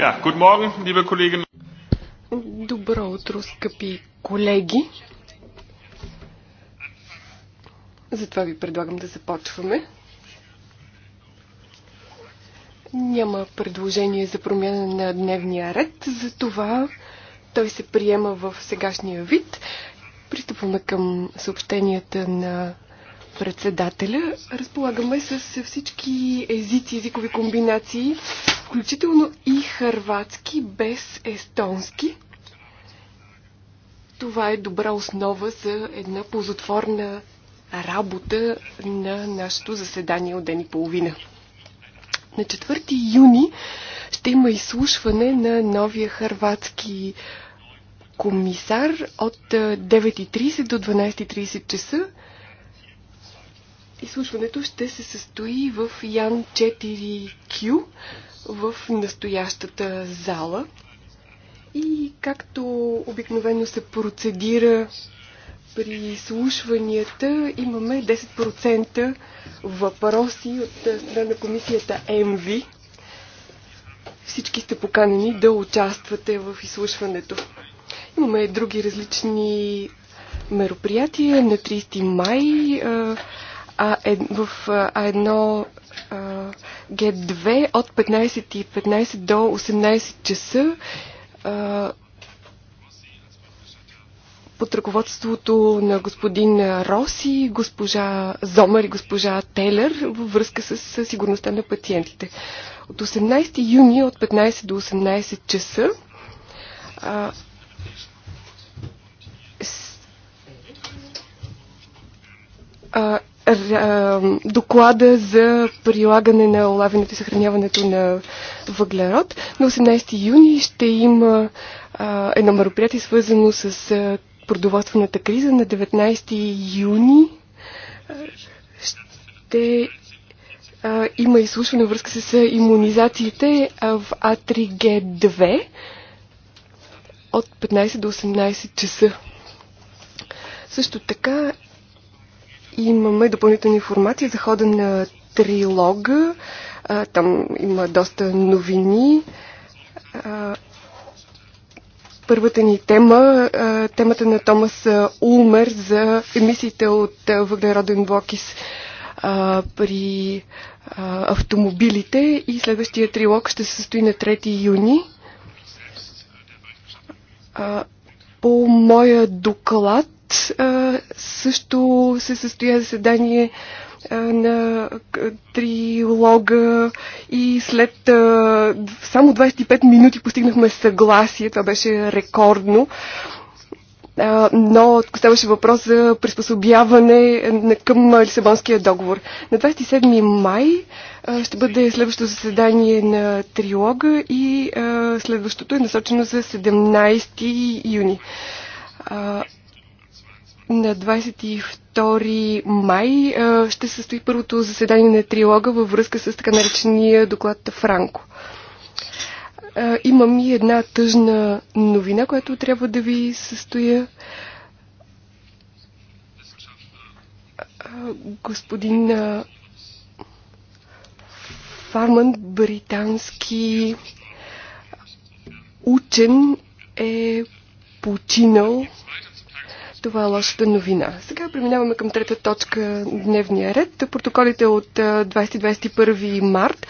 Ja, guten Morgen, liebe Kolleginnen. Добро утро, скъпи колеги. Затова ви предлагам да започваме. Няма предложение за промяна на дневния ред, затова той се приема в сегашния вид. Пристъпваме към съобщенията на председателя. Разполагаме с всички езици, езикови комбинации, включително и харватски без естонски. Това е добра основа за една ползотворна работа на нашето заседание от ден и половина. На 4 юни ще има изслушване на новия харватски комисар от 9.30 до 12.30 часа Изслушването ще се състои в Ян 4Q в настоящата зала. И както обикновено се процедира при изслушванията, имаме 10% въпроси от страна на комисията МВ. Всички сте поканени да участвате в изслушването. Имаме други различни мероприятия на 30 май а1, в А1 Г2 от 15.15 .15 до 18 часа а, под ръководството на господин Роси, госпожа Зомер и госпожа Тейлер във връзка с сигурността на пациентите. От 18 юни от 15 до 18 часа а, а, доклада за прилагане на улавянето и съхраняването на въглерод. На 18 юни ще има а, едно мероприятие, свързано с а, продоволствената криза. На 19 юни а, ще а, има изслушване връзка с иммунизациите в А3Г2 от 15 до 18 часа. Също така Имаме допълнителна информация за хода на трилога. Там има доста новини. Първата ни тема, темата на Томас Улмер за емисиите от въглероден блокис при автомобилите и следващия трилог ще се състои на 3 юни. По моя доклад а, също се състоя заседание на трилога и след само 25 минути постигнахме съгласие. Това беше рекордно но ставаше въпрос за приспособяване към Лисабонския договор. На 27 май ще бъде следващото заседание на трилога и следващото е насочено за 17 юни. На 22 май ще състои първото заседание на трилога във връзка с така наречения доклад Франко. Имам и една тъжна новина, която трябва да ви състоя. Господин Фарман, британски учен, е починал това е лошата новина. Сега преминаваме към трета точка дневния ред. Протоколите от 20-21 март,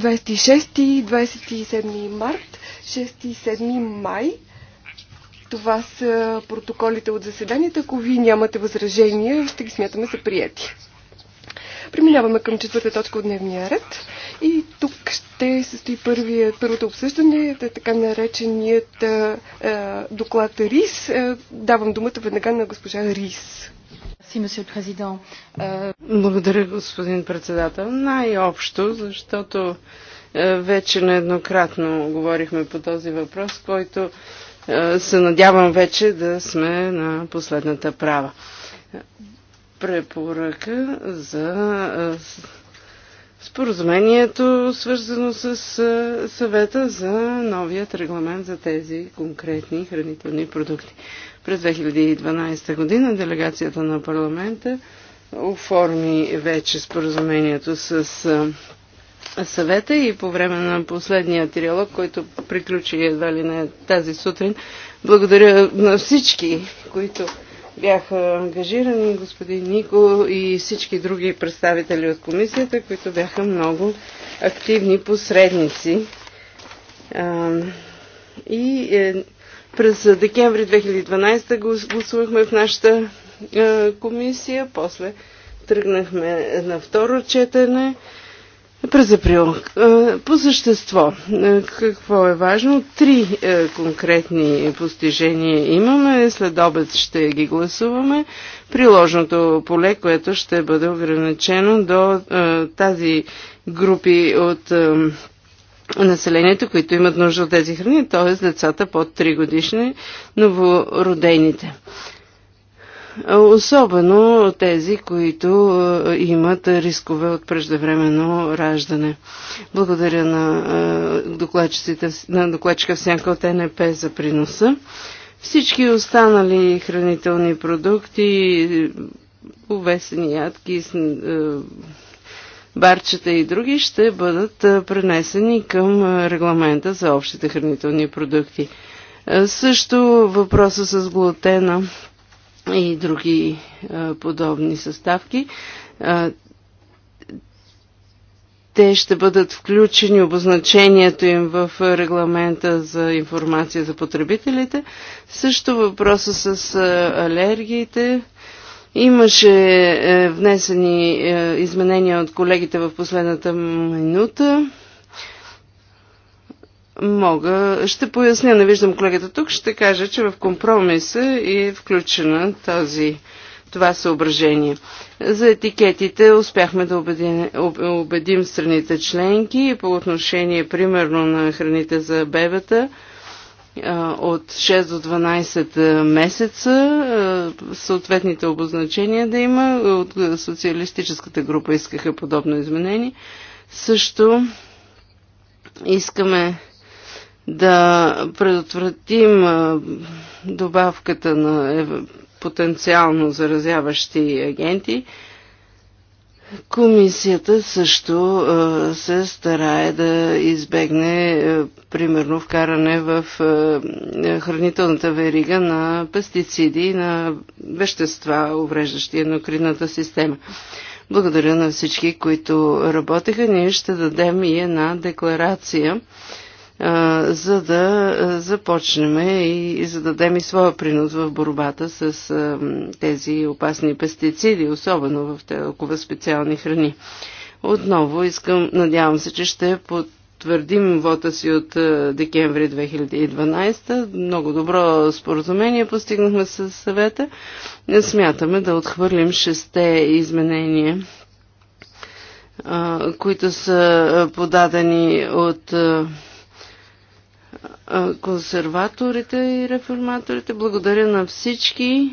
26 и 27 март, 6 и 7 май. Това са протоколите от заседанията. Ако ви нямате възражения, ще ги смятаме за прияти. Преминаваме към четвърта точка от дневния ред. И тук ще състои първия, първото обсъждане, така нареченият а, а, доклад РИС. А, давам думата веднага на госпожа РИС. Благодаря, господин председател. Най-общо, защото вече нееднократно говорихме по този въпрос, който се надявам вече да сме на последната права препоръка за споразумението, свързано с съвета за новият регламент за тези конкретни хранителни продукти. През 2012 година делегацията на парламента оформи вече споразумението с съвета и по време на последния триалог, който приключи едва ли не тази сутрин, благодаря на всички, които бяха ангажирани господин Нико и всички други представители от комисията, които бяха много активни посредници. И е, през декември 2012 гласувахме в нашата е, комисия, после тръгнахме на второ четене през април. Е, по същество, е, какво е важно? Три е, конкретни постижения имаме. След обед ще ги гласуваме. Приложното поле, което ще бъде ограничено до тази групи от населението, които имат нужда от тези храни, т.е. децата под 3 годишни, новородените особено тези, които е, имат рискове от преждевременно раждане. Благодаря на, е, на докладчика Всянка от НП за приноса. Всички останали хранителни продукти, увесени ядки, е, барчета и други ще бъдат пренесени към регламента за общите хранителни продукти. Също въпроса с глутена и други подобни съставки. Те ще бъдат включени обозначението им в регламента за информация за потребителите. Също въпроса с алергиите. Имаше е, внесени е, изменения от колегите в последната минута. Мога, ще поясня, не виждам колегата тук, ще кажа, че в компромиса е включена този, това съображение. За етикетите успяхме да убедим, убедим страните членки по отношение примерно на храните за бебета от 6 до 12 месеца съответните обозначения да има. От социалистическата група искаха подобно изменение. Също искаме да предотвратим добавката на потенциално заразяващи агенти, Комисията също се старае да избегне, примерно, вкаране в хранителната верига на пестициди и на вещества, увреждащи енокринната система. Благодаря на всички, които работеха. Ние ще дадем и една декларация за да започнем и зададем и своя принос в борбата с тези опасни пестициди, особено в толкова специални храни. Отново искам, надявам се, че ще потвърдим вота си от декември 2012. Много добро споразумение постигнахме с съвета. Смятаме да отхвърлим шесте изменения които са подадени от консерваторите и реформаторите. Благодаря на всички,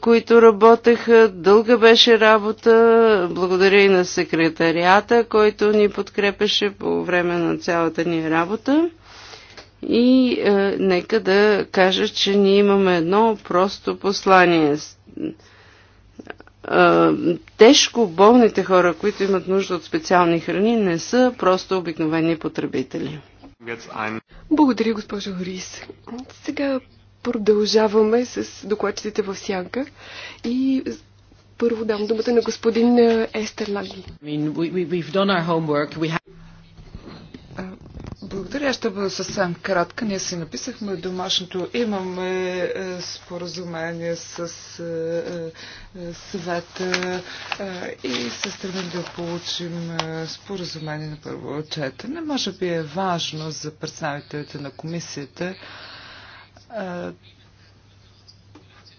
които работеха. Дълга беше работа. Благодаря и на секретарията, който ни подкрепеше по време на цялата ни работа. И е, нека да кажа, че ние имаме едно просто послание. Е, тежко болните хора, които имат нужда от специални храни, не са просто обикновени потребители. Благодаря, госпожо Рис. Сега продължаваме с докладчетите в сянка и първо дам думата на господин Естер Лаги. Благодаря, ще бъда съвсем кратка. Ние си написахме домашното. Имаме е, споразумение с е, е, съвета е, и се стремим да получим е, споразумение на първо четене. Може би е важно за представителите на комисията е,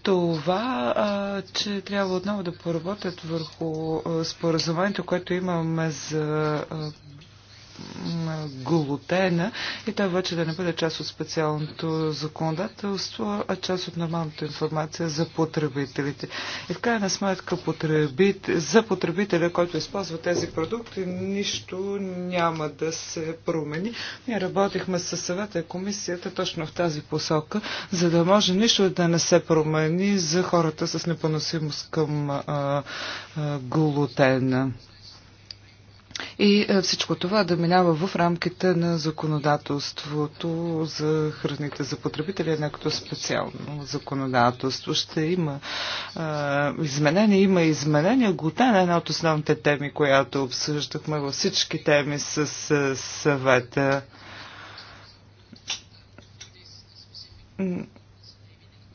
това, е, че трябва отново да поработят върху а, е, споразумението, което имаме за е, глутена и той вече да не бъде част от специалното законодателство, а част от нормалната информация за потребителите. И в крайна сметка потребит, за потребителя, който използва тези продукти, нищо няма да се промени. Ние работихме с съвета и комисията точно в тази посока, за да може нищо да не се промени за хората с непоносимост към а, а, глутена и е, всичко това да минава в рамките на законодателството за храните за потребители, не като специално законодателство. Ще има а, е, изменения, има изменения. Глутен е една от основните теми, която обсъждахме във всички теми с, с е, съвета.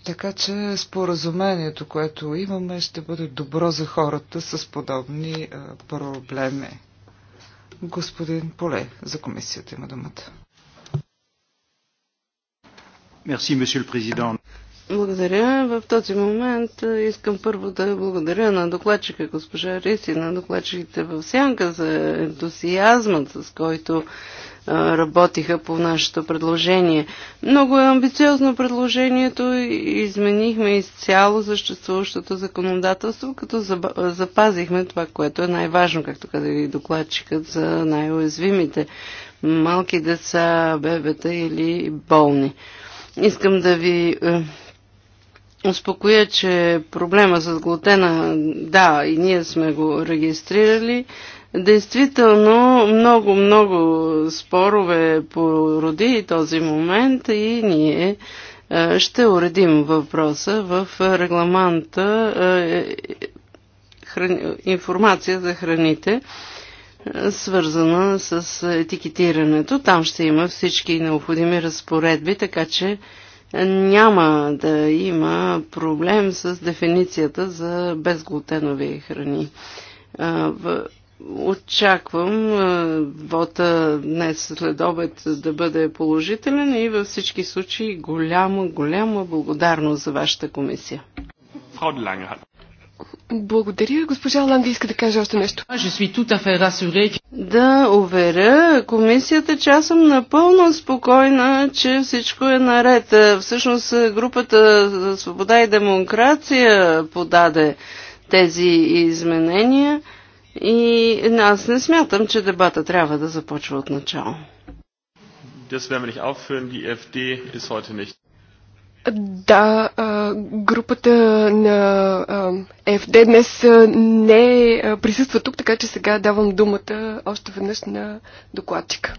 Така че споразумението, което имаме, ще бъде добро за хората с подобни проблеми. Господин Поле за комисията има думата. Мерси, месье президент. Благодаря. В този момент искам първо да благодаря на докладчика госпожа Рис и на докладчиките в Сянка за ентусиазмът, с който работиха по нашето предложение. Много е амбициозно предложението и изменихме изцяло съществуващото законодателство, като запазихме това, което е най-важно, както каза и докладчикът за най-уязвимите малки деца, бебета или болни. Искам да ви е, успокоя, че проблема с глутена, да, и ние сме го регистрирали, Действително много, много спорове породи този момент и ние е, ще уредим въпроса в регламента е, информация за храните, е, свързана с етикетирането. Там ще има всички необходими разпоредби, така че няма да има проблем с дефиницията за безглутенови храни очаквам вота днес след обед да бъде положителен и във всички случаи голяма, голяма благодарност за вашата комисия. Благодаря. Госпожа Ланди иска да каже още нещо. Ah, да уверя комисията, че аз съм напълно спокойна, че всичко е наред. Всъщност групата за свобода и демокрация подаде тези изменения. И аз не смятам, че дебата трябва да започва от начало. Да, групата на ФД днес не присъства тук, така че сега давам думата още веднъж на докладчика.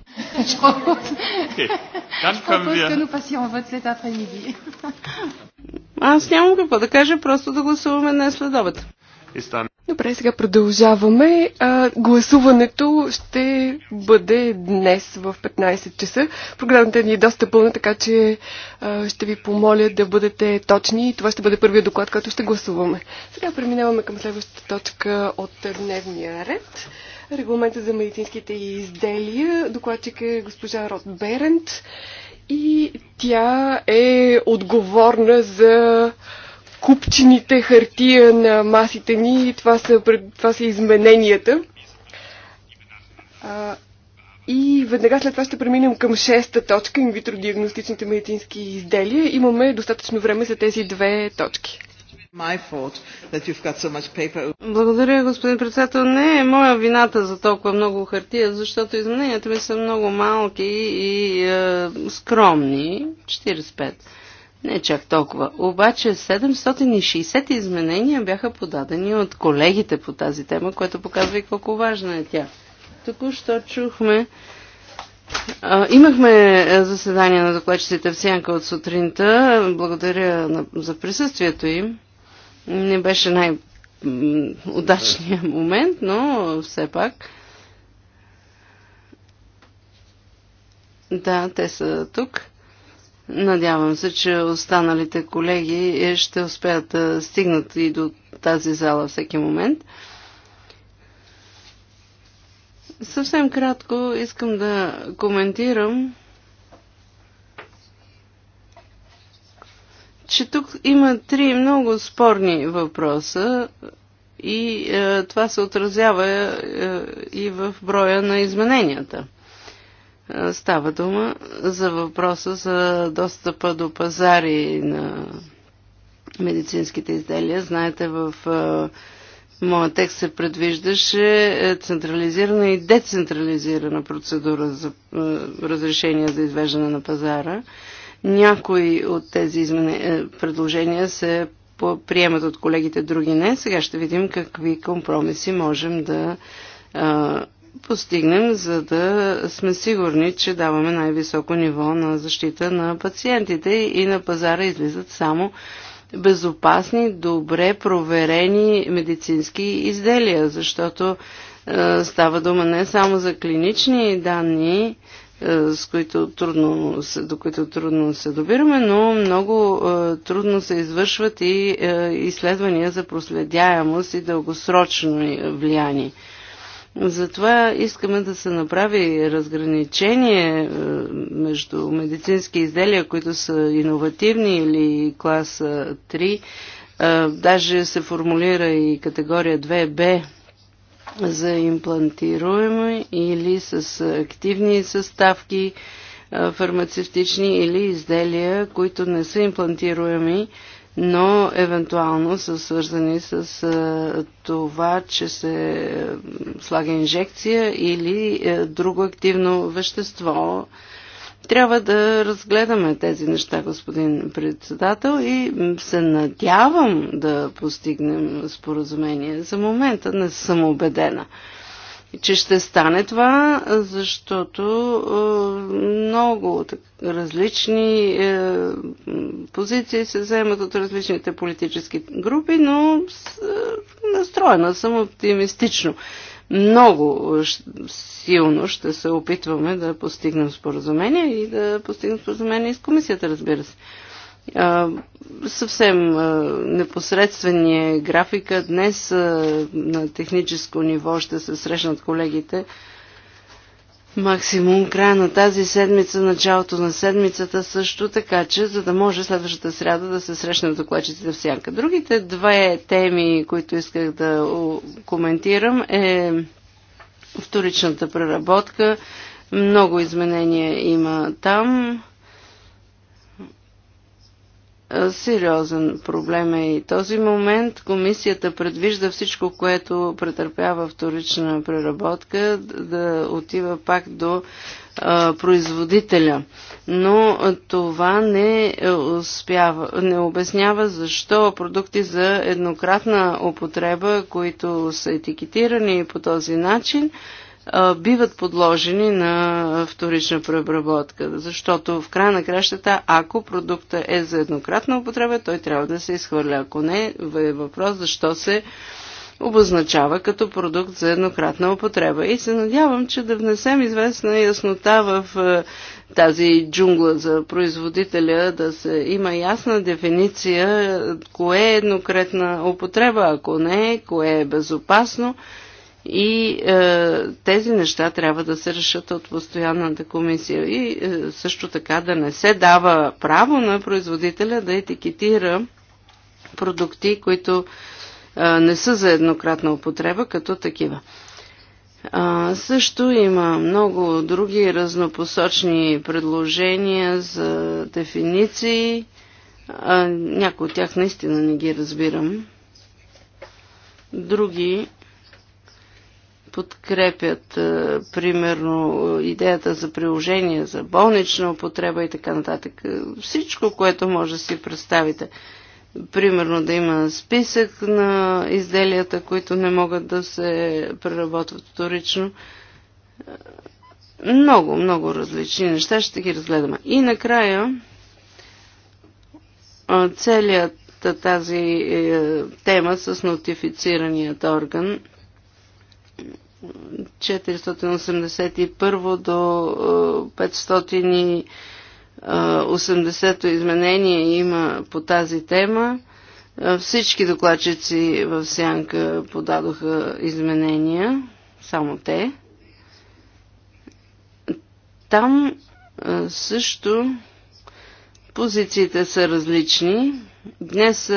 Аз нямам какво да кажа, просто да гласуваме днес следобед. Добре, сега продължаваме. А, гласуването ще бъде днес в 15 часа. Програмата ни е доста пълна, така че а, ще ви помоля да бъдете точни. Това ще бъде първият доклад, който ще гласуваме. Сега преминаваме към следващата точка от дневния ред. Регламента за медицинските изделия. Докладчик е госпожа Рот Берент и тя е отговорна за купчините хартия на масите ни. Това са, това са измененията. А, и веднага след това ще преминем към шеста точка, инвитро диагностичните медицински изделия. Имаме достатъчно време за тези две точки. Благодаря, господин председател. Не е моя вината за толкова много хартия, защото измененията ми са много малки и е, скромни. 45. Не чак толкова. Обаче 760 изменения бяха подадени от колегите по тази тема, което показва и колко важна е тя. Току-що чухме. А, имахме заседание на докладчиците в Сянка от сутринта. Благодаря на, за присъствието им. Не беше най-удачният момент, но все пак. Да, те са тук. Надявам се, че останалите колеги е, ще успеят да стигнат и до тази зала всеки момент. Съвсем кратко искам да коментирам, че тук има три много спорни въпроса и е, това се отразява е, и в броя на измененията. Е, става дума за въпроса за достъпа до пазари на медицинските изделия. Знаете, в е, моят текст се предвиждаше е, централизирана и децентрализирана процедура за разрешение за извеждане на пазара. Някои от тези предложения се приемат от колегите, други не. Сега ще видим какви компромиси можем да постигнем, за да сме сигурни, че даваме най-високо ниво на защита на пациентите и на пазара излизат само безопасни, добре проверени медицински изделия, защото е, става дума не само за клинични данни, е, с които трудно, до които трудно се добираме, но много е, трудно се извършват и е, изследвания за проследяемост и дългосрочно влияние. Затова искаме да се направи разграничение е, между медицински изделия, които са иновативни или класа 3. Е, даже се формулира и категория 2Б за имплантируеми или с активни съставки е, фармацевтични или изделия, които не са имплантируеми но евентуално са свързани с а, това, че се а, слага инжекция или а, е, друго активно вещество. Трябва да разгледаме тези неща, господин председател, и се надявам да постигнем споразумение. За момента не съм убедена че ще стане това, защото е, много различни е, позиции се вземат от различните политически групи, но е, настроена съм оптимистично. Много силно ще се опитваме да постигнем споразумение и да постигнем споразумение и с комисията, разбира се съвсем непосредствени е графика. Днес на техническо ниво ще се срещнат колегите. Максимум края на тази седмица, началото на седмицата също, така че за да може следващата сряда да се срещнат докладчиците в сянка. Другите две теми, които исках да коментирам е вторичната преработка. Много изменения има там. Е, сериозен проблем е и този момент. Комисията предвижда всичко, което претърпява вторична преработка, да отива пак до е, производителя. Но това не, е успява, не обяснява защо продукти за еднократна употреба, които са етикетирани по този начин, биват подложени на вторична преобработка. Защото в края на кращата, ако продукта е за еднократна употреба, той трябва да се изхвърля. Ако не, е въпрос защо се обозначава като продукт за еднократна употреба. И се надявам, че да внесем известна яснота в тази джунгла за производителя, да се има ясна дефиниция кое е еднократна употреба, ако не, кое е безопасно и е, тези неща трябва да се решат от постоянната комисия. И е, също така да не се дава право на производителя да етикетира продукти, които е, не са за еднократна употреба, като такива. А, също има много други разнопосочни предложения за дефиниции. А, някои от тях наистина не ги разбирам. Други подкрепят, е, примерно, идеята за приложение, за болнична употреба и така нататък. Всичко, което може да си представите. Примерно да има списък на изделията, които не могат да се преработват вторично. Много, много различни неща ще ги разгледаме. И накрая е, целият тази е, тема с нотифицираният орган – 481 до 580 е, е, изменение има по тази тема. Е, всички докладчици в Сянка подадоха изменения, само те. Там също позициите са различни. Днес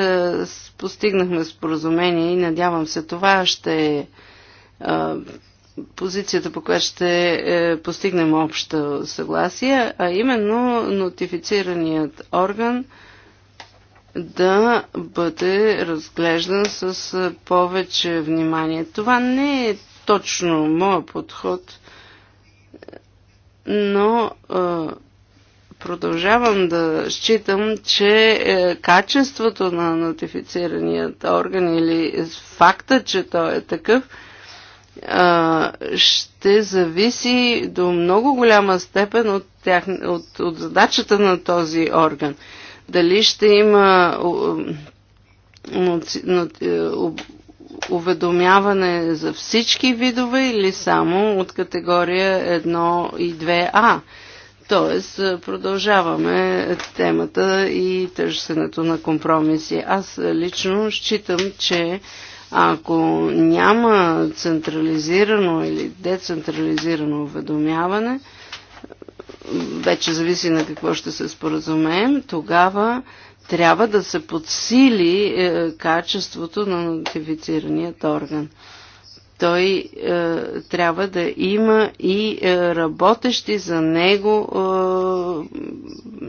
постигнахме споразумение и надявам се това ще е позицията, по която ще е, постигнем общо съгласие, а именно нотифицираният орган да бъде разглеждан с е, повече внимание. Това не е точно моят подход, но е, продължавам да считам, че качеството на нотифицираният орган или факта, че той е такъв, ще зависи до много голяма степен от, тях, от, от задачата на този орган. Дали ще има е, уведомяване за всички видове или само от категория 1 и 2А. Тоест, е, продължаваме темата и търсенето на компромиси. Аз лично считам, че ако няма централизирано или децентрализирано уведомяване, вече зависи на какво ще се споразумеем, тогава трябва да се подсили е, качеството на нотифицираният орган. Той е, трябва да има и е, работещи за него, е,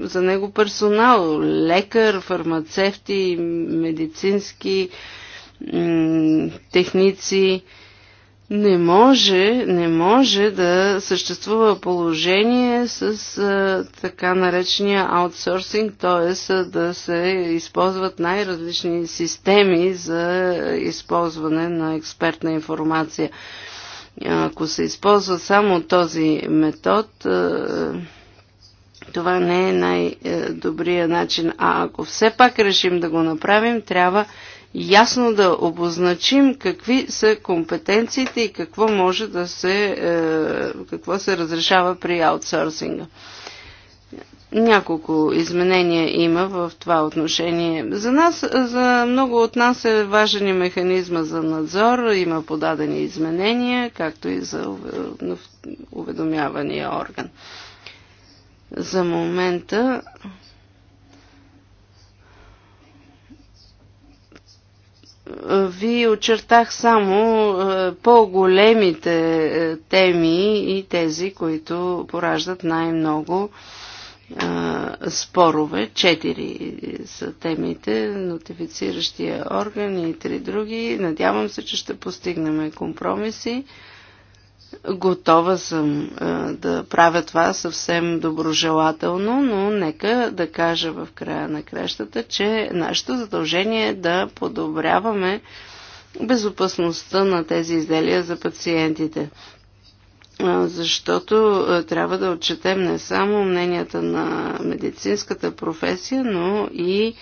за него персонал, лекар, фармацевти, медицински е, техници. Не може, не може да съществува положение с а, така наречения аутсорсинг, т.е. да се използват най-различни системи за използване на експертна информация. Ако се използва само този метод, това не е най-добрият е, начин. А ако все пак решим да го направим, трябва ясно да обозначим какви са компетенциите и какво може да се, е, какво се разрешава при аутсорсинга. Няколко изменения има в това отношение. За нас, за много от нас е важен и механизма за надзор, има подадени изменения, както и за уведомявания орган. За момента ви очертах само е, по-големите е, теми и тези, които пораждат най-много е, спорове. Четири са темите, нотифициращия орган и три други. Надявам се, че ще постигнем компромиси. Готова съм да правя това съвсем доброжелателно, но нека да кажа в края на крещата, че нашето задължение е да подобряваме безопасността на тези изделия за пациентите. Защото трябва да отчетем не само мненията на медицинската професия, но и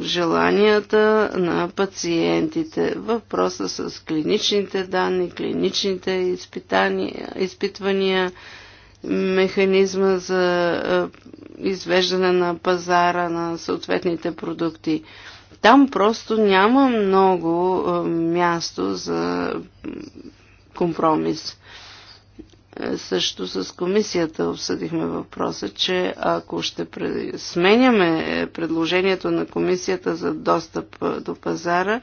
желанията на пациентите. Въпроса с клиничните данни, клиничните изпитания, изпитвания, механизма за извеждане на пазара на съответните продукти. Там просто няма много място за компромис също с комисията обсъдихме въпроса, че ако ще сменяме е, предложението на комисията за достъп е, до пазара,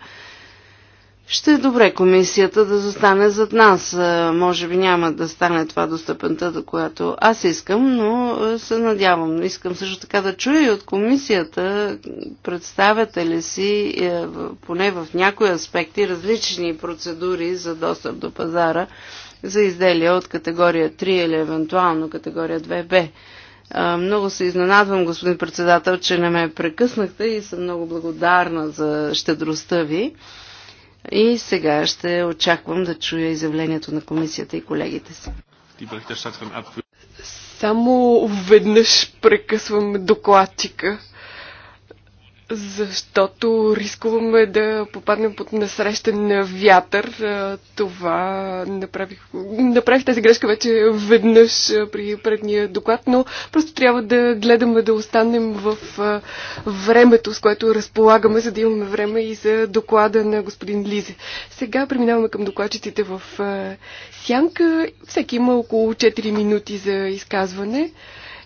ще е добре комисията да застане зад нас. Е, може би няма да стане това до степента, до която аз искам, но се надявам. Искам също така да чуя и от комисията, представяте ли си, поне в някои аспекти, различни процедури за достъп до пазара за изделия от категория 3 или евентуално категория 2Б. Много се изненадвам, господин председател, че не ме прекъснахте и съм много благодарна за щедростта ви. И сега ще очаквам да чуя изявлението на комисията и колегите си. Само веднъж прекъсваме докладчика защото рискуваме да попаднем под насрещен вятър. Това направих, направих тази грешка вече веднъж при предния доклад, но просто трябва да гледаме да останем в времето, с което разполагаме, за да имаме време и за доклада на господин Лизе. Сега преминаваме към докладчиците в сянка. Всеки има около 4 минути за изказване.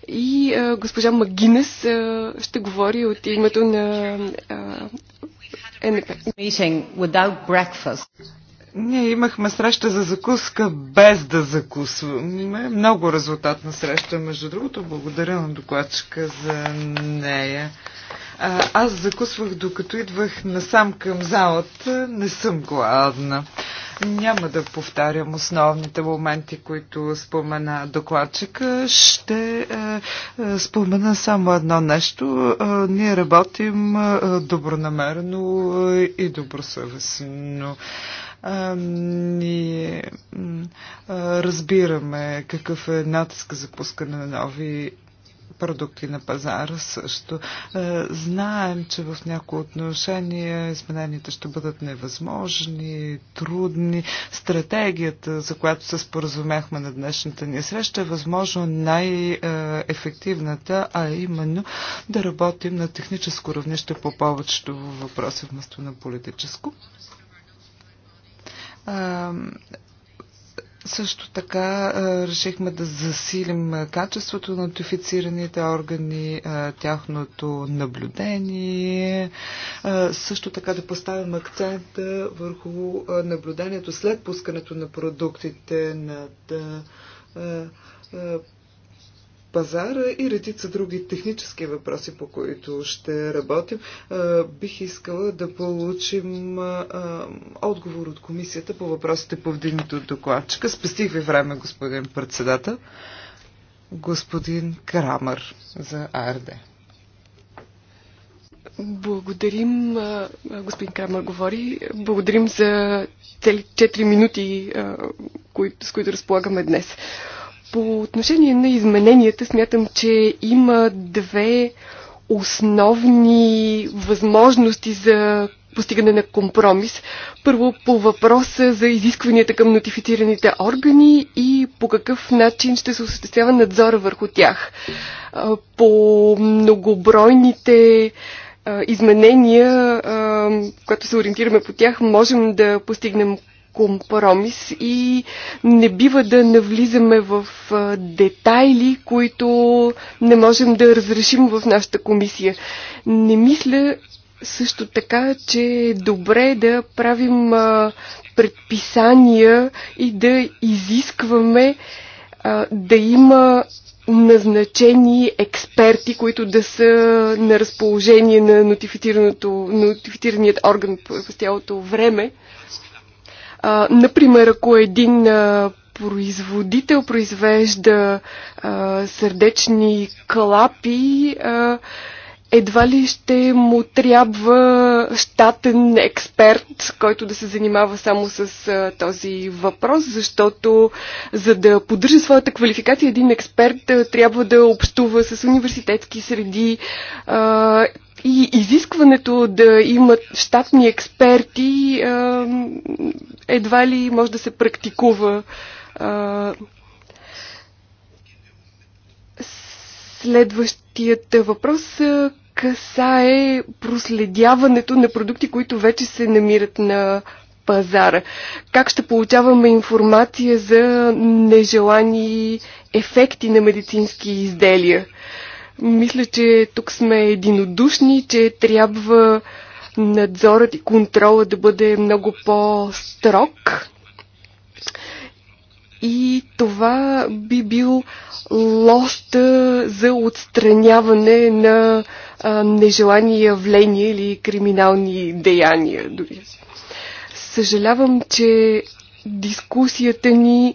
И а, госпожа Магинес а, ще говори от името на а, НП. Ние имахме среща за закуска без да закусваме. Много резултатна среща, между другото. Благодаря на докладчика за нея. А, аз закусвах докато идвах насам към залата. Не съм гладна. Няма да повтарям основните моменти, които спомена докладчика. Ще е, е, спомена само едно нещо. Е, ние работим е, добронамерено е, и добросъвестно. Е, ние е, разбираме какъв е натиск за пускане на нови продукти на пазара също. Е, знаем, че в някои отношения измененията ще бъдат невъзможни, трудни. Стратегията, за която се споразумяхме на днешната ни среща, е възможно най-ефективната, а именно да работим на техническо равнище по повечето въпроси вместо на политическо също така решихме да засилим качеството на нотифицираните органи, тяхното наблюдение, също така да поставим акцента върху наблюдението след пускането на продуктите над пазара и редица други технически въпроси, по които ще работим. Бих искала да получим отговор от комисията по въпросите вдигнато от докладчика. Спестих ви време, господин председател. Господин Крамър за АРД. Благодарим, господин Крамър говори, благодарим за цели 4 минути, с които разполагаме днес. По отношение на измененията смятам, че има две основни възможности за постигане на компромис. Първо по въпроса за изискванията към нотифицираните органи и по какъв начин ще се осъществява надзора върху тях. По многобройните изменения, когато се ориентираме по тях, можем да постигнем компромис и не бива да навлизаме в детайли, които не можем да разрешим в нашата комисия. Не мисля също така, че е добре да правим предписания и да изискваме да има назначени експерти, които да са на разположение на нотифицираният орган в цялото време. А, например, ако един а, производител произвежда а, сърдечни клапи, а, едва ли ще му трябва щатен експерт, който да се занимава само с а, този въпрос, защото за да поддържа своята квалификация, един експерт а, трябва да общува с университетски среди, а, и изискването да имат щатни експерти едва ли може да се практикува Следващият въпрос касае проследяването на продукти, които вече се намират на пазара. Как ще получаваме информация за нежелани ефекти на медицински изделия? Мисля, че тук сме единодушни, че трябва надзорът и контрола да бъде много по-строг. И това би бил лоста за отстраняване на а, нежелани явления или криминални деяния. Дори. Съжалявам, че дискусията ни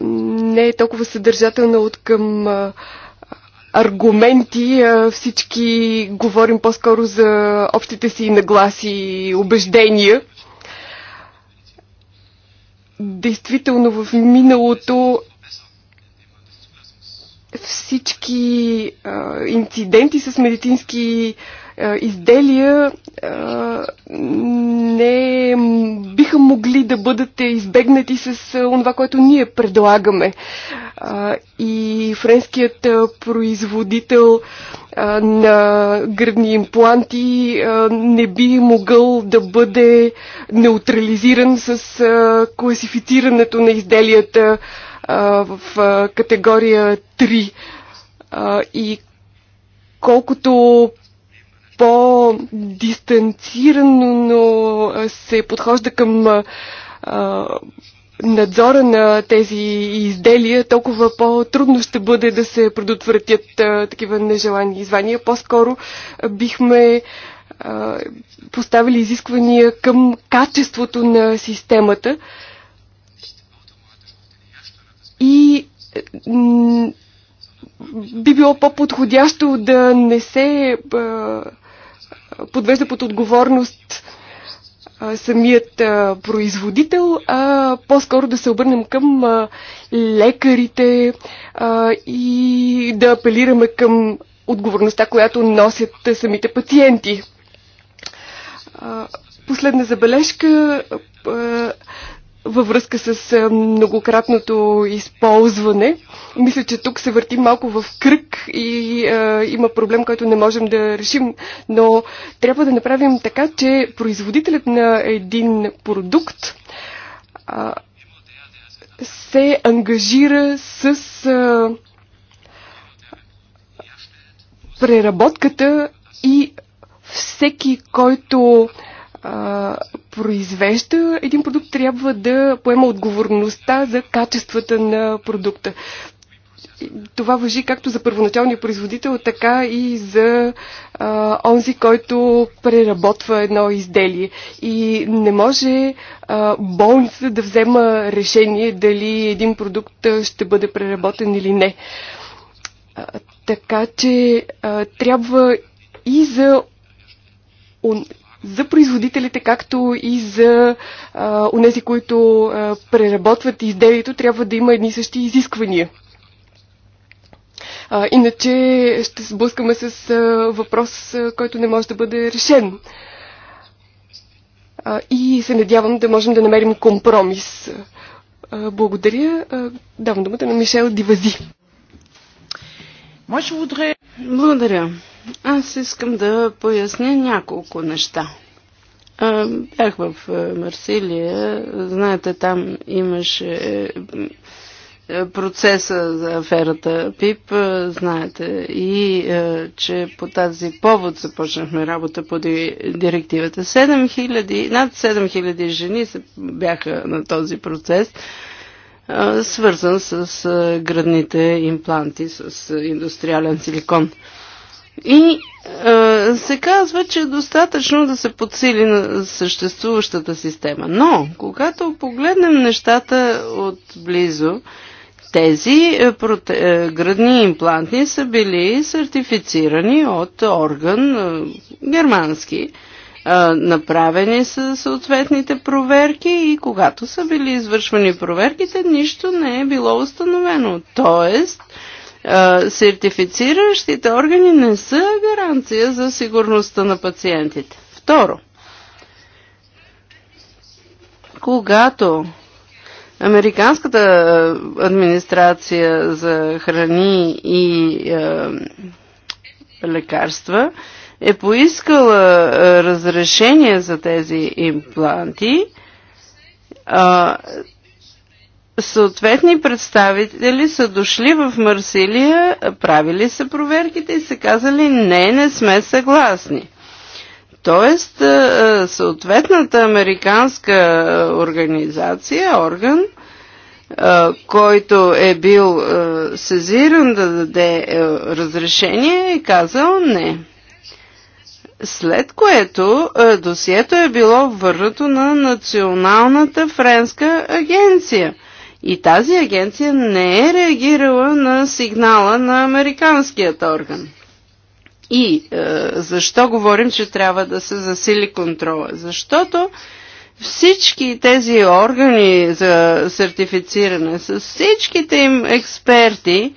не е толкова съдържателна от към а, аргументи, всички говорим по-скоро за общите си нагласи и убеждения. Действително в миналото всички а, инциденти с медицински а, е, изделия е, не биха могли да бъдат избегнати с това, е, което ние предлагаме. И френският производител на гръбни импланти не би могъл да бъде неутрализиран с класифицирането на изделията в категория 3. И колкото по-дистанцирано се подхожда към надзора на тези изделия, толкова по-трудно ще бъде да се предотвратят такива нежелани извания. По-скоро бихме поставили изисквания към качеството на системата и би било по-подходящо да не се подвежда под отговорност самият производител, а по-скоро да се обърнем към лекарите и да апелираме към отговорността, която носят самите пациенти. Последна забележка във връзка с многократното използване. Мисля, че тук се върти малко в кръг и а, има проблем, който не можем да решим, но трябва да направим така, че производителят на един продукт а, се ангажира с а, преработката и всеки, който произвежда един продукт, трябва да поема отговорността за качествата на продукта. Това въжи както за първоначалния производител, така и за а, онзи, който преработва едно изделие. И не може а, болница да взема решение дали един продукт ще бъде преработен или не. А, така че а, трябва и за за производителите, както и за онези, които а, преработват изделието, трябва да има едни същи изисквания. А, иначе ще се сблъскаме с а, въпрос, а, който не може да бъде решен. А, и се надявам да можем да намерим компромис. А, благодаря. А, давам думата на Мишел Дивази. Благодаря. Аз искам да поясня няколко неща. Бях в е, Марсилия, знаете, там имаше е, процеса за аферата ПИП, знаете, и е, че по тази повод започнахме работа по директивата. 7000, над 7000 жени бяха на този процес, свързан с градните импланти, с индустриален силикон. И е, се казва, че е достатъчно да се подсили на съществуващата система. Но, когато погледнем нещата отблизо, тези е, проте... Е, градни импланти са били сертифицирани от орган е, германски. Е, направени са съответните проверки и когато са били извършвани проверките, нищо не е било установено. Тоест, сертифициращите органи не са гаранция за сигурността на пациентите. Второ, когато Американската администрация за храни и е, лекарства е поискала разрешение за тези импланти, съответни представители са дошли в Марсилия, правили са проверките и са казали не, не сме съгласни. Тоест, съответната американска организация, орган, който е бил сезиран да даде разрешение, е казал не. След което досието е било върнато на Националната френска агенция – и тази агенция не е реагирала на сигнала на американският орган. И е, защо говорим, че трябва да се засили контрола? Защото всички тези органи за сертифициране, с всичките им експерти,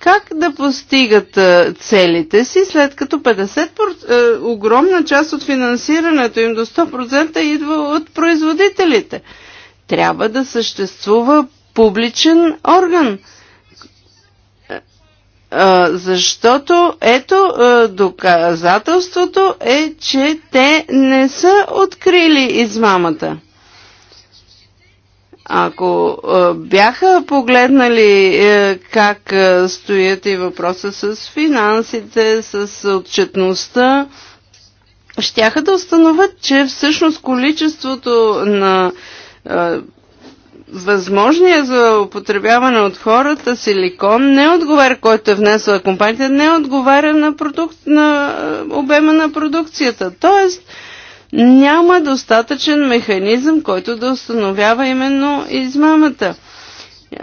как да постигат е, целите си, след като 50%, е, огромна част от финансирането им до 100% идва от производителите. Трябва да съществува публичен орган. Защото ето доказателството е, че те не са открили измамата. Ако бяха погледнали как стоят и въпроса с финансите, с отчетността, щяха да установят, че всъщност количеството на възможния за употребяване от хората силикон не отговаря, който е внесла компанията, не отговаря на, продук... на е, обема на продукцията. Тоест, няма достатъчен механизъм, който да установява именно измамата. Е,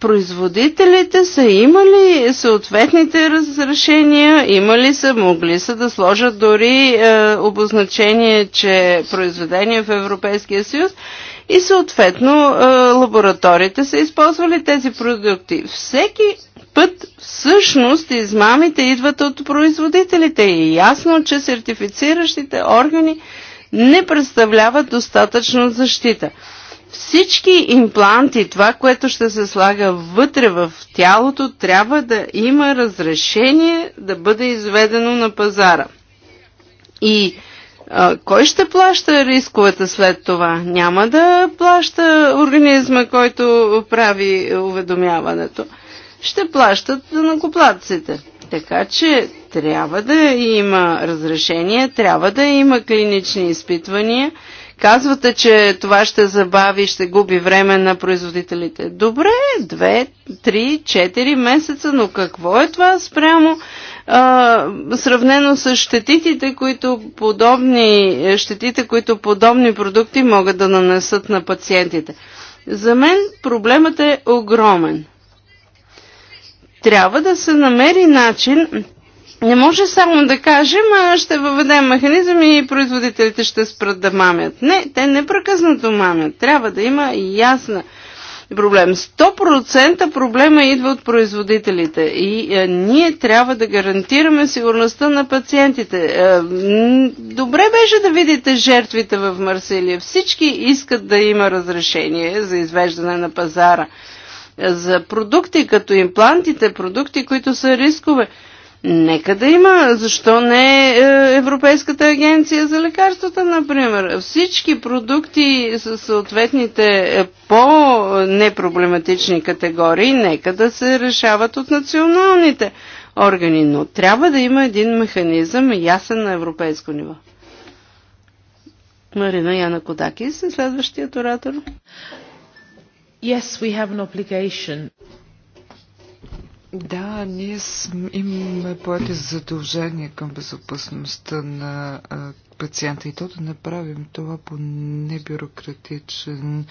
производителите са имали съответните разрешения, имали са, могли са да сложат дори е, обозначение, че произведение в Европейския съюз и съответно е, лабораториите са използвали тези продукти. Всеки път всъщност измамите идват от производителите и е ясно, че сертифициращите органи не представляват достатъчно защита. Всички импланти, това, което ще се слага вътре в тялото, трябва да има разрешение да бъде изведено на пазара. И кой ще плаща рисковете след това? Няма да плаща организма, който прави уведомяването. Ще плащат накоплатците. Така че трябва да има разрешение, трябва да има клинични изпитвания. Казвате, че това ще забави, ще губи време на производителите. Добре, 2, 3, 4 месеца, но какво е това спрямо а, сравнено с щетите, които подобни, щетите, които подобни продукти могат да нанесат на пациентите. За мен проблемът е огромен. Трябва да се намери начин не може само да кажем, а ще въведем механизъм и производителите ще спрат да мамят. Не, те непрекъснато мамят. Трябва да има ясна проблем. 100% проблема идва от производителите и е, ние трябва да гарантираме сигурността на пациентите. Е, добре беше да видите жертвите в Марсилия. Всички искат да има разрешение за извеждане на пазара. За продукти като имплантите, продукти, които са рискове. Нека да има. Защо не е, Европейската агенция за лекарствата, например? Всички продукти с съответните е, по-непроблематични категории, нека да се решават от националните органи. Но трябва да има един механизъм ясен на европейско ниво. Марина Яна Кодакис е следващият оратор. Yes, we have an obligation. Да, ние имаме поети задължение към безопасността на пациента и то да направим това по небюрократичен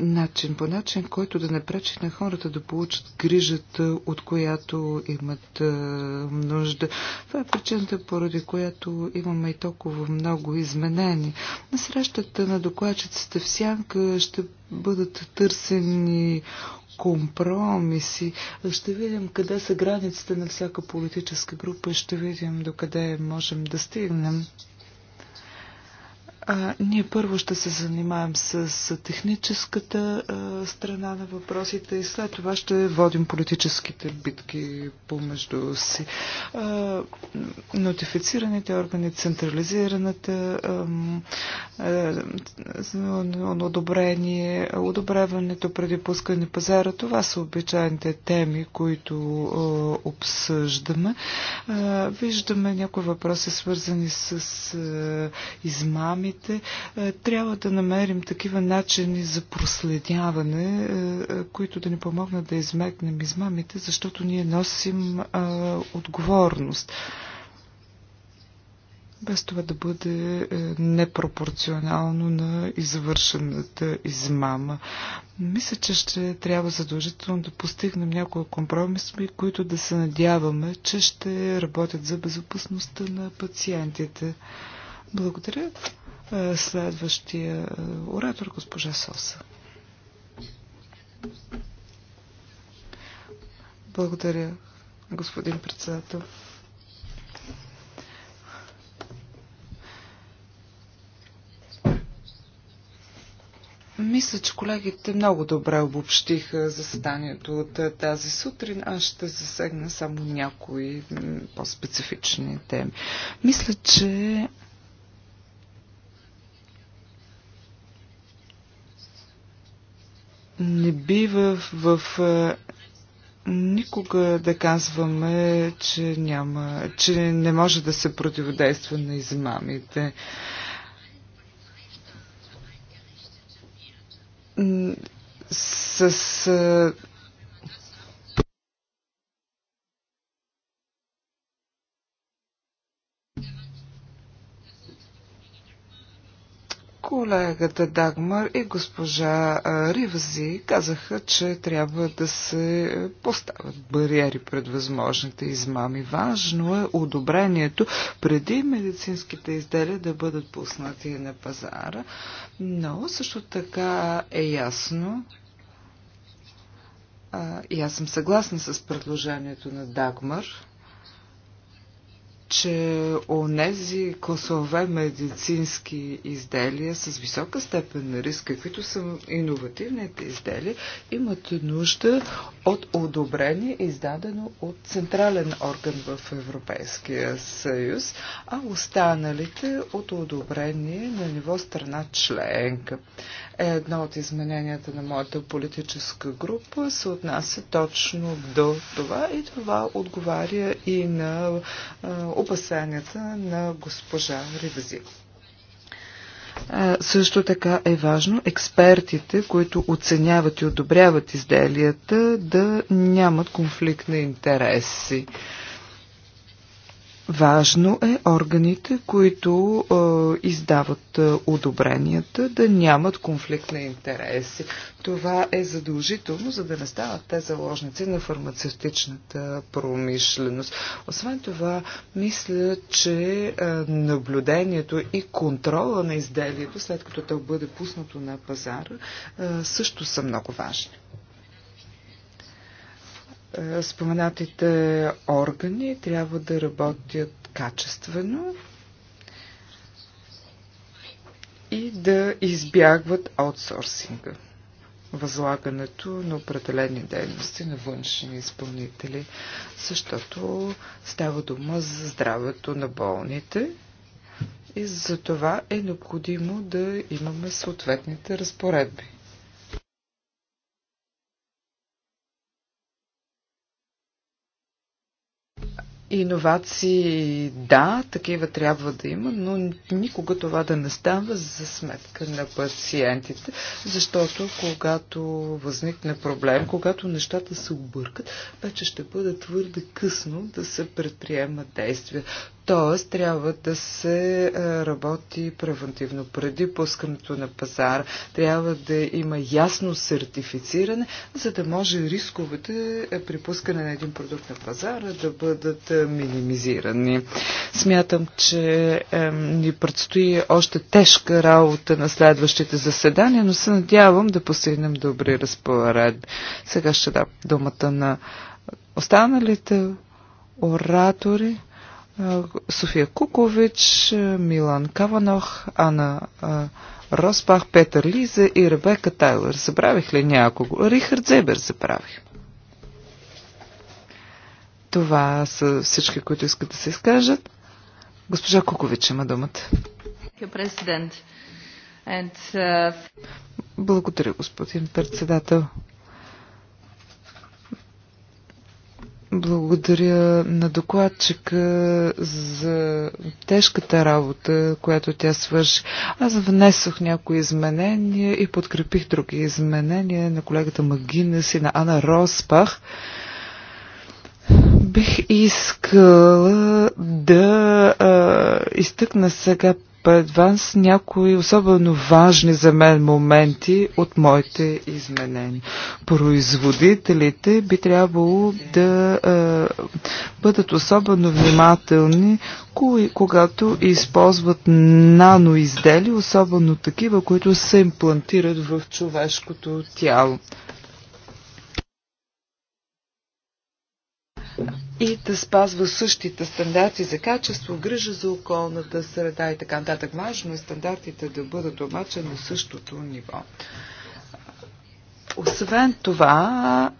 начин, по начин, който да не пречи на хората да получат грижата, от която имат нужда. Това е причината, поради която имаме и толкова много изменени. На срещата на докладчицата в Сянка ще бъдат търсени компромиси. Ще видим къде са границите на всяка политическа група и ще видим до къде можем да стигнем. А, ние първо ще се занимаем с, с техническата а, страна на въпросите и след това ще водим политическите битки помежду си. А, нотифицираните органи, централизираната одобрение, одобряването преди пускане пазара, това са обичайните теми, които а, обсъждаме. А, виждаме някои въпроси свързани с а, измами данните, е, трябва да намерим такива начини за проследяване, е, е, които да ни помогнат да измекнем измамите, защото ние носим отговорност. Без това да бъде непропорционално на извършената измама. Мисля, че ще трябва задължително да постигнем някои компромиси, които да се надяваме, че ще работят за безопасността на пациентите. Благодаря. Е, следващия е, оратор, госпожа Соса. Благодаря, господин председател. Мисля, че колегите много добре обобщиха заседанието от е, тази сутрин. Аз ще засегна само някои по-специфични теми. Мисля, че Не бива в, в никога да казваме, че, няма, че не може да се противодейства на измамите. С Колегата Дагмар и госпожа Ривази казаха, че трябва да се поставят бариери пред възможните измами. Важно е одобрението преди медицинските изделия да бъдат пуснати на пазара, но също така е ясно, и аз съм съгласна с предложението на Дагмар, че онези класове медицински изделия с висока степен на риск, каквито са иновативните изделия, имат нужда от одобрение, издадено от централен орган в Европейския съюз, а останалите от одобрение на ниво страна членка. Едно от измененията на моята политическа група се отнася точно до това и това отговаря и на опасанията на госпожа Ривази. Също така е важно експертите, които оценяват и одобряват изделията, да нямат конфликт на интереси. Важно е органите, които е, издават е, одобренията, да нямат конфликт на интереси. Това е задължително, за да не стават те заложници на фармацевтичната промишленост. Освен това, мисля, че е, наблюдението и контрола на изделието, след като то бъде пуснато на пазара, е, също са много важни. Е, споменатите органи трябва да работят качествено и да избягват аутсорсинга, възлагането на определени дейности на външни изпълнители, защото става дума за здравето на болните и за това е необходимо да имаме съответните разпоредби. Иновации, да, такива трябва да има, но никога това да не става за сметка на пациентите, защото когато възникне проблем, когато нещата се объркат, вече ще бъде твърде късно да се предприемат действия. Тоест, трябва да се е, работи превентивно преди пускането на пазар. Трябва да има ясно сертифициране, за да може рисковете е, при пускане на един продукт на пазара да бъдат е, минимизирани. Смятам, че е, ни предстои още тежка работа на следващите заседания, но се надявам да постигнем добри разпоред. Сега ще дам думата на останалите оратори. София Кукович, Милан Каванох, Ана Роспах, Петър Лиза и Ребека Тайлър. Забравих ли някого? Рихард Зебер забравих. Това са всички, които искат да се изкажат. Госпожа Кукович има думата. Uh, Благодаря, господин председател. Благодаря на докладчика за тежката работа, която тя свърши. Аз внесох някои изменения и подкрепих други изменения на колегата Магинес и на Ана Роспах. Бих искала да а, изтъкна сега пред вас някои особено важни за мен моменти от моите изменения. Производителите би трябвало да е, бъдат особено внимателни, кои, когато използват наноизделия, особено такива, които се имплантират в човешкото тяло. и да спазва същите стандарти за качество, грижа за околната среда и така нататък. Важно е стандартите да бъдат обаче на същото ниво. Освен това,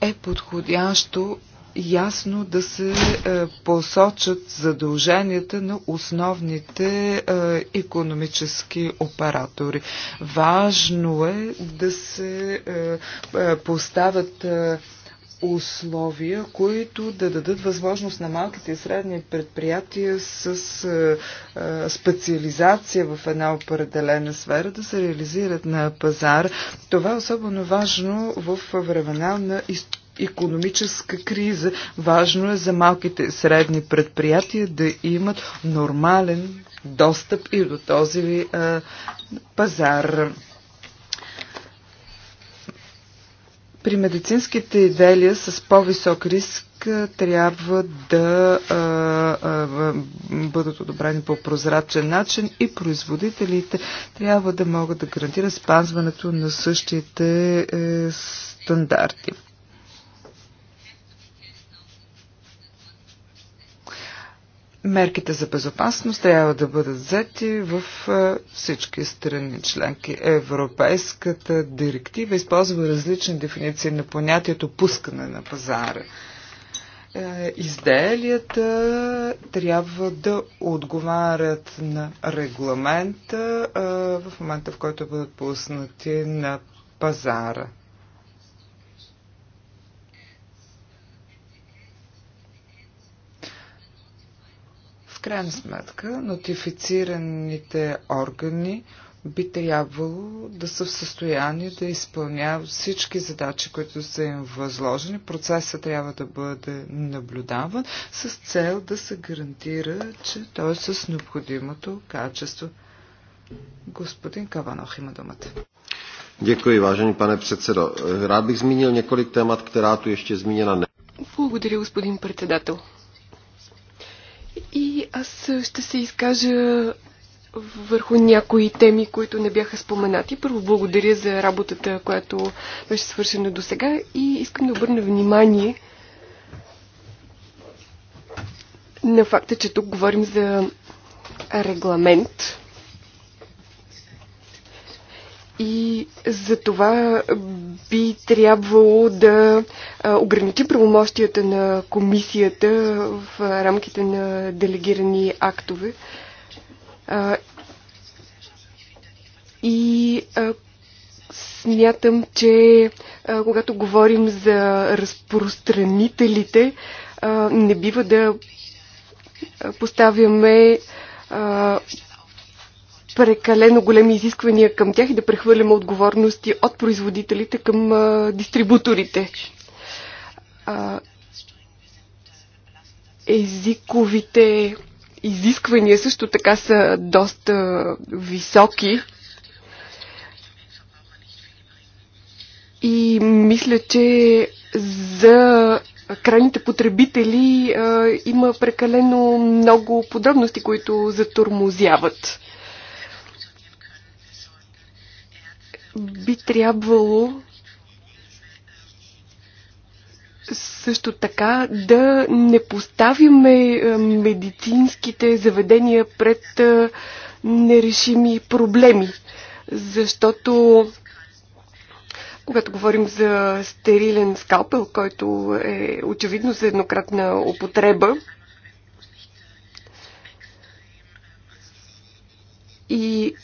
е подходящо ясно да се е, посочат задълженията на основните економически оператори. Важно е да се е, е, поставят условия, които да дадат възможност на малките и средни предприятия с специализация в една определена сфера да се реализират на пазар. Това е особено важно в времена на източността економическа криза. Важно е за малките и средни предприятия да имат нормален достъп и до този а, е, пазар. При медицинските изделия с по-висок риск е, трябва да а, е, а, бъдат одобрени по прозрачен начин и производителите трябва да могат да гарантират спазването на същите е, стандарти. мерките за безопасност трябва да бъдат взети в е, всички страни членки. Европейската директива използва различни дефиниции на понятието пускане на пазара. Е, изделията трябва да отговарят на регламента е, в момента, в който бъдат пуснати на пазара. В крайна сметка, нотифицираните органи би трябвало да са в състояние да изпълняват всички задачи, които са им възложени. Процесът трябва да бъде наблюдаван с цел да се гарантира, че той е с необходимото качество. Господин Каванох има думата. Děkuji, vážený pane předsedo. Rád bych zmínil několik témat, která tu ještě zmíněna ne. Благодаря, господин председател. И аз ще се изкажа върху някои теми, които не бяха споменати. Първо благодаря за работата, която беше свършена до сега и искам да обърна внимание на факта, че тук говорим за регламент, и за това би трябвало да ограничи правомощията на комисията в рамките на делегирани актове. И смятам, че когато говорим за разпространителите, не бива да поставяме прекалено големи изисквания към тях и да прехвърляме отговорности от производителите към а, дистрибуторите. А, езиковите изисквания също така са доста високи. И мисля, че за крайните потребители а, има прекалено много подробности, които затормозяват. Би трябвало също така да не поставяме е, медицинските заведения пред е, нерешими проблеми, защото когато говорим за стерилен скалпел, който е очевидно за еднократна употреба, и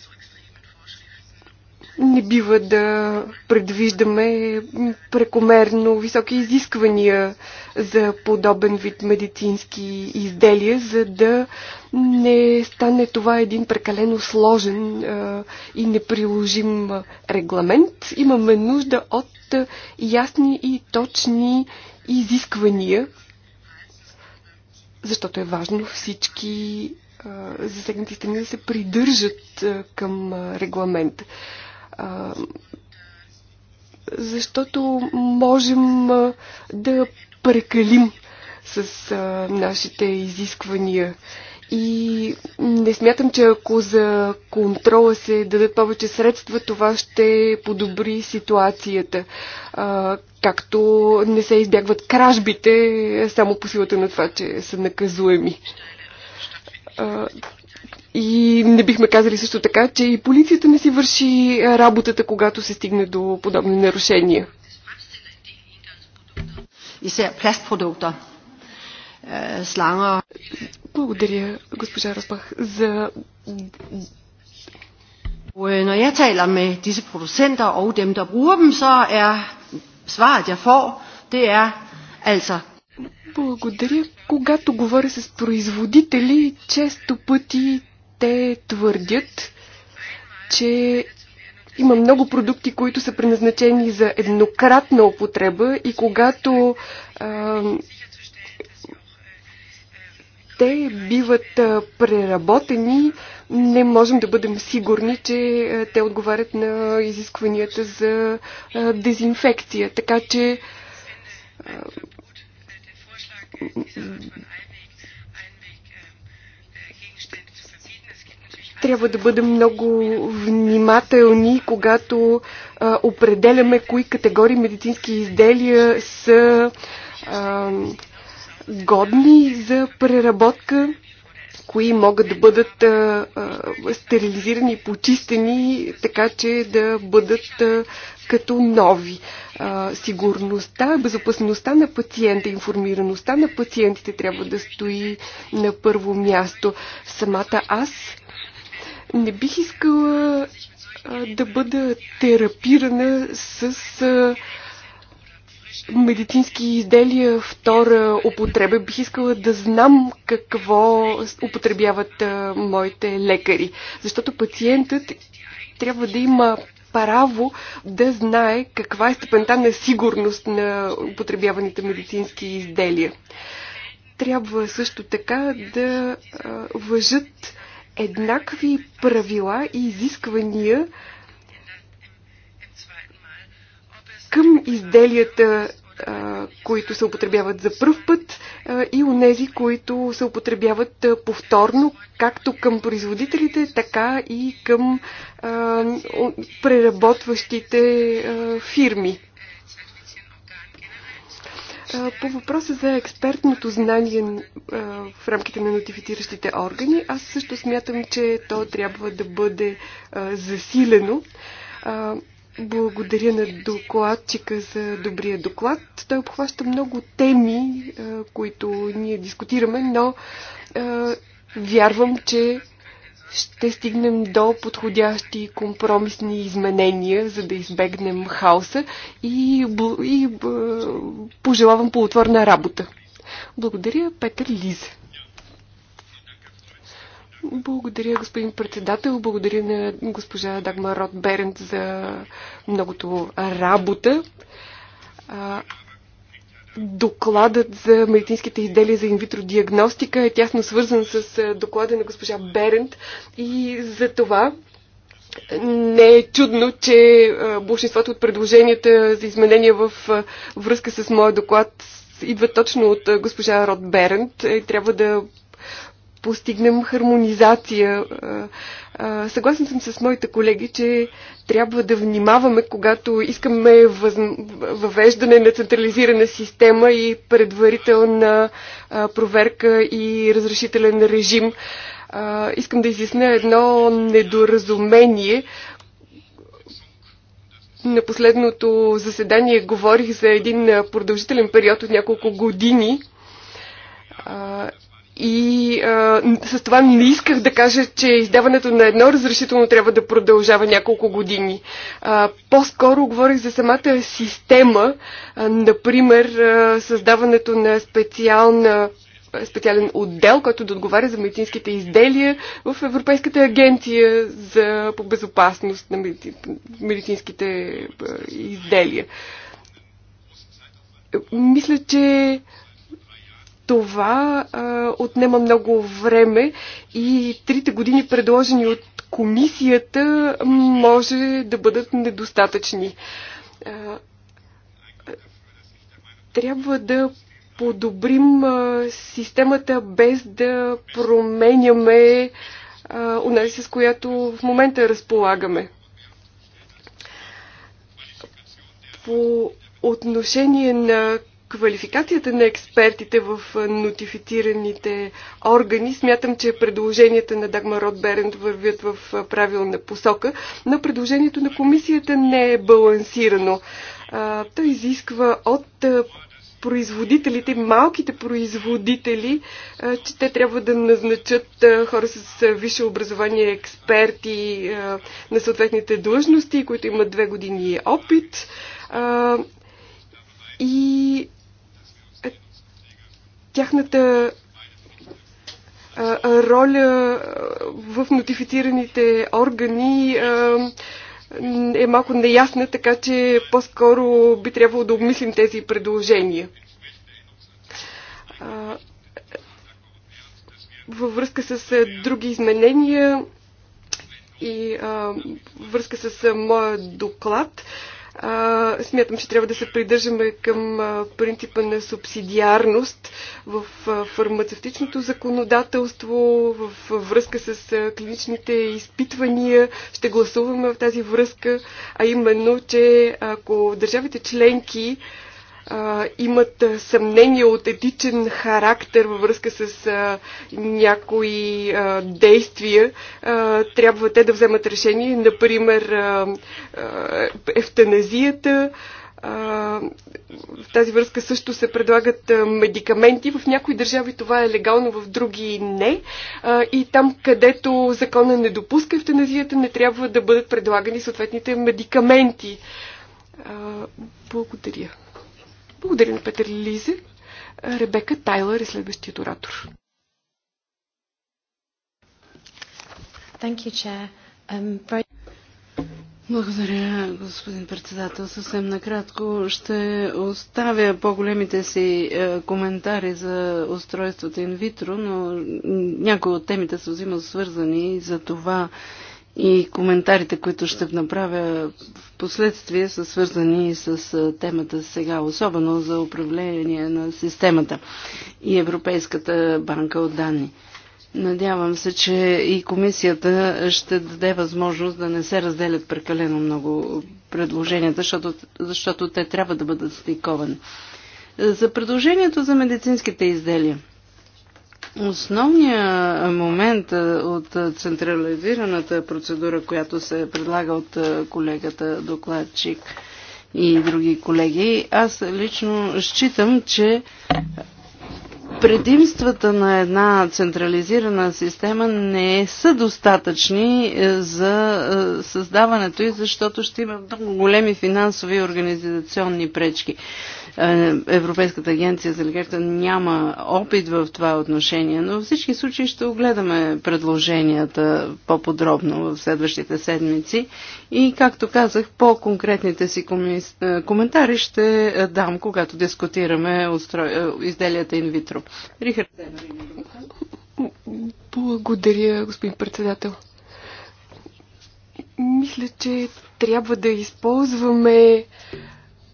не бива да предвиждаме прекомерно високи изисквания за подобен вид медицински изделия, за да не стане това един прекалено сложен и неприложим регламент. Имаме нужда от ясни и точни изисквания, защото е важно всички засегнати страни да се придържат към регламента защото можем да прекалим с нашите изисквания. И не смятам, че ако за контрола се дадат повече средства, това ще подобри ситуацията. А, както не се избягват кражбите само по силата на това, че са наказуеми. А, и не бихме казали също така, че и полицията не си върши работата, когато се стигне до подобни нарушения. И се пластпродукта. Благодаря, госпожа Распах, за øh, Når jeg taler med disse producenter og dem, der bruger dem, så er svaret, jeg får, det er altså. Благодаря. Когато говоря с производители, често пъти те твърдят, че има много продукти, които са предназначени за еднократна употреба и когато а, те биват а, преработени, не можем да бъдем сигурни, че а, те отговарят на изискванията за а, дезинфекция. Така че а, трябва да бъдем много внимателни, когато а, определяме кои категории медицински изделия са а, годни за преработка, кои могат да бъдат а, а, стерилизирани и почистени, така че да бъдат а, като нови. А, сигурността, безопасността на пациента, информираността на пациентите трябва да стои на първо място. Самата аз не бих искала да бъда терапирана с медицински изделия втора употреба. Бих искала да знам какво употребяват моите лекари. Защото пациентът трябва да има право да знае каква е степента на сигурност на употребяваните медицински изделия. Трябва също така да а, въжат еднакви правила и изисквания към изделията, които се употребяват за пръв път и у нези, които се употребяват повторно, както към производителите, така и към преработващите фирми. По въпроса за експертното знание в рамките на нотифициращите органи, аз също смятам, че то трябва да бъде засилено. Благодаря на докладчика за добрия доклад. Той обхваща много теми, които ние дискутираме, но вярвам, че ще стигнем до подходящи компромисни изменения, за да избегнем хаоса и, и е, пожелавам полутворна работа. Благодаря, Петър Лиз. Благодаря, господин председател. Благодаря на госпожа Дагма Рот Берент за многото работа. Докладът за медицинските изделия за инвитро диагностика е тясно свързан с доклада на госпожа Берент и за това не е чудно, че большинството от предложенията за изменения в връзка с моя доклад идват точно от госпожа Род Берент. Е, трябва да постигнем хармонизация. Съгласен съм с моите колеги, че трябва да внимаваме, когато искаме въз... въвеждане на централизирана система и предварителна проверка и разрешителен режим. Искам да изясня едно недоразумение, на последното заседание говорих за един продължителен период от няколко години и а, с това не исках да кажа, че издаването на едно разрешително трябва да продължава няколко години. по-скоро говорих за самата система, а, например, а, създаването на специална специален отдел, който да отговаря за медицинските изделия в Европейската агенция за по безопасност на медицинските изделия. Мисля, че това а, отнема много време и трите години предложени от комисията може да бъдат недостатъчни. А, трябва да подобрим а, системата без да променяме унази, с която в момента разполагаме. По отношение на квалификацията на експертите в нотифицираните органи. Смятам, че предложенията на Дагма Род Беренд вървят в правилна посока, но предложението на комисията не е балансирано. Той изисква от производителите, малките производители, че те трябва да назначат хора с висше образование, експерти на съответните длъжности, които имат две години опит. И тяхната роля в нотифицираните органи е малко неясна, така че по-скоро би трябвало да обмислим тези предложения. Във връзка с други изменения и връзка с моя доклад, а, смятам, че трябва да се придържаме към принципа на субсидиарност в фармацевтичното законодателство, в връзка с клиничните изпитвания. Ще гласуваме в тази връзка, а именно, че ако държавите членки а, имат съмнения от етичен характер във връзка с а, някои а, действия, а, трябва те да вземат решение, например, а, а, ефтаназията. В тази връзка също се предлагат медикаменти. В някои държави това е легално, в други не. И там, където закона не допуска евтаназията, не трябва да бъдат предлагани съответните медикаменти. Благодаря. Благодаря на Петър Лизе. Ребека Тайлър е следващият оратор. You, um... Благодаря, господин председател. Съвсем накратко ще оставя по-големите си е, коментари за устройството инвитро, но някои от темите са взима свързани и за това и коментарите, които ще направя в последствие, са свързани с темата сега, особено за управление на системата и Европейската банка от данни. Надявам се, че и комисията ще даде възможност да не се разделят прекалено много предложенията, защото, защото те трябва да бъдат стиковани. За предложението за медицинските изделия – Основният момент от централизираната процедура, която се предлага от колегата докладчик и други колеги, аз лично считам, че предимствата на една централизирана система не са достатъчни е, за е, създаването и защото ще има много големи финансови и организационни пречки. Е, Европейската агенция за лекарства няма опит в това отношение, но във всички случаи ще огледаме предложенията по-подробно в следващите седмици и, както казах, по-конкретните си коментари ще дам, когато дискутираме изделията инвитро. Рихард. Благодаря, господин председател. Мисля, че трябва да използваме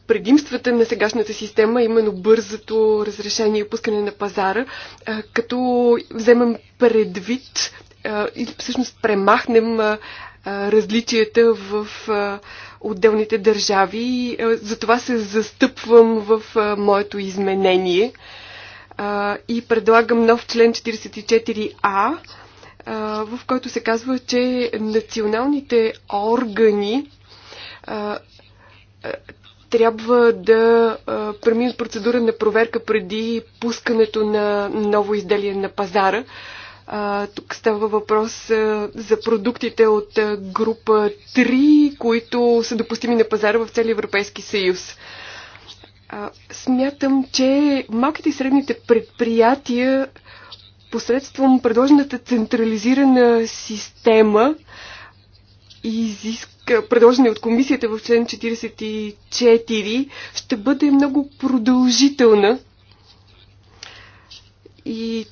предимствата на сегашната система, именно бързото разрешение и пускане на пазара, като вземем предвид и всъщност премахнем различията в отделните държави. За това се застъпвам в моето изменение а, и предлагам нов член 44А, а, в който се казва, че националните органи а, а, трябва да а, преминат процедура на проверка преди пускането на ново изделие на пазара. А, тук става въпрос а, за продуктите от а, група 3, които са допустими на пазара в целия Европейски съюз. А, смятам, че малките и средните предприятия посредством предложената централизирана система изиска, предложена от комисията в член 44, ще бъде много продължителна. И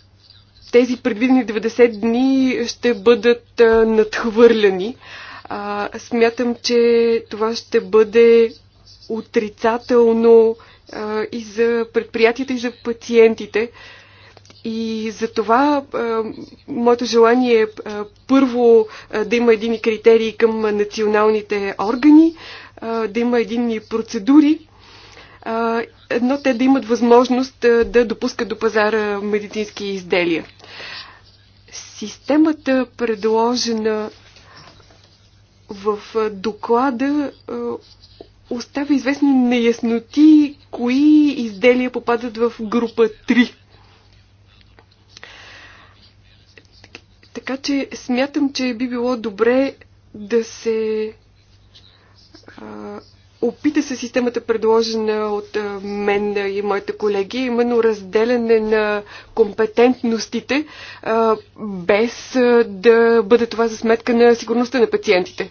тези предвидени 90 дни ще бъдат надхвърляни. А, смятам, че това ще бъде отрицателно а, и за предприятията, и за пациентите. И за това а, моето желание е а, първо а, да има едини критерии към националните органи, а, да има едини процедури, а, но те да имат възможност а, да допускат до пазара медицински изделия. Системата, предложена в доклада, Остава известни неясноти, кои изделия попадат в група 3. Така че смятам, че би било добре да се а, опита се системата, предложена от а, мен и моите колеги, именно разделяне на компетентностите, а, без а, да бъде това за сметка на сигурността на пациентите.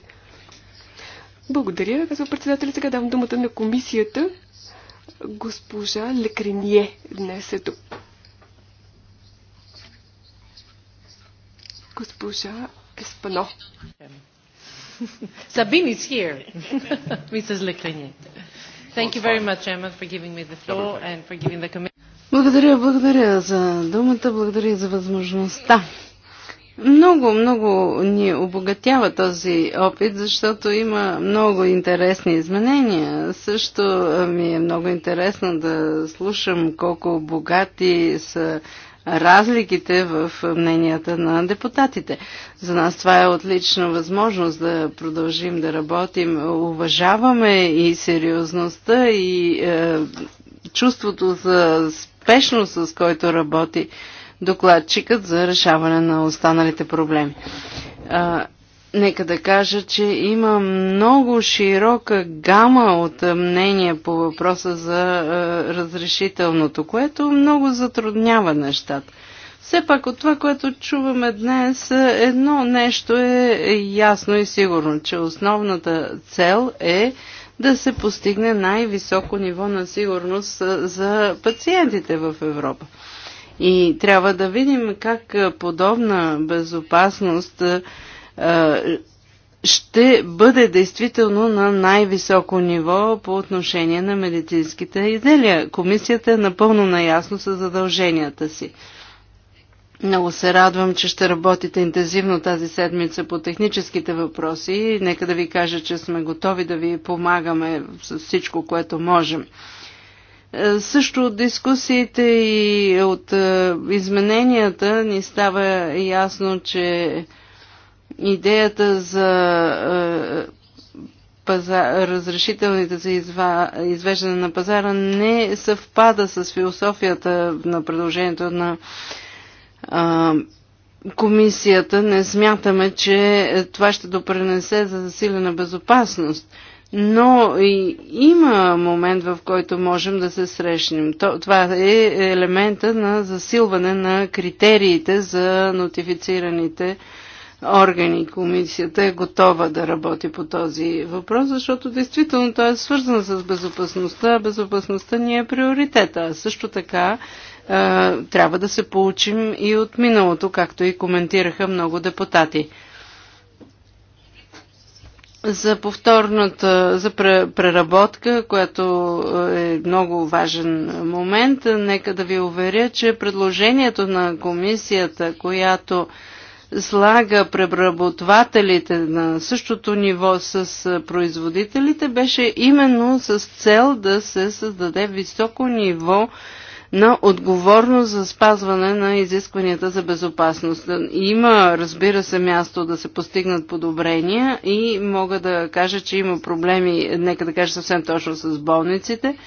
Благодаря, казва председателя. Сега давам думата на комисията. Госпожа Лекрение днес е тук. Госпожа Еспано. Сабин е тук. Мисъс Lecrenier. Thank you very much, Emma, for giving me the floor and for giving the committee. Благодаря, благодаря за думата, благодаря за възможността много, много ни обогатява този опит, защото има много интересни изменения. Също ми е много интересно да слушам колко богати са разликите в мненията на депутатите. За нас това е отлична възможност да продължим да работим. Уважаваме и сериозността, и е, чувството за спешност, с който работи докладчикът за решаване на останалите проблеми. А, нека да кажа, че има много широка гама от мнения по въпроса за а, разрешителното, което много затруднява нещата. Все пак от това, което чуваме днес, едно нещо е ясно и сигурно, че основната цел е да се постигне най-високо ниво на сигурност за пациентите в Европа. И трябва да видим как подобна безопасност ще бъде действително на най-високо ниво по отношение на медицинските изделия. Комисията е напълно наясно с задълженията си. Много се радвам, че ще работите интензивно тази седмица по техническите въпроси. Нека да ви кажа, че сме готови да ви помагаме с всичко, което можем. Е, също от дискусиите и от е, измененията ни става ясно, че идеята за е, паза, разрешителните за изва, извеждане на пазара не съвпада с философията на предложението на а, комисията. Не смятаме, че това ще допренесе за засилена безопасност но и има момент, в който можем да се срещнем. Това е елемента на засилване на критериите за нотифицираните органи. Комисията е готова да работи по този въпрос, защото действително той е свързан с безопасността, а безопасността ни е приоритета. А също така е, трябва да се получим и от миналото, както и коментираха много депутати за повторната, за преработка, която е много важен момент. Нека да ви уверя, че предложението на комисията, която слага преработвателите на същото ниво с производителите, беше именно с цел да се създаде високо ниво на отговорност за спазване на изискванията за безопасност. Има, разбира се, място да се постигнат подобрения и мога да кажа, че има проблеми, нека да кажа съвсем точно с болниците.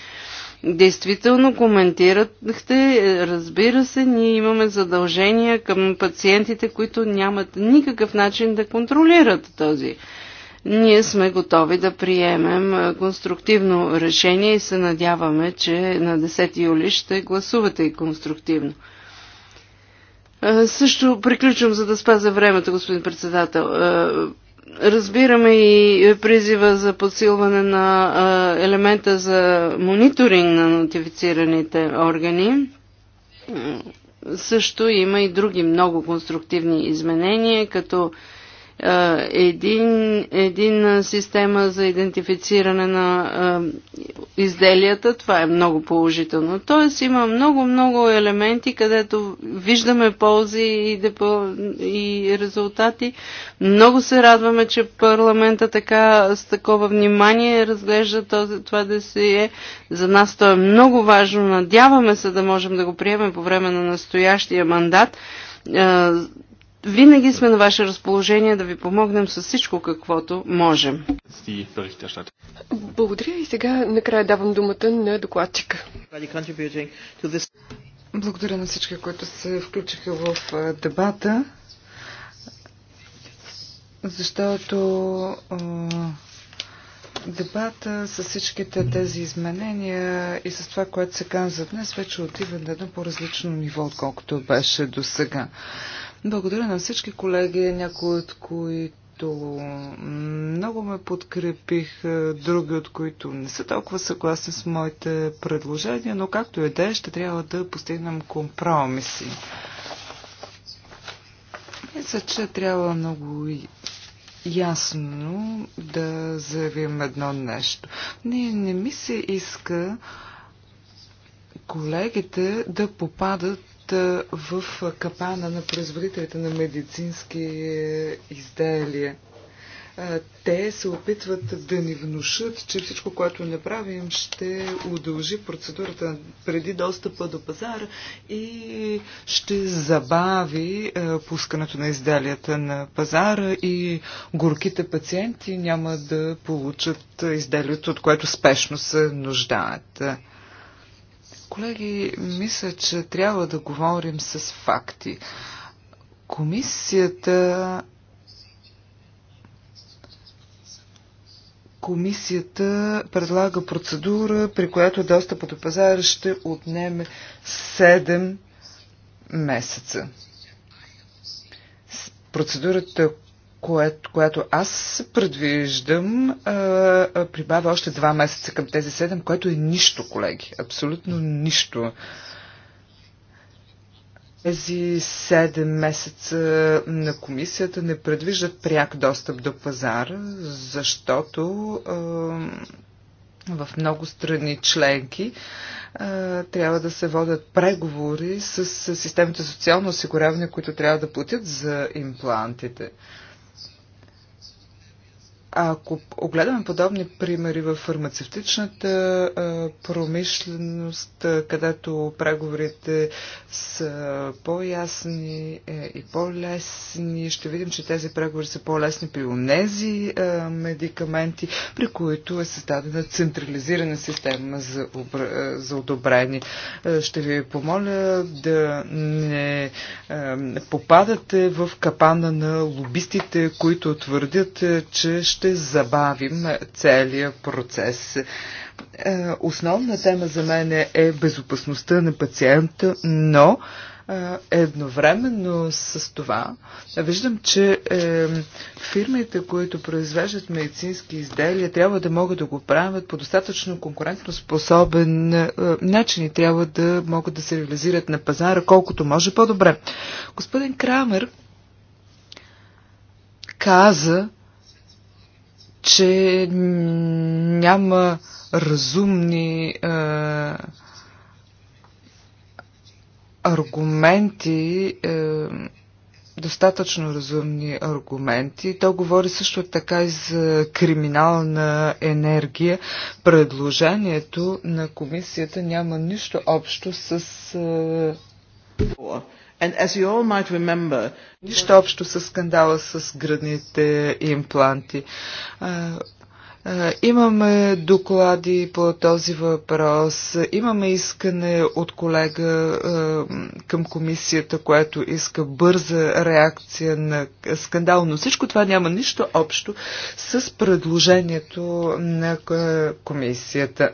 Действително коментирахте, разбира се, ние имаме задължения към пациентите, които нямат никакъв начин да контролират този ние сме готови да приемем конструктивно решение и се надяваме, че на 10 юли ще гласувате и конструктивно. Също приключвам, за да спазя времето, господин председател. Разбираме и призива за подсилване на елемента за мониторинг на нотифицираните органи. Също има и други много конструктивни изменения, като един, един система за идентифициране на изделията. Това е много положително. Тоест има много-много елементи, където виждаме ползи и, депо, и резултати. Много се радваме, че парламента така с такова внимание разглежда този, това да се е. За нас то е много важно. Надяваме се да можем да го приемем по време на настоящия мандат винаги сме на ваше разположение да ви помогнем с всичко, каквото можем. Благодаря и сега накрая давам думата на докладчика. Благодаря на всички, които се включиха в дебата, защото дебата с всичките тези изменения и с това, което се казва днес, вече отива на едно по-различно ниво, отколкото беше до сега. Благодаря на всички колеги, някои от които много ме подкрепих, е, други от които не са толкова съгласни с моите предложения, но както и да е, ще трябва да постигнем компромиси. Мисля, че трябва много ясно да заявим едно нещо. Не, не ми се иска колегите да попадат в капана на производителите на медицински е, изделия. Те се опитват да ни внушат, че всичко, което направим, ще удължи процедурата преди достъпа до пазара и ще забави пускането на изделията на пазара и горките пациенти няма да получат изделието, от което спешно се нуждаят. Колеги, мисля, че трябва да говорим с факти. Комисията комисията предлага процедура, при която достъпът до пазара ще отнеме 7 месеца. Процедурата, което, което аз предвиждам, а, прибавя още два месеца към тези седем, което е нищо, колеги. Абсолютно нищо. Тези седем месеца на комисията не предвиждат пряк достъп до пазара, защото а, в много страни членки трябва да се водят преговори с системите за социално осигуряване, които трябва да платят за имплантите. Ако огледаме подобни примери в фармацевтичната промишленост, където преговорите са по-ясни е, и по-лесни, ще видим, че тези преговори са по-лесни при онези медикаменти, при които е създадена централизирана система за, одобрение. Ще ви помоля да не попадате в капана на лобистите, които твърдят, че ще ще забавим целия процес. Е, основна тема за мен е безопасността на пациента, но е, едновременно с това виждам, че е, фирмите, които произвеждат медицински изделия, трябва да могат да го правят по достатъчно конкурентно способен начин и трябва да могат да се реализират на пазара колкото може по-добре. Господин Крамер каза, че няма разумни е, аргументи, е, достатъчно разумни аргументи. То говори също така и за криминална енергия. Предложението на комисията няма нищо общо с. е нищо общо с скандала с гръдните импланти. Имаме доклади по този въпрос, имаме искане от колега към комисията, което иска бърза реакция на скандал, но всичко това няма нищо общо с предложението на комисията.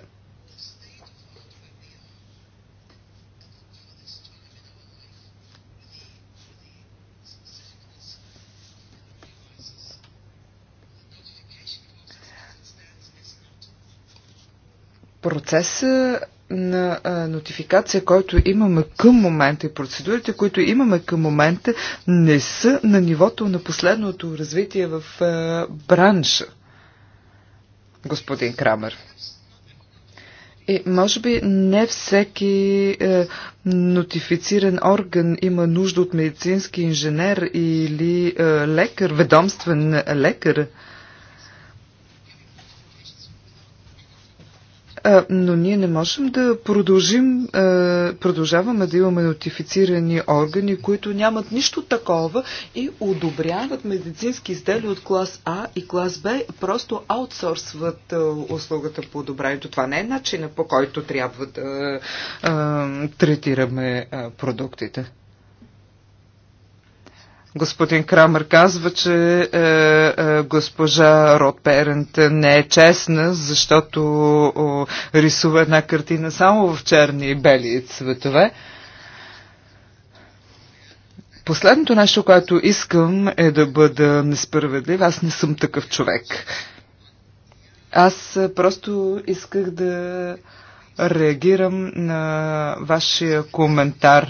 процеса на а, нотификация, който имаме към момента и процедурите, които имаме към момента, не са на нивото на последното развитие в а, бранша, господин Крамер. И може би не всеки е, нотифициран орган има нужда от медицински инженер или е, лекар, ведомствен лекар. Е, А, но ние не можем да продължим, продължаваме да имаме нотифицирани органи, които нямат нищо такова и одобряват медицински изделия от клас А и клас Б, просто аутсорсват услугата по одобрението. Това не е начина по който трябва да третираме продуктите. Господин Крамер казва, че е, е, госпожа Род Перент не е честна, защото о, рисува една картина само в черни и бели цветове. Последното нещо, което искам е да бъда несправедлив. Аз не съм такъв човек. Аз е, просто исках да реагирам на вашия коментар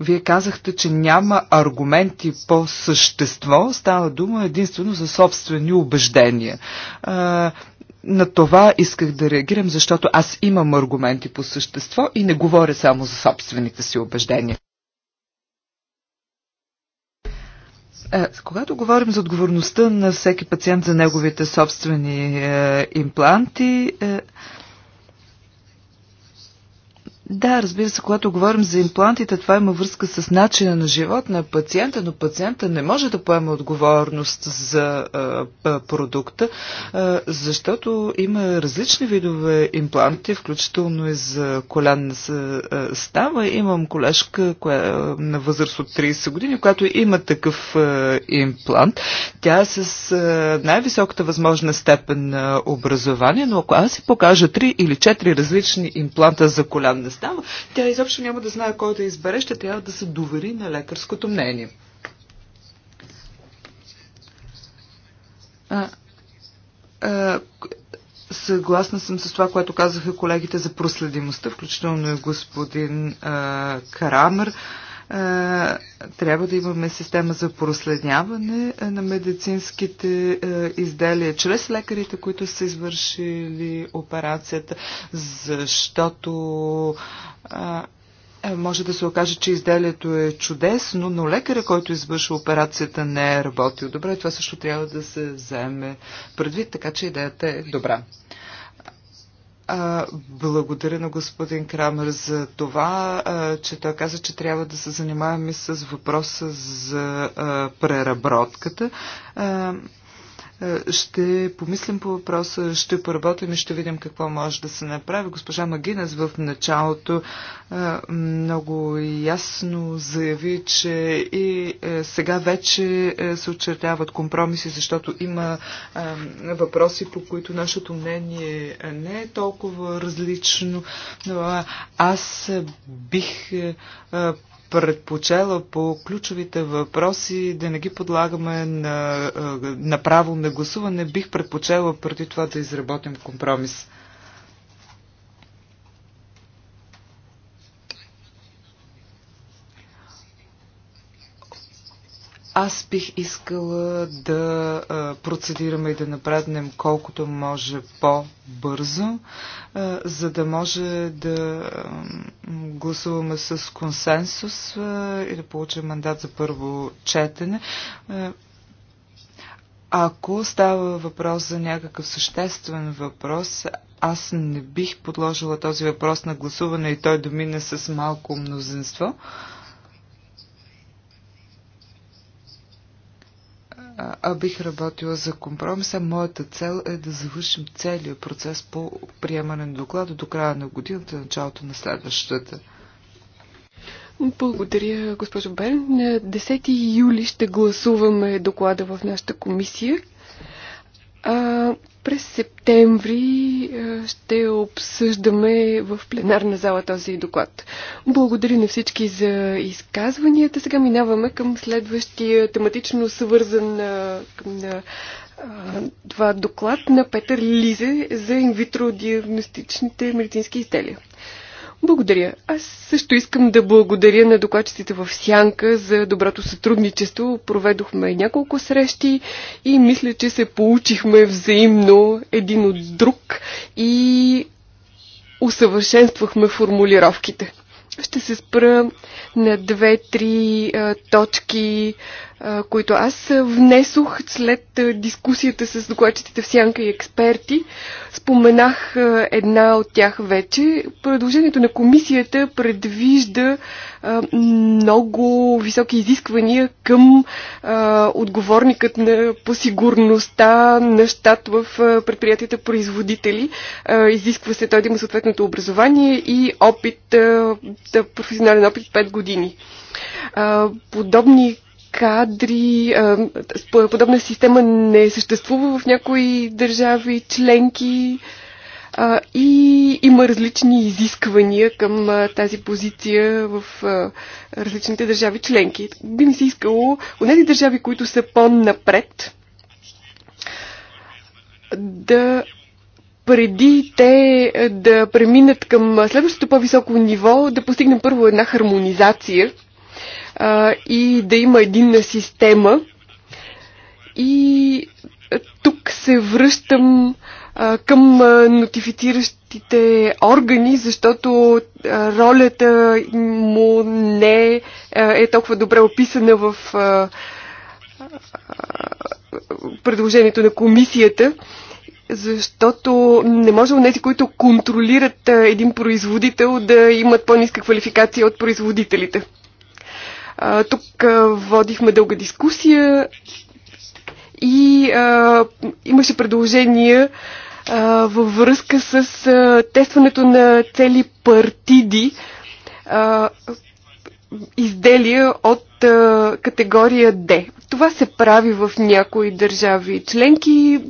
вие казахте, че няма аргументи по същество, става дума единствено за собствени убеждения. А, на това исках да реагирам, защото аз имам аргументи по същество и не говоря само за собствените си убеждения. Е, когато говорим за отговорността на всеки пациент за неговите собствени е, импланти, е, да, разбира се, когато говорим за имплантите, това има връзка с начина на живот на пациента, но пациента не може да поема отговорност за а, продукта, а, защото има различни видове импланти, включително и за колян става. Имам колежка коя, на възраст от 30 години, която има такъв а, имплант. Тя е с най-високата възможна степен на образование, но ако аз си покажа 3 или 4 различни импланта за колянна става, тя изобщо няма да знае кой да избере, ще трябва да се довери на лекарското мнение. А, а, съгласна съм с това, което казаха колегите за проследимостта, включително и господин а, Карамер. А, трябва да имаме система за проследяване на медицинските изделия чрез лекарите, които са извършили операцията, защото е, може да се окаже, че изделието е чудесно, но лекаря, който извършва операцията, не е работил добре. Това също трябва да се вземе предвид, така че идеята е добра. А, благодаря на господин Крамер за това, а, че той каза, че трябва да се занимаваме с въпроса за а, преработката. А, е, ще помислим по въпроса, ще поработим и ще видим какво може да се направи. Госпожа Магинес в началото е, много ясно заяви, че и е, сега вече се очертяват компромиси, защото има въпроси, по които нашето мнение не е толкова различно. Но аз бих предпочела по ключовите въпроси да не ги подлагаме на, е, на право на гласуване. Бих предпочела преди това да изработим компромис. Аз бих искала да процедираме и да напреднем колкото може по-бързо, за да може да гласуваме с консенсус и да получим мандат за първо четене. Ако става въпрос за някакъв съществен въпрос, аз не бих подложила този въпрос на гласуване и той домине с малко мнозинство. А, а бих работила за компромиса. Моята цел е да завършим целият процес по приемане на доклада до края на годината, началото на следващата. Благодаря, госпожо Берн. На 10 юли ще гласуваме доклада в нашата комисия. А, през септември е, ще обсъждаме в пленарна зала този доклад. Благодаря на всички за изказванията. Сега минаваме към следващия тематично свързан е, към, на, е, това доклад на Петър Лизе за инвитро диагностичните медицински изделия. Благодаря. Аз също искам да благодаря на докладчиците в Сянка за доброто сътрудничество. Проведохме няколко срещи и мисля, че се получихме взаимно един от друг и усъвършенствахме формулировките. Ще се спра на две-три точки които аз внесох след дискусията с докладчетите в Сянка и експерти. Споменах една от тях вече. Предложението на комисията предвижда много високи изисквания към отговорникът на, посигурността на щат в предприятията производители. Изисква се той да има съответното образование и опит, професионален опит 5 години. Подобни кадри. Подобна система не съществува в някои държави членки и има различни изисквания към тази позиция в различните държави членки. Би ми се искало от тези държави, които са по-напред, да преди те да преминат към следващото по-високо ниво, да постигнем първо една хармонизация а, и да има единна система. И тук се връщам а, към а, нотифициращите органи, защото а, ролята му не а, е толкова добре описана в а, предложението на комисията, защото не може тези, които контролират един производител, да имат по-ниска квалификация от производителите. А, тук а, водихме дълга дискусия и а, имаше предложения а, във връзка с а, тестването на цели партиди, а, изделия от а, категория D. Това се прави в някои държави членки.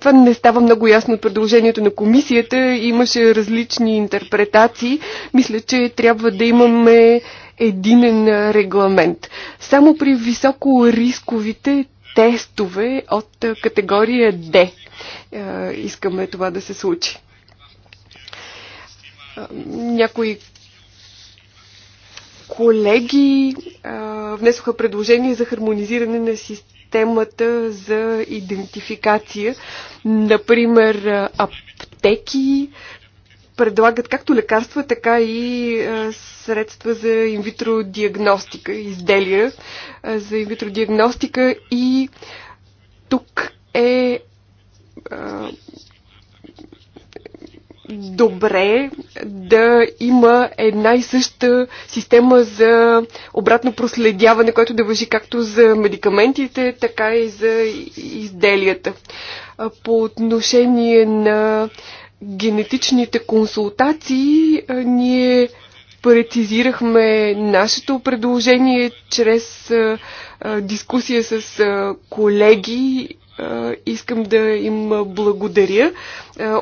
Това не става много ясно от предложението на комисията. Имаше различни интерпретации. Мисля, че трябва да имаме единен регламент. Само при високо рисковите тестове от категория D искаме това да се случи. Някои колеги внесоха предложение за хармонизиране на системата за идентификация, например аптеки, предлагат както лекарства, така и е, средства за инвитро диагностика, изделия е, за инвитро диагностика и тук е, е добре да има една и съща система за обратно проследяване, което да въжи както за медикаментите, така и за изделията. По отношение на генетичните консултации ние прецизирахме нашето предложение чрез дискусия с колеги. Искам да им благодаря.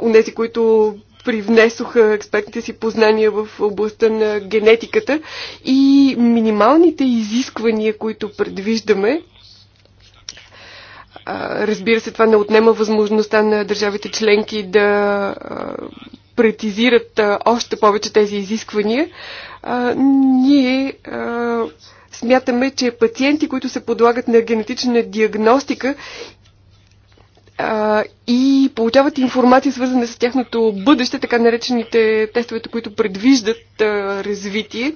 Унези, които привнесоха експертните си познания в областта на генетиката и минималните изисквания, които предвиждаме, Разбира се, това не отнема възможността на държавите членки да претизират още повече тези изисквания. Ние смятаме, че пациенти, които се подлагат на генетична диагностика а, и получават информация, свързана с тяхното бъдеще, така наречените тестовете, които предвиждат а, развитие,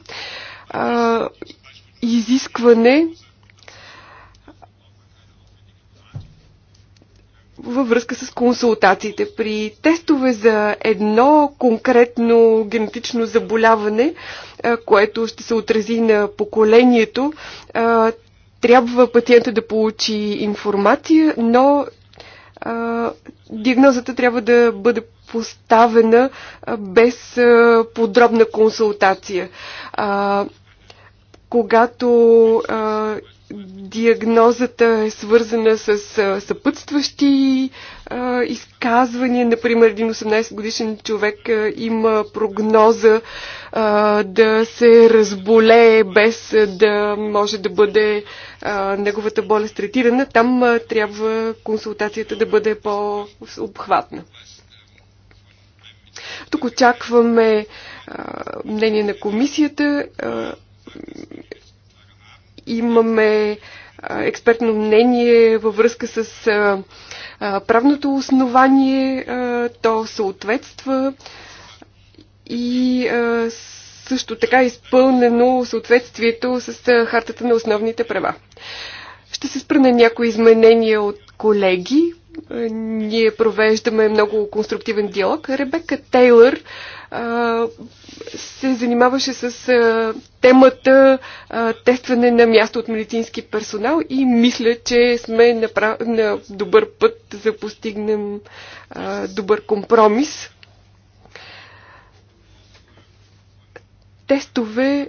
а, изискване във връзка с консултациите. При тестове за едно конкретно генетично заболяване, което ще се отрази на поколението, трябва пациента да получи информация, но диагнозата трябва да бъде поставена без подробна консултация. Когато диагнозата е свързана с съпътстващи а, изказвания. Например, един 18 годишен човек а, има прогноза а, да се разболее без да може да бъде а, неговата болест третирана. Там а, трябва консултацията да бъде по-обхватна. Тук очакваме а, мнение на комисията. А, имаме експертно мнение във връзка с правното основание, то съответства и също така е изпълнено съответствието с хартата на основните права. Ще се спра на някои изменения от колеги. Ние провеждаме много конструктивен диалог. Ребека Тейлър се занимаваше с темата тестване на място от медицински персонал и мисля, че сме на, на добър път за постигнем добър компромис. Тестове,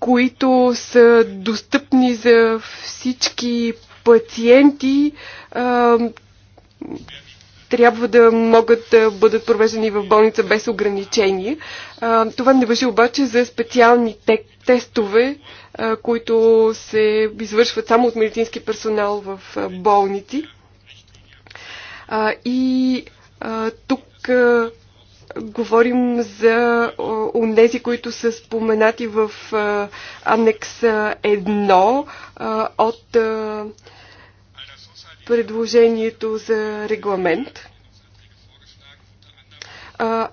които са достъпни за всички пациенти, трябва да могат да бъдат провеждани в болница без ограничение. Това не въжи обаче за специални тестове, които се извършват само от медицински персонал в болници. И тук говорим за онези, които са споменати в анекс 1 от предложението за регламент.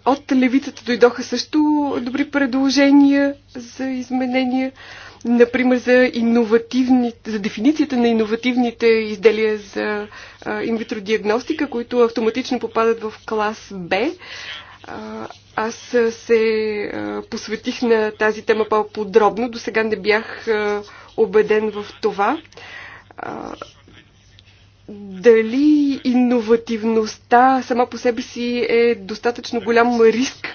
От левицата дойдоха също добри предложения за изменения, например за, за дефиницията на иновативните изделия за инвитродиагностика, които автоматично попадат в клас Б. Аз се посветих на тази тема по-подробно. До сега не бях убеден в това дали иновативността сама по себе си е достатъчно голям риск,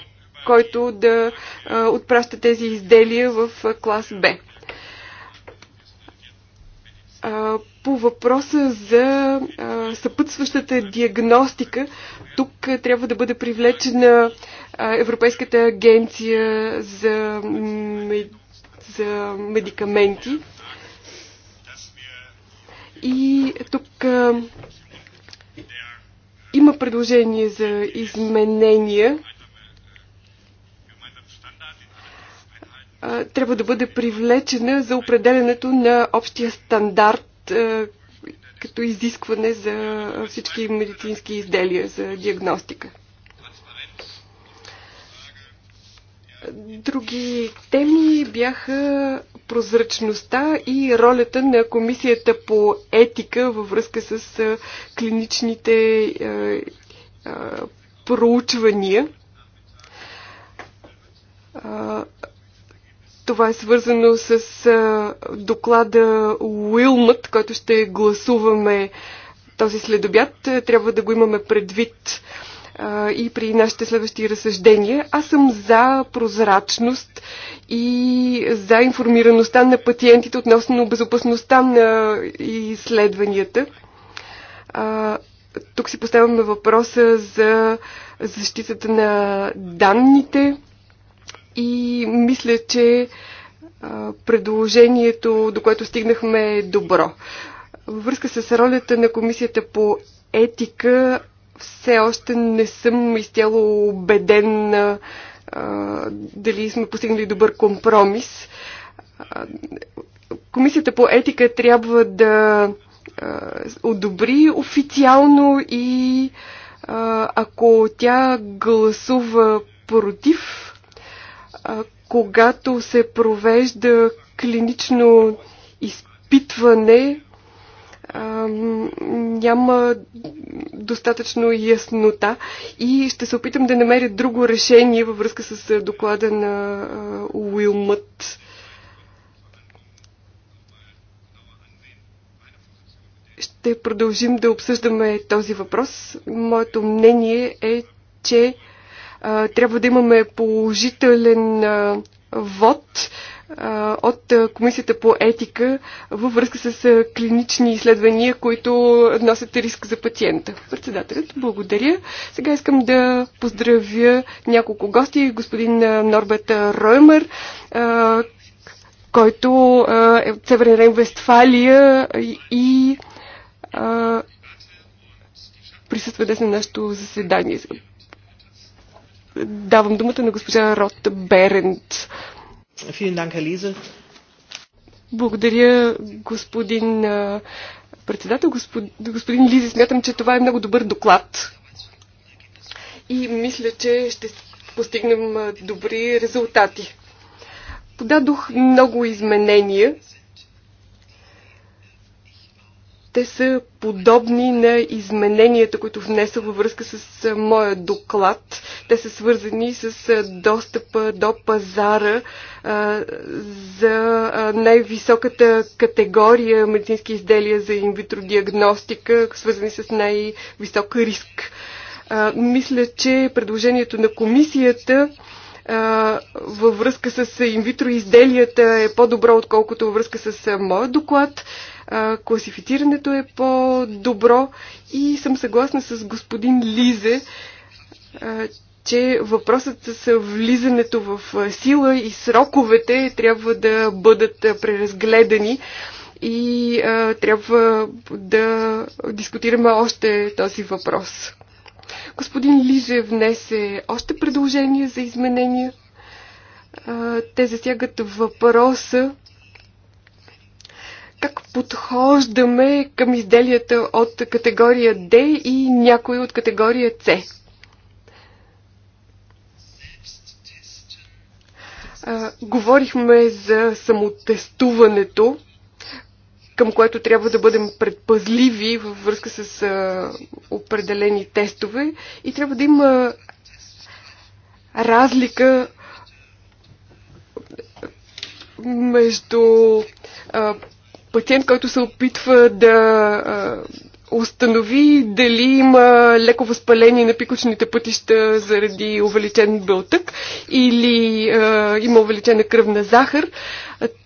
който да отпраща тези изделия в клас Б. По въпроса за съпътстващата диагностика, тук трябва да бъде привлечена Европейската агенция за, за медикаменти. И тук а, има предложение за изменения. А, трябва да бъде привлечена за определенето на общия стандарт а, като изискване за всички медицински изделия за диагностика. Други теми бяха прозрачността и ролята на Комисията по етика във връзка с клиничните проучвания. Това е свързано с доклада Уилмът, който ще гласуваме този следобят. Трябва да го имаме предвид и при нашите следващи разсъждения. Аз съм за прозрачност и за информираността на пациентите относно безопасността на изследванията. Тук си поставяме въпроса за защитата на данните и мисля, че предложението, до което стигнахме е добро. Във връзка с ролята на комисията по етика, все още не съм изцяло убеден а, дали сме постигнали добър компромис. комисията по етика трябва да а, одобри официално и а, ако тя гласува против, а, когато се провежда клинично изпитване, няма достатъчно яснота и ще се опитам да намеря друго решение във връзка с доклада на Уилмът. Ще продължим да обсъждаме този въпрос. Моето мнение е, че а, трябва да имаме положителен а, вод от Комисията по етика във връзка с клинични изследвания, които носят риск за пациента. Председателят, благодаря. Сега искам да поздравя няколко гости. Господин Норбет Роймер, който е от Северен Рейн Вестфалия и присъства днес на нашето заседание. Давам думата на госпожа Рот Берент. Благодаря, господин председател. Господин, господин Лизи, смятам, че това е много добър доклад. И мисля, че ще постигнем добри резултати. Подадох много изменения те са подобни на измененията, които внеса във връзка с моя доклад. Те са свързани с достъпа до пазара а, за най-високата категория медицински изделия за инвитродиагностика, свързани с най-висок риск. А, мисля, че предложението на комисията във връзка с инвитро изделията е по-добро, отколкото във връзка с моят доклад класифицирането е по-добро и съм съгласна с господин Лизе, че въпросът с влизането в сила и сроковете трябва да бъдат преразгледани и а, трябва да дискутираме още този въпрос. Господин Лиже внесе още предложения за изменения. те засягат въпроса как подхождаме към изделията от категория D и някои от категория C. говорихме за самотестуването, към което трябва да бъдем предпазливи във връзка с определени тестове и трябва да има разлика между а, пациент, който се опитва да установи дали има леко възпаление на пикочните пътища заради увеличен белтък или а, има увеличена кръвна захар.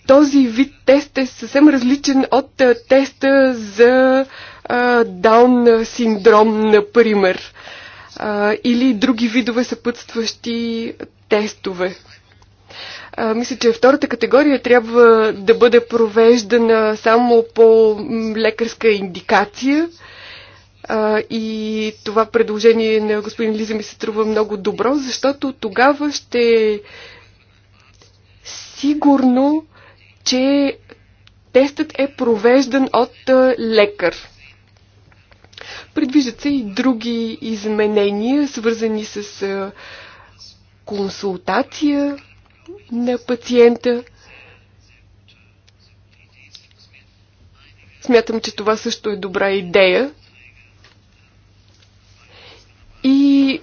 Този вид тест е съвсем различен от а, теста за а, Даун синдром, например, а, или други видове съпътстващи тестове. А, мисля, че втората категория трябва да бъде провеждана само по лекарска индикация. А, и това предложение на господин Лиза ми се струва много добро, защото тогава ще сигурно, че тестът е провеждан от лекар. Предвиждат се и други изменения, свързани с консултация на пациента. Смятам, че това също е добра идея. И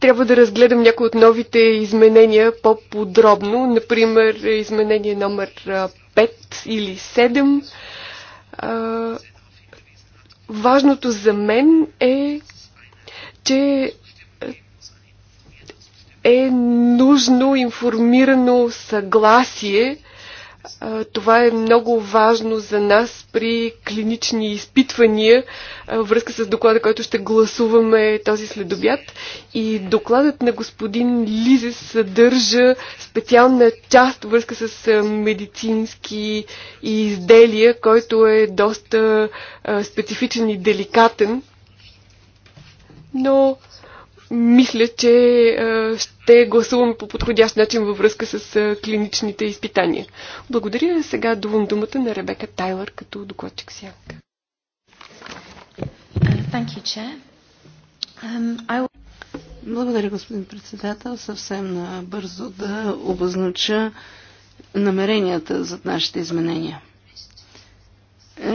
трябва да разгледам някои от новите изменения по-подробно. Например, изменение номер 5 или 7. Важното за мен е, че е нужно информирано съгласие. Това е много важно за нас при клинични изпитвания, връзка с доклада, който ще гласуваме този следобят. И докладът на господин Лизе съдържа специална част връзка с медицински изделия, който е доста специфичен и деликатен. Но мисля, че ще гласувам по подходящ начин във връзка с клиничните изпитания. Благодаря. Сега давам думата на Ребека Тайлър като докладчик сянка. Um, Благодаря, господин председател. Съвсем бързо да обознача намеренията за нашите изменения.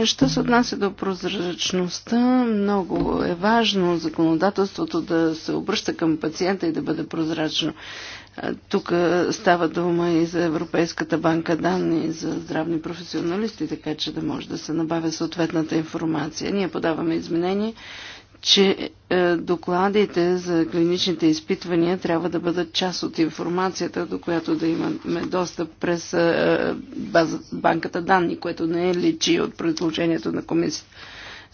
Що се отнася до прозрачността, много е важно законодателството да се обръща към пациента и да бъде прозрачно. Тук става дума и за Европейската банка данни за здравни професионалисти, така че да може да се набавя съответната информация. Ние подаваме изменения че е, докладите за клиничните изпитвания трябва да бъдат част от информацията, до която да имаме достъп през е, база, банката данни, което не е личи от предложението на комисията.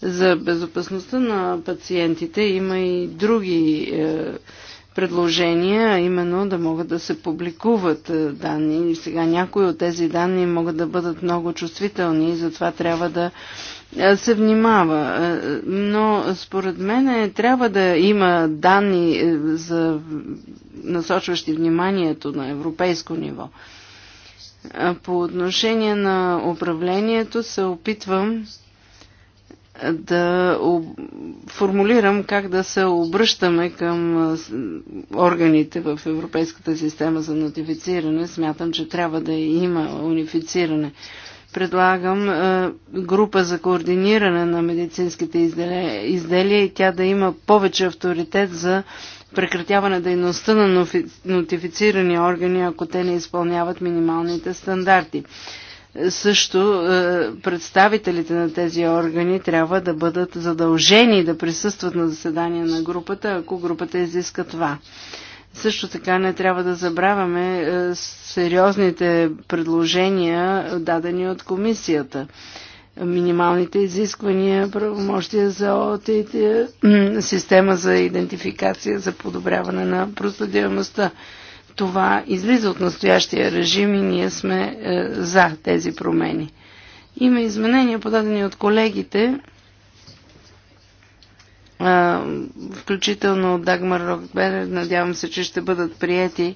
За безопасността на пациентите има и други е, предложения, именно да могат да се публикуват данни. Сега някои от тези данни могат да бъдат много чувствителни и затова трябва да е, се внимава. Е, но според мен е, трябва да има данни за насочващи вниманието на европейско ниво. По отношение на управлението се опитвам да формулирам как да се обръщаме към органите в Европейската система за нотифициране. Смятам, че трябва да има унифициране предлагам е, група за координиране на медицинските изделия и тя да има повече авторитет за прекратяване дейността на нотифицирани органи, ако те не изпълняват минималните стандарти. Също е, представителите на тези органи трябва да бъдат задължени да присъстват на заседания на групата, ако групата изиска това. Също така не трябва да забравяме е, сериозните предложения, дадени от комисията. Минималните изисквания, правомощия за ОТИТ, е, система за идентификация, за подобряване на проследяемостта. Това излиза от настоящия режим и ние сме е, за тези промени. Има изменения, подадени от колегите, включително от Дагмар Рокбер, надявам се, че ще бъдат приети.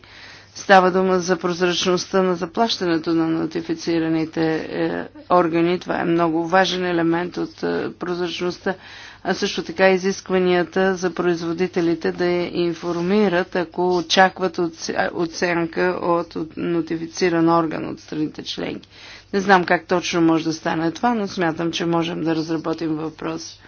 Става дума за прозрачността на заплащането на нотифицираните е, органи. Това е много важен елемент от е, прозрачността, а също така изискванията за производителите да я информират, ако очакват оценка от нотифициран орган от страните членки. Не знам как точно може да стане това, но смятам, че можем да разработим въпрос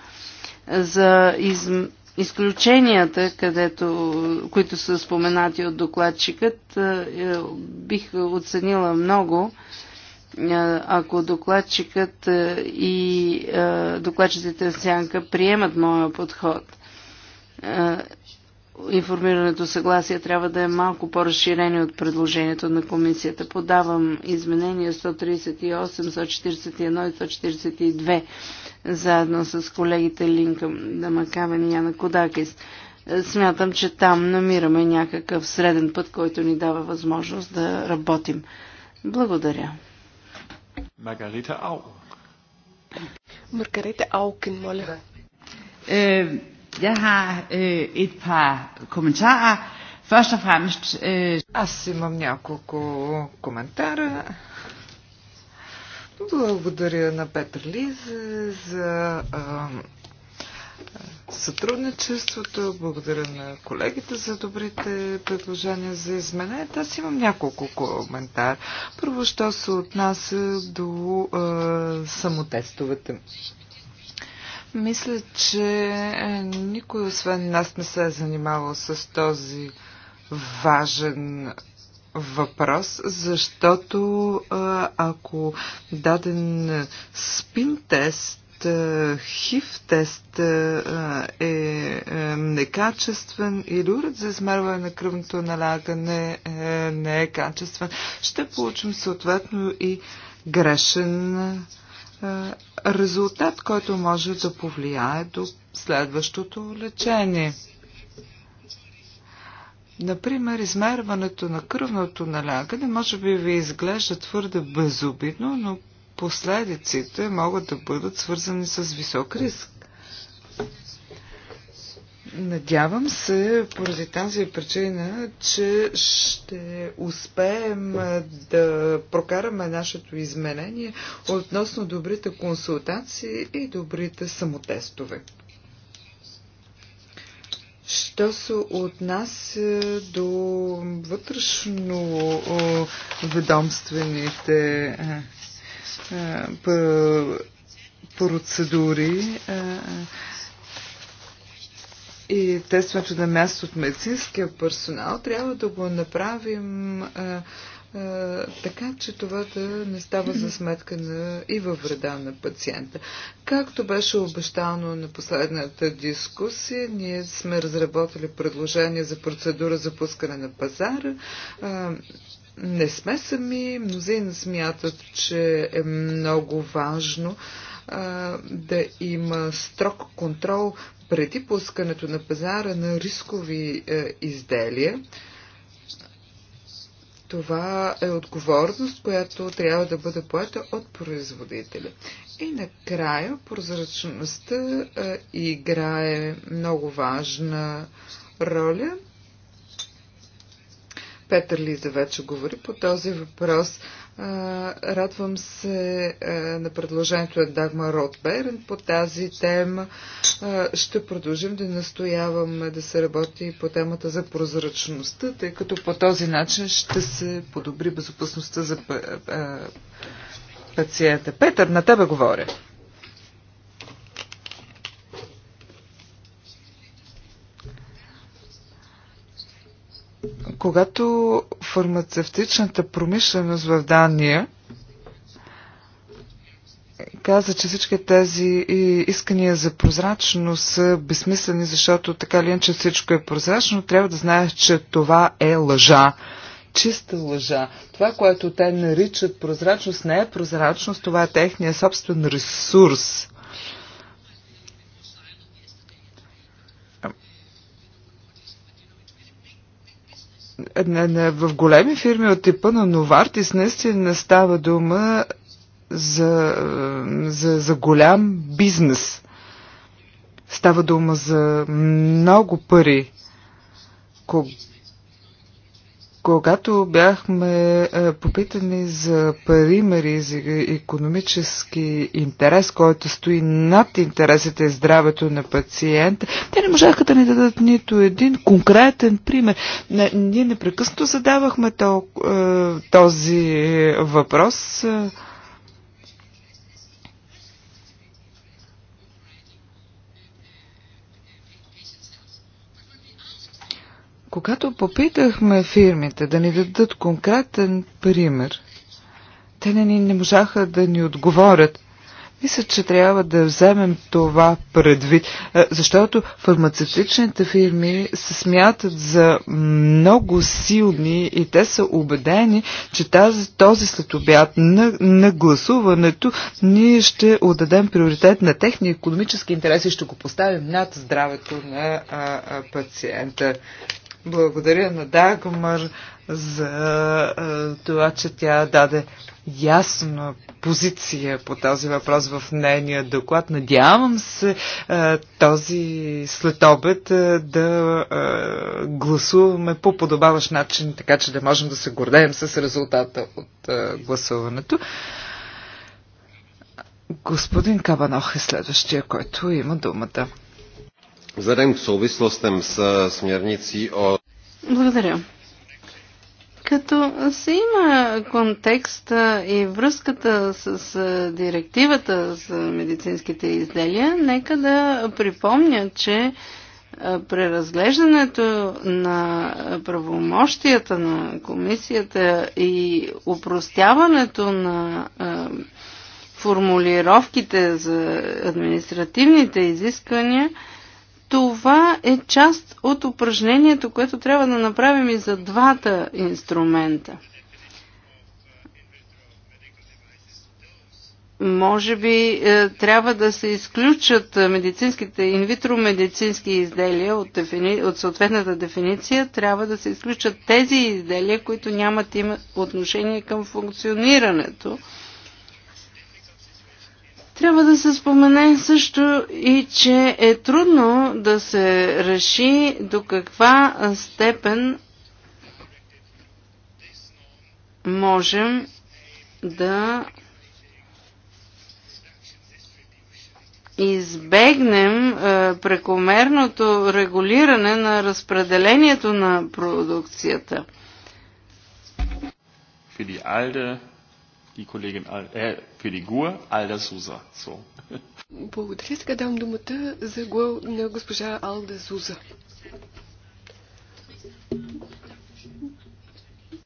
за из... изключенията, където, които са споменати от докладчикът, е, е, бих оценила много, е, ако докладчикът и докладчиците в сянка приемат моя подход информираното съгласие трябва да е малко по разширение от предложението на комисията. Подавам изменения 138, 141 и 142 заедно с колегите Линка Дамакавен и Яна Кодакис. Смятам, че там намираме някакъв среден път, който ни дава възможност да работим. Благодаря. Маргарита Аукин Маргарита Аукен, моля. Е, Jeg har øh, et par kommentarer. Først og fremmest... Øh... Аз имам няколко коментара. Благодаря на Петър Лиза за сътрудничеството. Благодаря на колегите за добрите предложения за изменение. Аз имам няколко коментар. Първо, що се отнася до самотестовете. Мисля, че е, никой освен нас не се е занимавал с този важен въпрос, защото е, ако даден спин тест е, хив тест е некачествен или уред за измерване на кръвното налягане не е качествен, ще получим съответно и грешен е, резултат, който може да повлияе до следващото лечение. Например, измерването на кръвното налягане може би ви изглежда твърде безобидно, но последиците могат да бъдат свързани с висок риск. Надявам се, поради тази причина, че ще успеем да прокараме нашето изменение относно добрите консултации и добрите самотестове. Що се отнася до вътрешно ведомствените процедури, и тестването значи на място от медицинския персонал, трябва да го направим а, а, така, че това да не става за сметка на, и във вреда на пациента. Както беше обещано на последната дискусия, ние сме разработили предложение за процедура за пускане на пазара. А, не сме сами, мнозина смятат, че е много важно а, да има строг контрол преди пускането на пазара на рискови е, изделия. Това е отговорност, която трябва да бъде поета от производителя. И накрая прозрачността е, играе много важна роля. Петър Лиза вече говори по този въпрос. Радвам се на предложението на Дагма Ротберн по тази тема. Ще продължим да настояваме да се работи по темата за прозрачността, тъй като по този начин ще се подобри безопасността за пациента. Петър, на тебе говоря. Когато фармацевтичната промишленост в Дания каза, че всички тези искания за прозрачно са безсмислени, защото така ли е, че всичко е прозрачно, трябва да знаеш, че това е лъжа. Чиста лъжа. Това, което те наричат прозрачност, не е прозрачност, това е техния собствен ресурс. в големи фирми от типа на Новартис наистина става дума за, за, за голям бизнес. Става дума за много пари. Когато бяхме е, попитани за примери за економически интерес, който стои над интересите и здравето на пациента, те не можаха да ни дадат нито един конкретен пример. Не, ние непрекъснато задавахме е, този въпрос. Е, Когато попитахме фирмите да ни дадат конкретен пример, те не, ни, не можаха да ни отговорят. Мисля, че трябва да вземем това предвид, е, защото фармацевтичните фирми се смятат за много силни и те са убедени, че тази, този следобят на, на гласуването ние ще отдадем приоритет на техния економически интерес и ще го поставим над здравето на а, а, пациента. Благодаря на Дагмар за това, че тя даде ясна позиция по този въпрос в нейния доклад. Надявам се този следобед да гласуваме по подобаващ начин, така че да можем да се гордеем с резултата от гласуването. Господин Кабанох е следващия, който има думата. Vzhledem k souvislostem s eh, směrnicí o... Благодаря. Като се има контекст е, и връзката с е, директивата за медицинските изделия, нека да припомня, че е, преразглеждането на правомощията на комисията и упростяването на формулировките за административните изисквания – това е част от упражнението, което трябва да направим и за двата инструмента. може би е, трябва да се изключат медицинските, инвитро медицински изделия от, дефини, от съответната дефиниция, трябва да се изключат тези изделия, които нямат има отношение към функционирането трябва да се спомене също и, че е трудно да се реши до каква степен можем да избегнем е, прекомерното регулиране на разпределението на продукцията die Kollegin äh, für die GUR, Alda Sousa. So. Благодаря. Сега думата за на госпожа Алда Суза.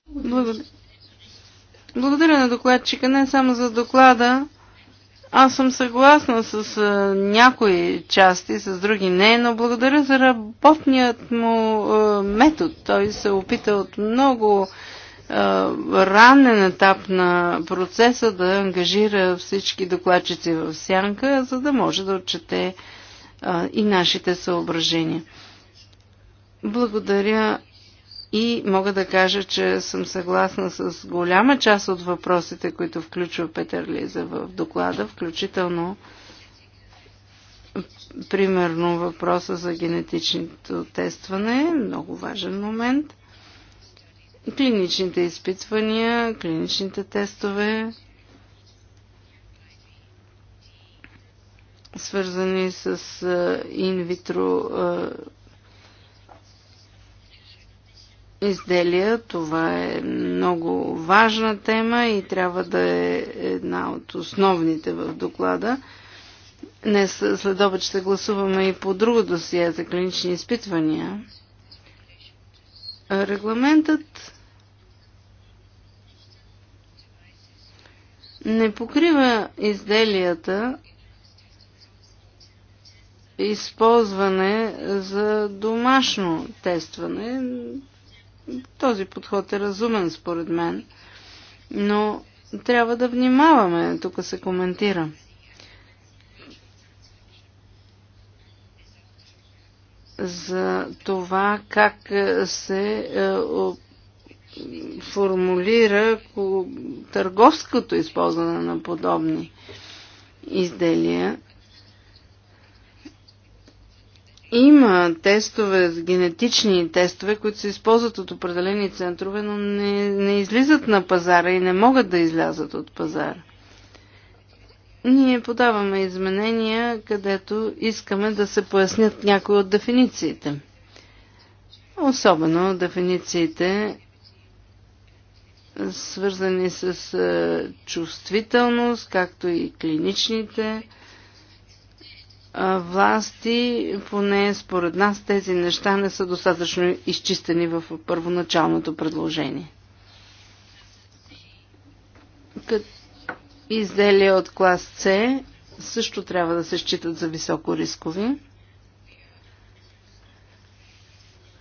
Благодаря. Благодаря на докладчика, не само за доклада. Аз съм съгласна с а, някои части, с други не, но благодаря за работният му а, метод. Той се опита от много а, ранен етап на процеса да ангажира всички докладчици в сянка, за да може да отчете и нашите съображения. Благодаря и мога да кажа, че съм съгласна с голяма част от въпросите, които включва Петър Лиза в доклада, включително примерно въпроса за генетичното тестване, много важен момент – клиничните изпитвания, клиничните тестове, свързани с инвитро изделия. Това е много важна тема и трябва да е една от основните в доклада. Днес след обед ще гласуваме и по друго досие за клинични изпитвания. Регламентът не покрива изделията, използване за домашно тестване. Този подход е разумен според мен, но трябва да внимаваме, тук се коментира. за това как се е, формулира търговското използване на подобни изделия. Има тестове, генетични тестове, които се използват от определени центрове, но не, не излизат на пазара и не могат да излязат от пазара. Ние подаваме изменения, където искаме да се пояснят някои от дефинициите. Особено дефинициите свързани с е, чувствителност, както и клиничните е, власти, поне според нас тези неща не са достатъчно изчистени в първоначалното предложение. Като Изделия от клас С също трябва да се считат за високо рискови.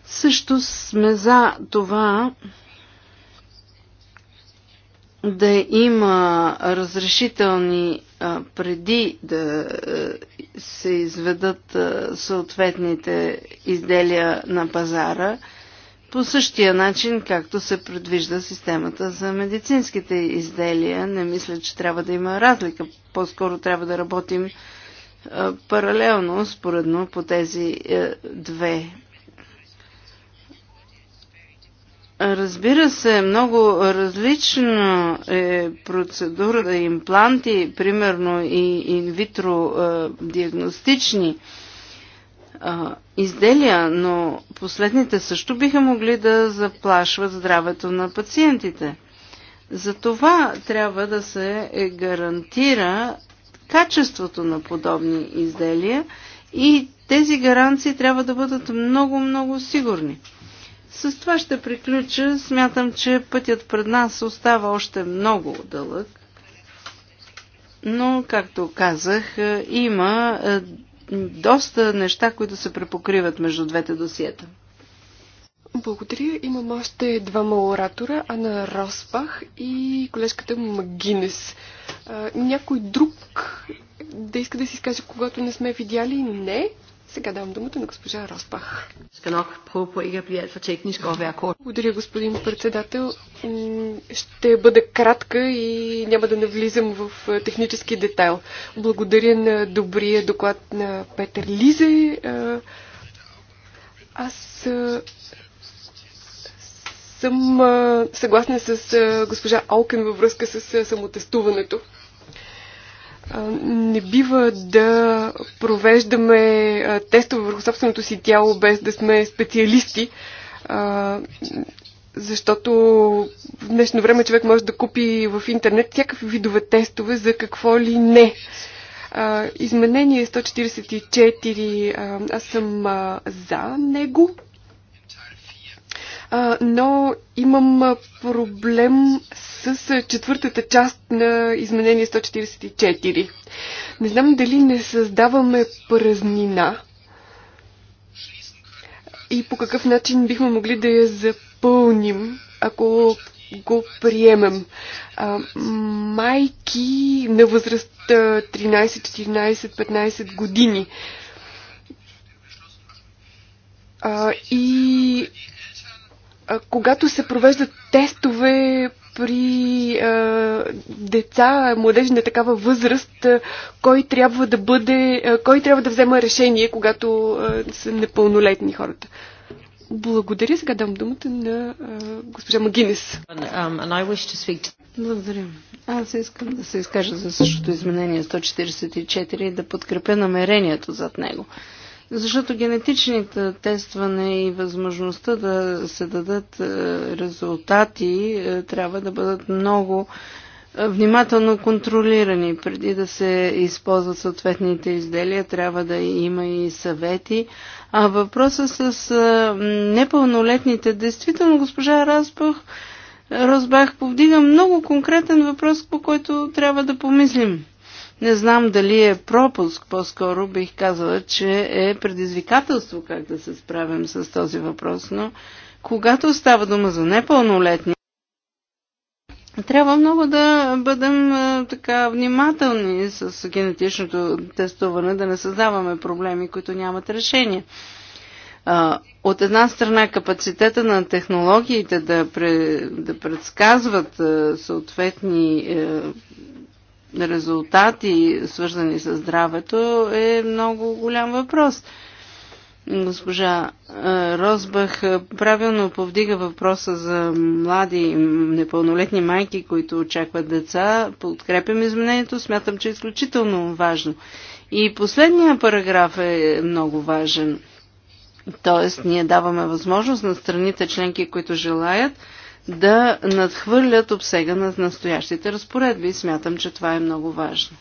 Също сме за това да има разрешителни преди да се изведат съответните изделия на пазара – по същия начин, както се предвижда системата за медицинските изделия. Не мисля, че трябва да има разлика. По-скоро трябва да работим е, паралелно, споредно, по тези е, две Разбира се, много различна е процедура импланти, примерно и инвитро е, диагностични а, изделия, но последните също биха могли да заплашват здравето на пациентите. Затова трябва да се гарантира качеството на подобни изделия и тези гаранции трябва да бъдат много-много сигурни. С това ще приключа. Смятам, че пътят пред нас остава още много дълъг. Но, както казах, има доста неща, които се препокриват между двете досиета. Благодаря. Имам още двама оратора, Ана Роспах и колежката Магинес. някой друг да иска да си скаже, когато не сме видяли? Не. Сега давам думата на госпожа Роспах. Благодаря, господин председател. Ще бъда кратка и няма да навлизам в технически детайл. Благодаря на добрия доклад на Петър Лизе. Аз съм съгласна с госпожа Алкен във връзка с самотестуването не бива да провеждаме тестове върху собственото си тяло без да сме специалисти, защото в днешно време човек може да купи в интернет всякакви видове тестове за какво ли не. Изменение 144, аз съм за него, но имам проблем с четвъртата част на изменение 144. Не знам дали не създаваме празнина и по какъв начин бихме могли да я запълним, ако го приемем. А, майки на възраст 13, 14, 15 години. А, и а, когато се провеждат тестове при е, деца, младежи на такава възраст, е, кой трябва да бъде, е, кой трябва да взема решение, когато е, са непълнолетни хората. Благодаря. Сега дам думата на е, госпожа Магинес. Um, Благодаря. Аз искам да се изкажа за същото изменение 144 и да подкрепя намерението зад него. Защото генетичните тестване и възможността да се дадат е, резултати е, трябва да бъдат много е, внимателно контролирани. Преди да се използват съответните изделия, трябва да има и съвети. А въпросът с непълнолетните, действително госпожа Распах, Розбах повдига много конкретен въпрос, по който трябва да помислим. Не знам дали е пропуск, по-скоро бих казала, че е предизвикателство как да се справим с този въпрос, но когато става дума за непълнолетни, трябва много да бъдем така внимателни с генетичното тестуване, да не създаваме проблеми, които нямат решение. От една страна капацитета на технологиите да, да предсказват съответни е, резултати, свързани с здравето, е много голям въпрос. Госпожа е, Розбах е, правилно повдига въпроса за млади непълнолетни майки, които очакват деца. Подкрепям изменението, смятам, че е изключително важно. И последния параграф е много важен. Тоест, ние даваме възможност на страните членки, които желаят, да надхвърлят обсега на настоящите разпоредби. И смятам, че това е много важно.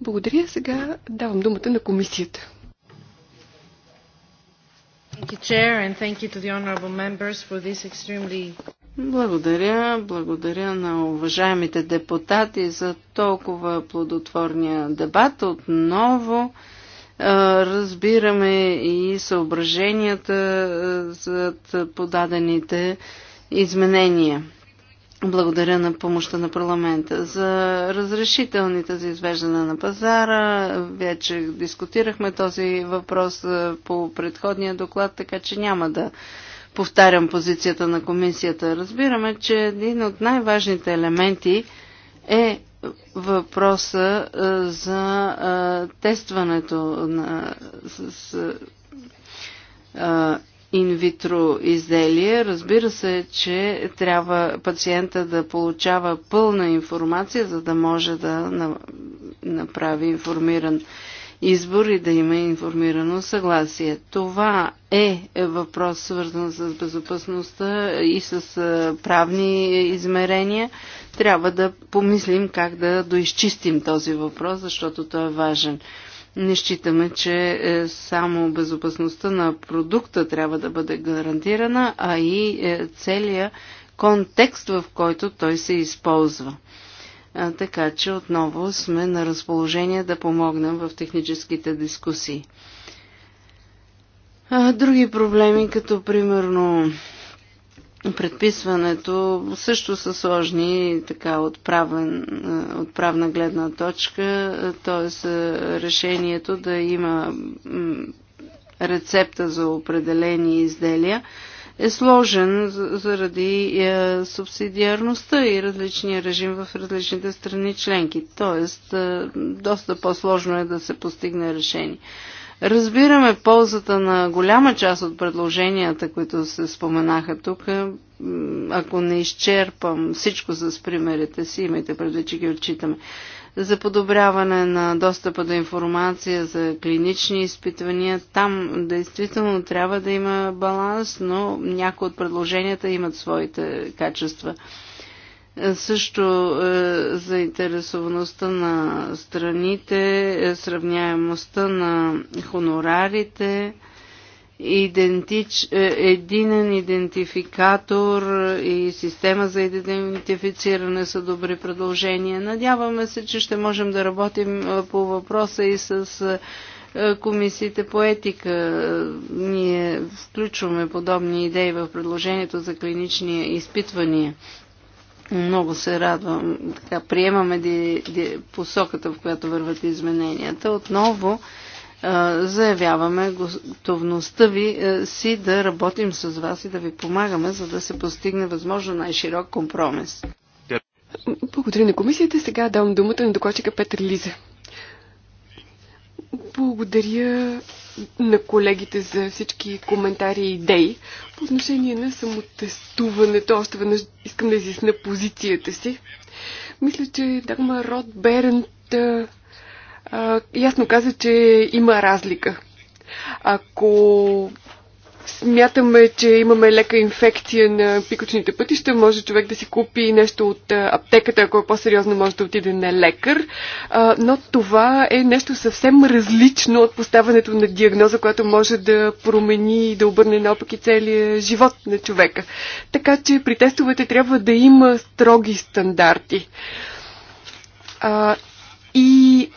Благодаря. Сега давам думата на комисията. Благодаря. Благодаря на уважаемите депутати за толкова плодотворния дебат. Отново Разбираме и съображенията за подадените изменения. Благодаря на помощта на парламента. За разрешителните за извеждане на пазара, вече дискутирахме този въпрос по предходния доклад, така че няма да повтарям позицията на комисията. Разбираме, че един от най-важните елементи е въпроса за тестването на, с, инвитро изделие. Разбира се, че трябва пациента да получава пълна информация, за да може да направи информиран избор и да има информирано съгласие. Това е въпрос свързан с безопасността и с правни измерения трябва да помислим как да доизчистим този въпрос, защото той е важен. Не считаме, че е, само безопасността на продукта трябва да бъде гарантирана, а и е, целият контекст, в който той се използва. Така че отново сме на разположение да помогнем в техническите дискусии. Други проблеми, като примерно предписването също са сложни така от, правен, е, от правна гледна точка, т.е. решението да има рецепта за определени изделия е сложен заради е, субсидиарността и различния режим в различните страни членки. Тоест, е, доста по-сложно е да се постигне решение. Разбираме ползата на голяма част от предложенията, които се споменаха тук. Ако не изчерпам всичко с примерите си, имайте предвид, че ги отчитаме. За подобряване на достъпа до информация, за клинични изпитвания, там действително трябва да има баланс, но някои от предложенията имат своите качества. Също е, заинтересоваността на страните, е, сравняемостта на хонорарите, идентич, е, единен идентификатор и система за идентифициране са добри предложения. Надяваме се, че ще можем да работим по въпроса и с комисиите по етика. Ние включваме подобни идеи в предложението за клинични изпитвания. Много се радвам. Така, приемаме ди, ди, посоката, в която върват измененията. Отново а, заявяваме готовността ви а, си да работим с вас и да ви помагаме, за да се постигне възможно най-широк компромис. Благодаря на комисията. Сега давам думата на докладчика Петър Лиза. Благодаря на колегите за всички коментари и идеи. По отношение на самотестуването, още веднъж искам да изясня позицията си. Мисля, че Дагма Род Берент а, ясно каза, че има разлика. Ако Смятаме, че имаме лека инфекция на пикочните пътища. Може човек да си купи нещо от аптеката, ако е по-сериозно, може да отиде на лекар. Но това е нещо съвсем различно от поставането на диагноза, която може да промени и да обърне наопаки целия живот на човека. Така че при тестовете трябва да има строги стандарти. И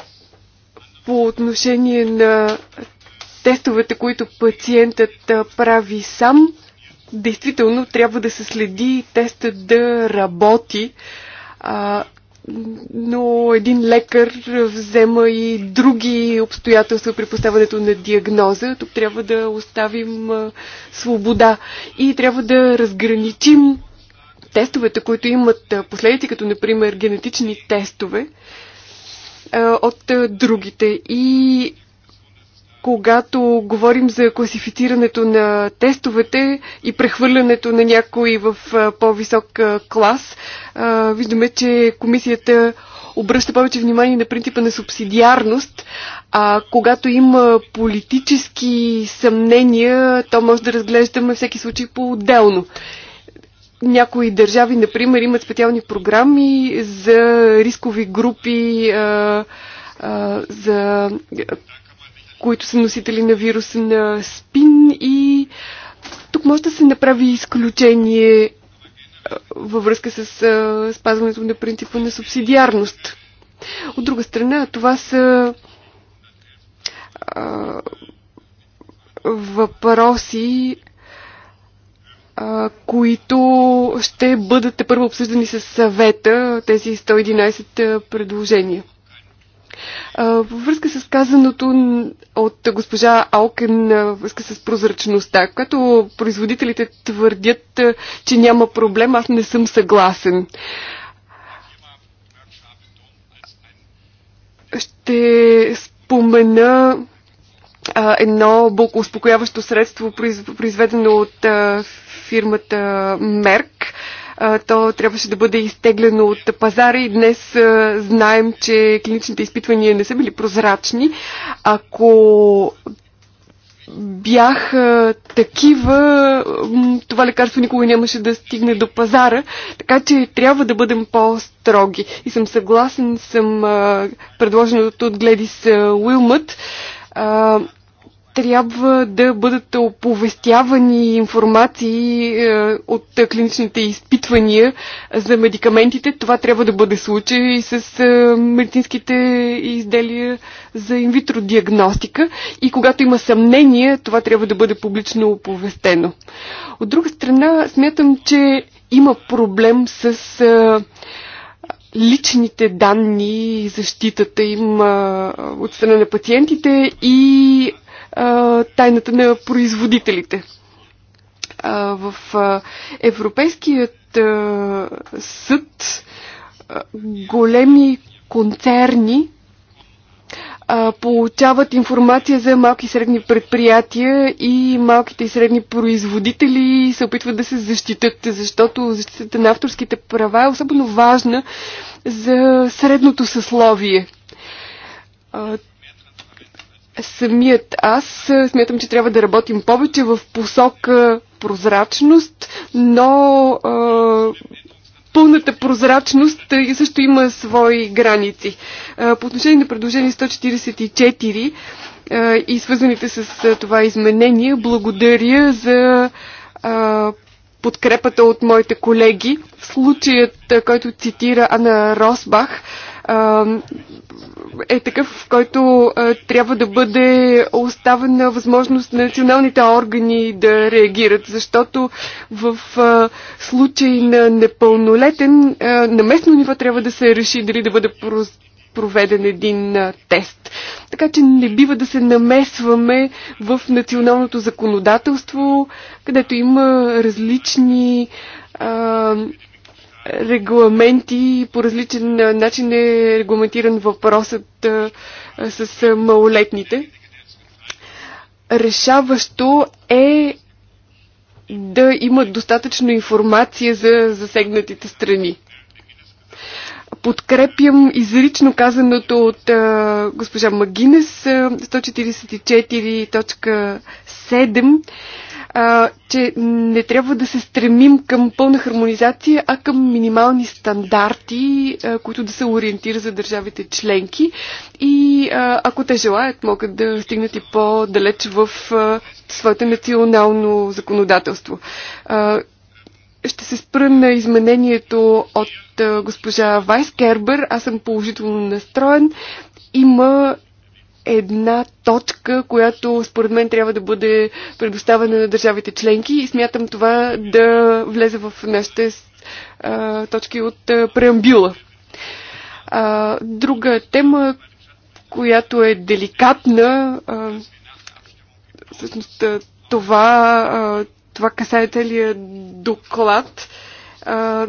по отношение на тестовете, които пациентът прави сам, действително трябва да се следи тестът да работи. А, но един лекар взема и други обстоятелства при поставянето на диагноза. Тук трябва да оставим свобода и трябва да разграничим тестовете, които имат последици, като например генетични тестове, от другите. И когато говорим за класифицирането на тестовете и прехвърлянето на някой в по-висок клас, виждаме, че комисията обръща повече внимание на принципа на субсидиарност, а когато има политически съмнения, то може да разглеждаме всеки случай по-отделно. Някои държави, например, имат специални програми за рискови групи, за които са носители на вируса на спин и тук може да се направи изключение във връзка с спазването на принципа на субсидиарност. От друга страна, това са а, въпроси, а, които ще бъдат първо обсъждани с съвета, тези 111 предложения. Във връзка с казаното от госпожа Алкен, във връзка с прозрачността, като производителите твърдят, че няма проблем, аз не съм съгласен. Ще спомена едно успокояващо средство, произведено от фирмата Мерк то трябваше да бъде изтеглено от пазара и днес знаем, че клиничните изпитвания не са били прозрачни. Ако бяха такива, това лекарство никога нямаше да стигне до пазара, така че трябва да бъдем по-строги. И съм съгласен, съм предложеното от Гледис Уилмът трябва да бъдат оповестявани информации е, от клиничните изпитвания за медикаментите. Това трябва да бъде случай и с е, медицинските изделия за инвитро диагностика. И когато има съмнение, това трябва да бъде публично оповестено. От друга страна, смятам, че има проблем с е, личните данни, защитата им от страна на пациентите и а, тайната на производителите. А, в а, Европейският а, съд а, големи концерни а, получават информация за малки и средни предприятия и малките и средни производители се опитват да се защитат, защото защитата на авторските права е особено важна за средното съсловие самият аз смятам, че трябва да работим повече в посока прозрачност, но а, пълната прозрачност и също има свои граници. А, по отношение на предложение 144 и свързаните с това изменение, благодаря за а, подкрепата от моите колеги. Случаят, който цитира Ана Росбах, е такъв, в който трябва да бъде оставена възможност на националните органи да реагират, защото в случай на непълнолетен на местно ниво трябва да се реши дали да бъде проведен един тест. Така че не бива да се намесваме в националното законодателство, където има различни регламенти. По различен начин е регламентиран въпросът с малолетните. Решаващо е да имат достатъчно информация за засегнатите страни. Подкрепям изрично казаното от а, госпожа Магинес 144.7 а, че не трябва да се стремим към пълна хармонизация, а към минимални стандарти, а, които да се ориентира за държавите членки. И а, ако те желаят, могат да стигнат и по-далеч в а, своето национално законодателство. А, ще се спра на изменението от госпожа Вайскербер. Аз съм положително настроен. Има една точка, която според мен трябва да бъде предоставена на държавите членки и смятам това да влезе в нашите а, точки от а, преамбюла. А, друга тема, която е деликатна, а, всъщност това, а, това касае целият доклад а,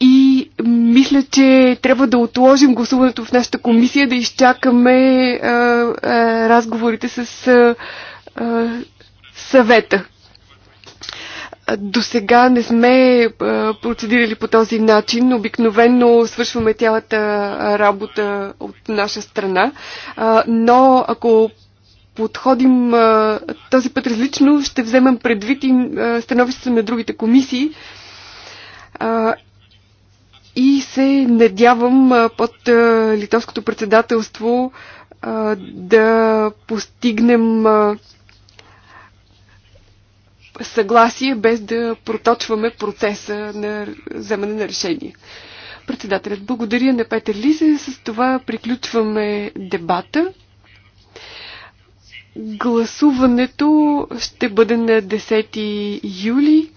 и мисля, че трябва да отложим гласуването в нашата комисия, да изчакаме а, а, разговорите с а, а, съвета. До сега не сме процедирали по този начин. Обикновенно свършваме цялата работа от наша страна. Но ако подходим този път различно, ще вземем предвид и становището на другите комисии и се надявам под литовското председателство да постигнем съгласие, без да проточваме процеса на вземане на решение. Председателят, благодаря на Петър Лизе. С това приключваме дебата. Гласуването ще бъде на 10 юли.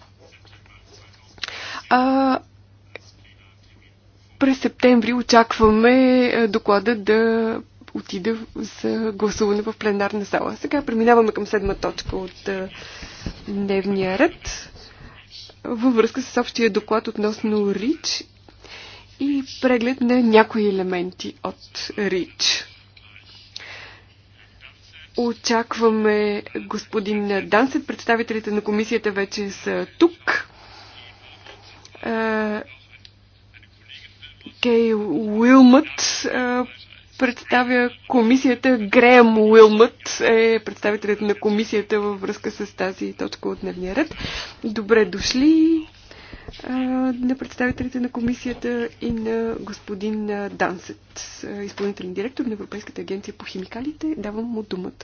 А септември очакваме е, доклада да отида за гласуване в пленарна зала. Сега преминаваме към седма точка от е, дневния ред във връзка с общия доклад относно РИЧ и преглед на някои елементи от РИЧ. Очакваме господин Дансет. Представителите на комисията вече са тук. Е, Кей Уилмът представя комисията. Греем Уилмът е представителят на комисията във връзка с тази точка от дневния ред. Добре дошли на представителите на комисията и на господин Дансет, изпълнителен директор на Европейската агенция по химикалите. Давам му думата.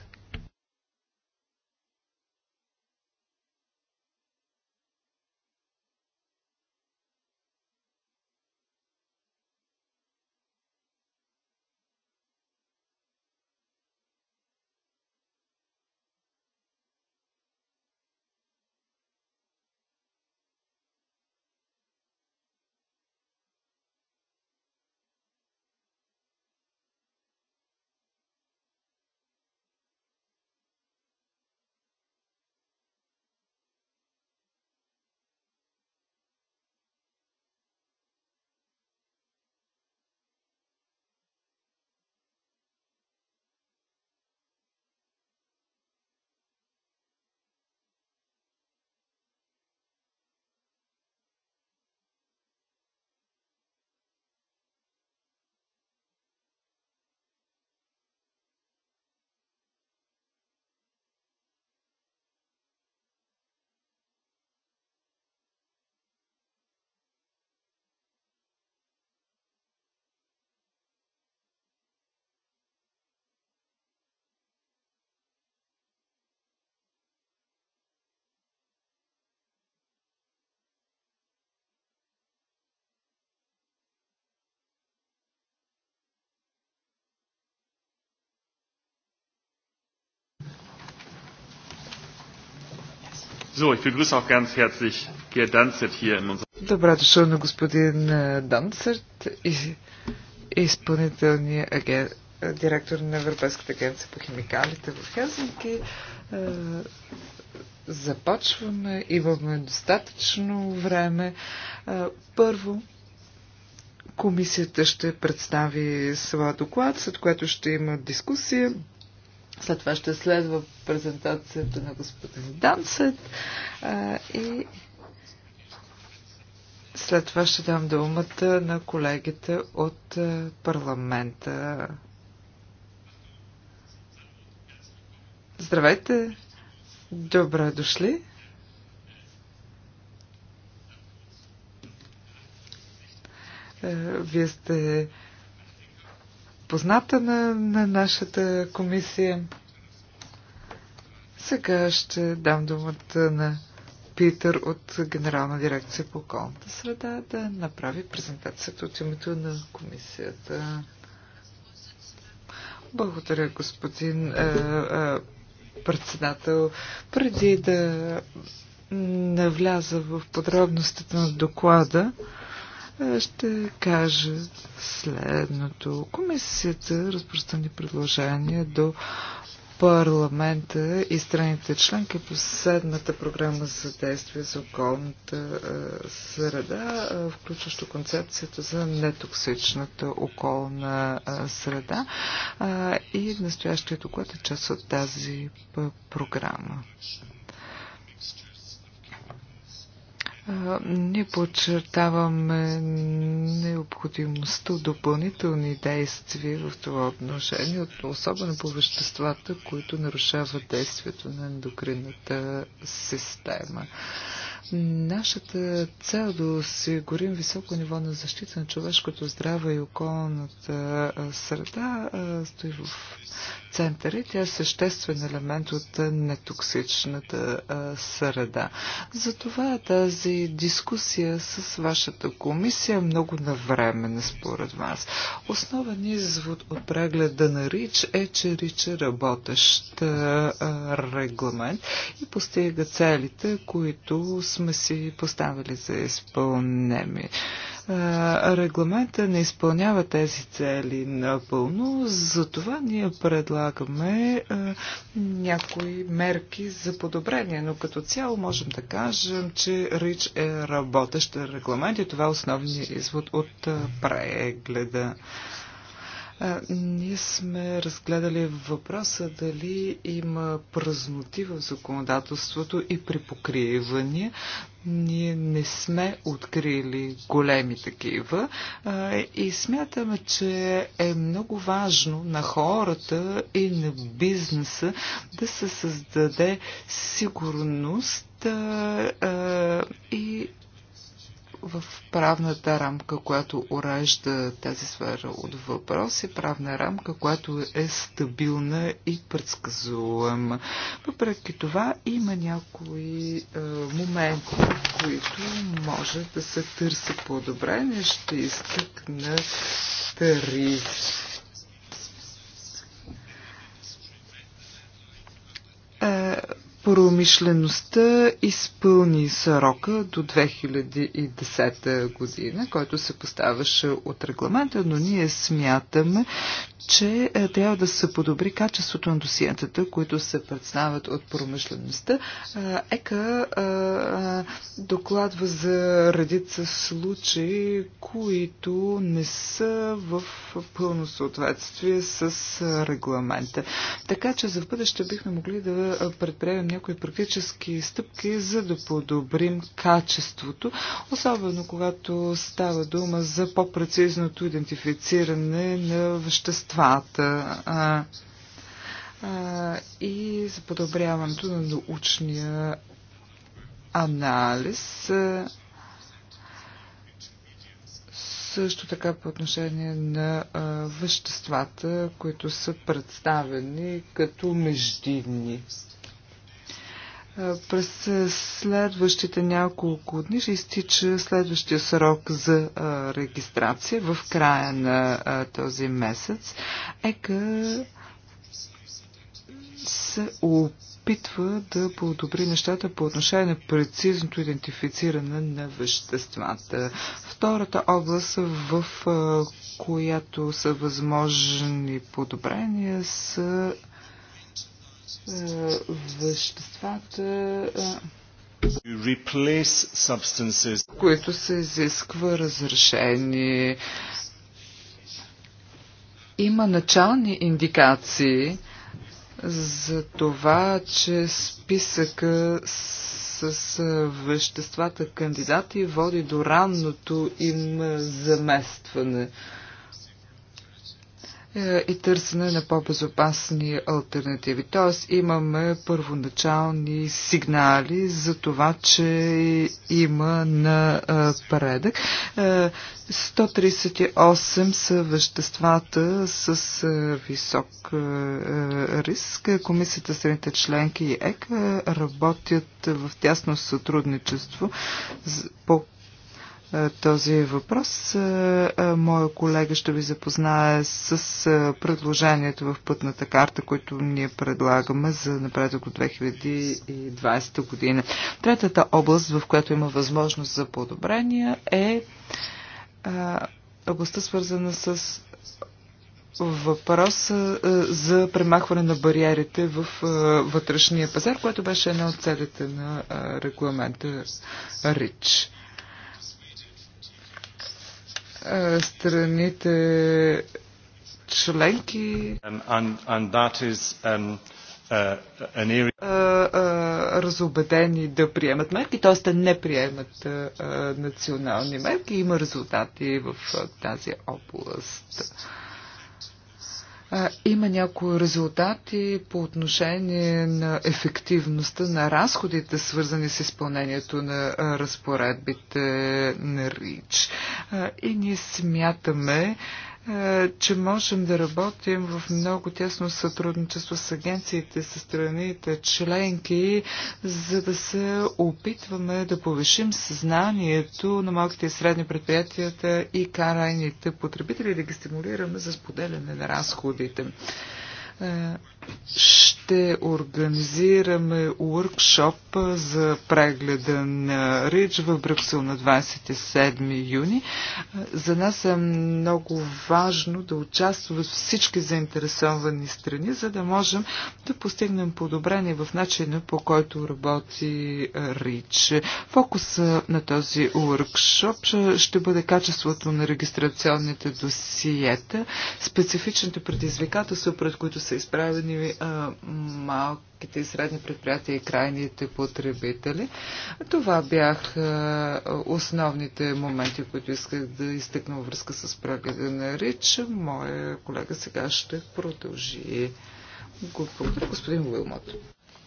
So, ich begrüße auch ganz herzlich Gerd Danzert hier in Добре дошъл на господин е, Данцерт, изпълнителния аген... Е, директор на Европейската агенция по химикалите в Хелзинки. Е, започваме, имаме достатъчно време. Първо, комисията ще представи своя доклад, след което ще има дискусия след това ще следва презентацията на господин Дансет а, и след това ще дам думата на колегите от парламента. Здравейте! Добре дошли! Е, вие сте позната на, на нашата комисия. Сега ще дам думата на Питър от Генерална дирекция по околната среда да направи презентацията от името на комисията. Благодаря, господин е, е, председател. Преди да навляза в подробностите на доклада, е, ще кажа следното. Комисията разпространи предложение до парламента и страните членки по седмата програма за действие за околната е, среда, е, включващо концепцията за нетоксичната околна е, среда и настоящия доклад е част от тази програма. Ние подчертаваме необходимостта от допълнителни действия в това отношение, особено по веществата, които нарушават действието на ендокринната система. Нашата цел да осигурим високо ниво на защита на човешкото здраве и околната среда стои в център и тя е съществен елемент от нетоксичната среда. Затова тази дискусия с вашата комисия е много навременна според вас. Основен извод от прегледа на РИЧ е, че РИЧ е работещ регламент и постига целите, които сме си поставили за изпълнение регламента не изпълнява тези цели напълно, затова ние предлагаме някои мерки за подобрение, но като цяло можем да кажем, че РИЧ е работещ регламент и това е основният извод от прегледа. Ние сме разгледали въпроса дали има празноти в законодателството и при покривания. Ние не сме открили големи такива и смятаме, че е много важно на хората и на бизнеса да се създаде сигурност и в правната рамка, която урежда тази сфера от въпроси, правна рамка, която е стабилна и предсказуема. Въпреки това има някои е, моменти, в които може да се търси Не Ще изтъкна три. Е, Промишлеността изпълни срока до 2010 година, който се поставяше от регламента, но ние смятаме, че е, трябва да се подобри качеството на досиентата, които се представят от промишлеността. ЕКА докладва за редица случаи, които не са в пълно съответствие с регламента. Така че за бъдеще бихме могли да предприемем някои практически стъпки, за да подобрим качеството, особено когато става дума за по-прецизното идентифициране на веществата и за подобряването на научния анализ. Също така по отношение на а, веществата, които са представени като междинни през следващите няколко дни ще изтича следващия срок за регистрация в края на този месец. ЕКА се опитва да подобри нещата по отношение на прецизното идентифициране на веществата. Втората област, в която са възможни подобрения, са веществата, които се изисква разрешение. Има начални индикации за това, че списъка с веществата кандидати води до ранното им заместване. Е, и търсене на по-безопасни альтернативи. Тоест имаме първоначални сигнали за това, че има напредък. Е, 138 е, са веществата с висок риск. Комисията страните членки и ЕК работят в тясно сътрудничество по е, този въпрос. Е, е, моя колега ще ви запознае с предложението в пътната карта, което ние предлагаме за напредък от 2020 година. Третата област, в която има възможност за подобрения е областта свързана с въпрос за премахване на бариерите в вътрешния пазар, което беше една от целите на регламента РИЧ. Е, страните членки. Um, uh, е, е, разобедени да приемат мерки, т.е. да не приемат национални мерки. Има резултати в тази област има някои резултати по отношение на ефективността на разходите, свързани с изпълнението на разпоредбите на РИЧ. И ние смятаме, е, че можем да работим в много тясно сътрудничество с агенциите, с страните, членки, за да се опитваме да повишим съзнанието на малките и средни предприятията и карайните потребители, да ги стимулираме за споделяне на разходите. Ще ще организираме уркшоп за прегледа на Рич в Брюксел на 27 юни. За нас е много важно да участват всички заинтересовани страни, за да можем да постигнем подобрение в начина по който работи Рич. Фокус на този уркшоп ще бъде качеството на регистрационните досиета, специфичните предизвикателства, пред които са изправени малките и средни предприятия и крайните потребители. Това бяха е, основните моменти, които исках да изтъкна във връзка с прегледа на РИЧ. Моя колега сега ще продължи. благодаря, господин Уилмот.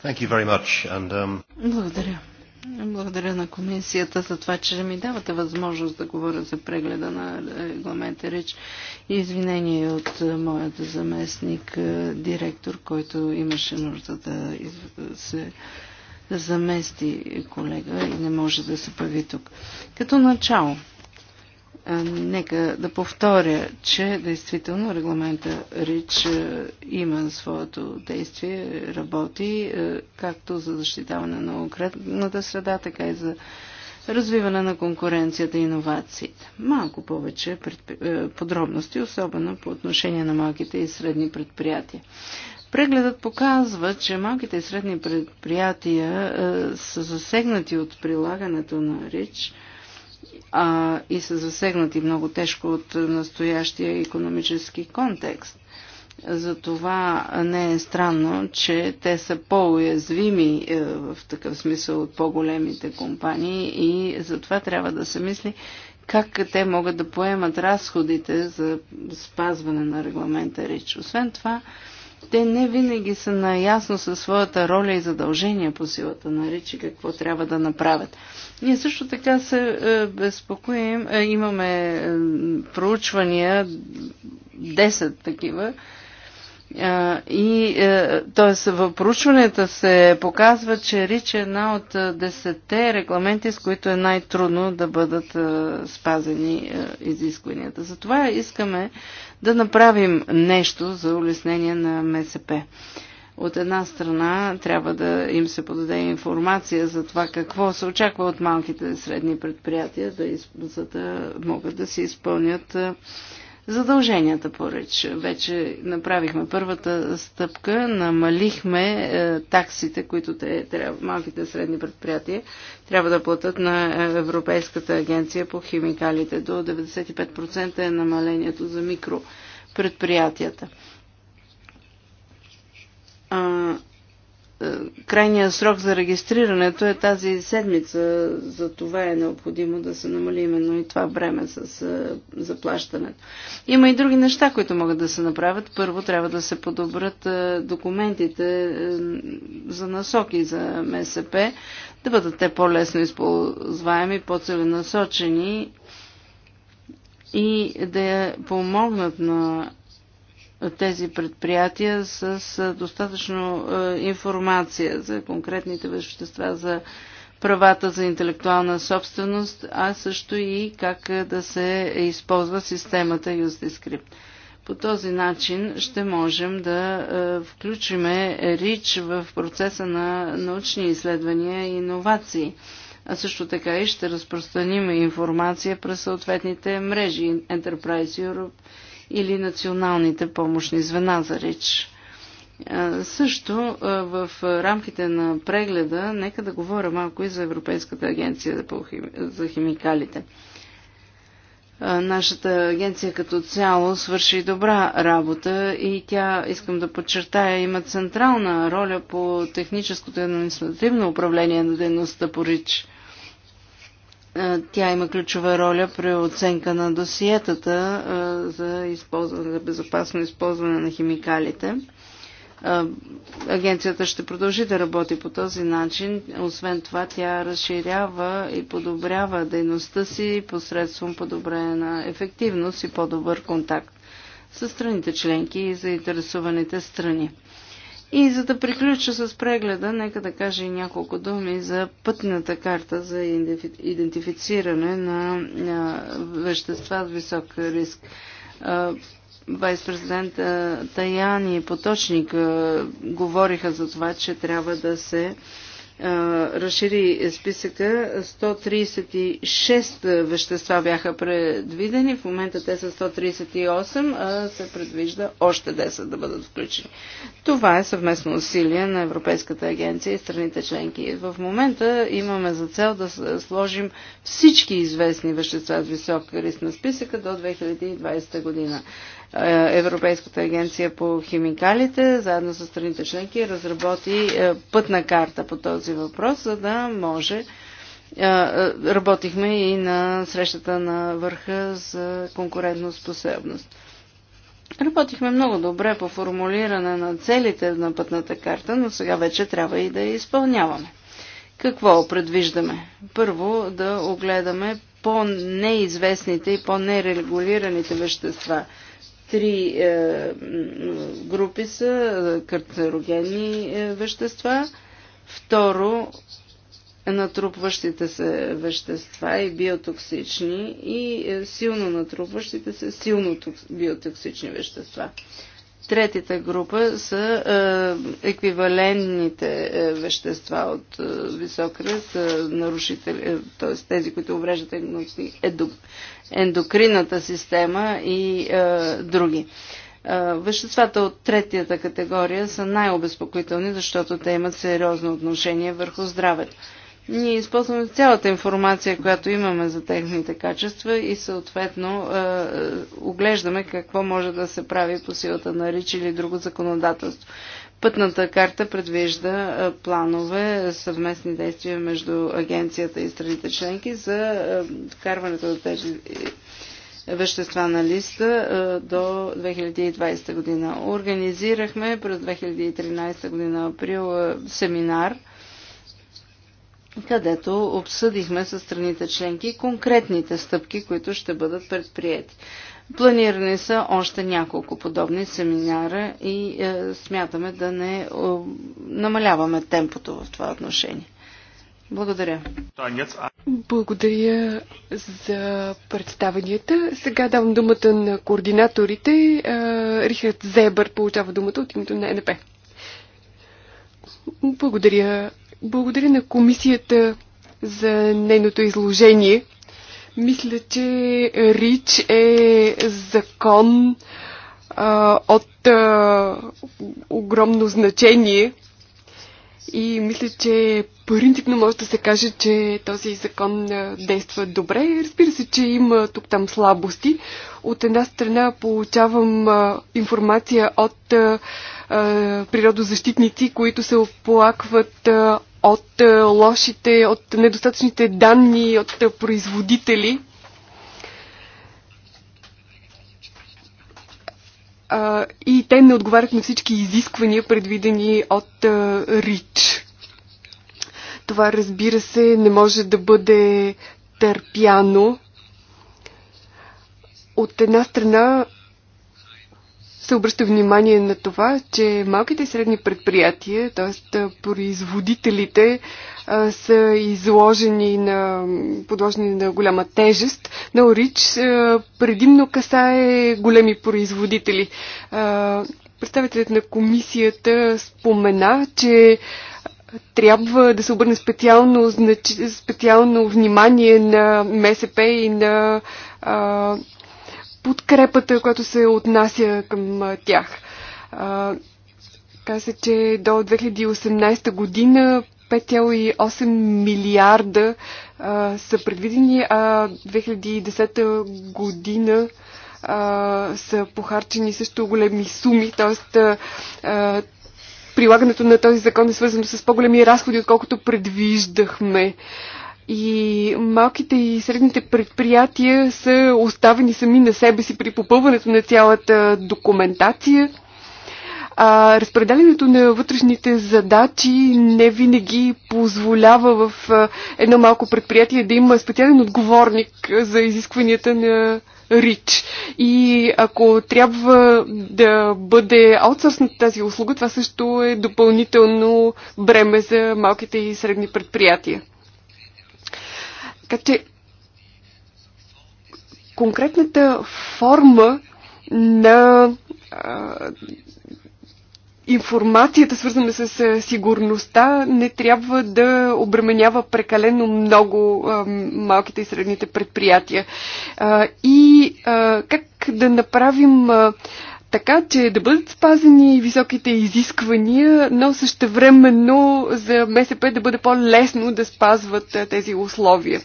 Um, благодаря. Благодаря на комисията за това, че ми давате възможност да говоря за прегледа на регламента Рич. И извинение от моят заместник е, директор, който имаше нужда да се замести колега и не може да се появи тук. Като начало, Нека да повторя, че действително регламента РИЧ има своето действие, работи както за защитаване на конкретната среда, така и за развиване на конкуренцията и иновациите. Малко повече подробности, особено по отношение на малките и средни предприятия. Прегледът показва, че малките и средни предприятия са засегнати от прилагането на РИЧ – а, и са засегнати много тежко от настоящия економически контекст. Затова не е странно, че те са по-уязвими е, в такъв смисъл от по-големите компании и затова трябва да се мисли как те могат да поемат разходите за спазване на регламента РИЧ. Освен това, те не винаги са наясно със своята роля и задължения по силата на речи, какво трябва да направят. Ние също така се е, безпокоим, е, имаме е, проучвания, 10 такива, и, т.е. в проучванията се показва, че РИЧ е една от е, десетте регламенти, с които е най-трудно да бъдат е, спазени е, изискванията. Затова искаме да направим нещо за улеснение на МСП. От една страна трябва да им се подаде информация за това какво се очаква от малките и средни предприятия, да, за да могат да се изпълнят задълженията поръч. Вече направихме първата стъпка, намалихме е, таксите, които те, трябва, малките средни предприятия трябва да платят на е, Европейската агенция по химикалите. До 95% е намалението за микропредприятията. предприятията. Е, крайният срок за регистрирането е тази седмица. За това е необходимо да се намали именно и това време с е, заплащането. Има и други неща, които могат да се направят. Първо трябва да се подобрят е, документите за насоки за МСП, да бъдат те по-лесно използваеми, по-целенасочени и да помогнат на тези предприятия с достатъчно информация за конкретните вещества, за правата за интелектуална собственост, а също и как да се използва системата UseDescript. По този начин ще можем да включиме РИЧ в процеса на научни изследвания и иновации, а също така и ще разпространим информация през съответните мрежи Enterprise Europe или националните помощни звена за реч. Също в рамките на прегледа, нека да говоря малко и за Европейската агенция за химикалите. Нашата агенция като цяло свърши добра работа и тя, искам да подчертая, има централна роля по техническото и административно управление на дейността по РИЧ. Тя има ключова роля при оценка на досиетата за, използване, за безопасно използване на химикалите. Агенцията ще продължи да работи по този начин. Освен това, тя разширява и подобрява дейността си посредством подобрение на ефективност и по-добър контакт с страните членки и заинтересуваните страни. И за да приключа с прегледа, нека да кажа и няколко думи за пътната карта за идентифициране на вещества с висок риск. Вайс-президент Таяни и Поточник говориха за това, че трябва да се разшири списъка. 136 вещества бяха предвидени, в момента те са 138, а се предвижда още 10 да бъдат включени. Това е съвместно усилие на Европейската агенция и страните членки. В момента имаме за цел да сложим всички известни вещества с висок риск на списъка до 2020 година. Е, Европейската агенция по химикалите, заедно с страните членки, разработи е, пътна карта по този въпрос, за да може. Е, работихме и на срещата на върха за способност. Работихме много добре по формулиране на целите на пътната карта, но сега вече трябва и да я изпълняваме. Какво предвиждаме? Първо да огледаме по-неизвестните и по-нерегулираните вещества – Три е, групи са е, е, вещества. Второ, натрупващите се вещества и биотоксични и е, силно натрупващите се силно биотоксични вещества. Третата група са е, еквивалентните е, вещества от е, висок ръст, е, нарушители, е, т.е. тези, които увреждат ендокринната система и е, други. Е, веществата от третията категория са най-обезпокоителни, защото те имат сериозно отношение върху здравето. Ние използваме цялата информация, която имаме за техните качества и съответно е, оглеждаме какво може да се прави по силата на РИЧ или друго законодателство. Пътната карта предвижда планове, съвместни действия между агенцията и страните членки за вкарването на тези вещества на листа до 2020 година. Организирахме през 2013 година април семинар, където обсъдихме с страните членки конкретните стъпки, които ще бъдат предприяти. Планирани са още няколко подобни семинара и е, смятаме да не е, намаляваме темпото в това отношение. Благодаря. Благодаря за представенията. Сега давам думата на координаторите. Е, Рихард Зебър получава думата от името на НП. Благодаря. Благодаря на комисията за нейното изложение. Мисля, че Рич е закон а, от а, огромно значение и мисля, че принципно може да се каже, че този закон действа добре. Разбира се, че има тук-там слабости. От една страна получавам информация от природозащитници, които се оплакват от е, лошите, от недостатъчните данни от е, производители. И те не отговарят на всички изисквания, предвидени от е, РИЧ. Това, разбира се, не може да бъде търпяно. От една страна се обръща внимание на това, че малките и средни предприятия, т.е. производителите, са изложени на, подложени на голяма тежест. На Орич предимно касае големи производители. Представителят на комисията спомена, че трябва да се обърне специално, значи, специално внимание на МСП и на подкрепата, която се отнася към тях. Каза, че до 2018 година 5,8 милиарда а, са предвидени, а 2010 година а, са похарчени също големи суми, т.е. прилагането на този закон е свързано с по-големи разходи, отколкото предвиждахме. А, и малките и средните предприятия са оставени сами на себе си при попълването на цялата документация. А разпределянето на вътрешните задачи не винаги позволява в едно малко предприятие да има специален отговорник за изискванията на рич. И ако трябва да бъде аутсорсната тази услуга, това също е допълнително бреме за малките и средни предприятия. Така че конкретната форма на а, информацията, свързана с сигурността, не трябва да обременява прекалено много а, малките и средните предприятия. А, и а, как да направим а, така, че да бъдат спазени високите изисквания, но същевременно за МСП да бъде по-лесно да спазват а, тези условия.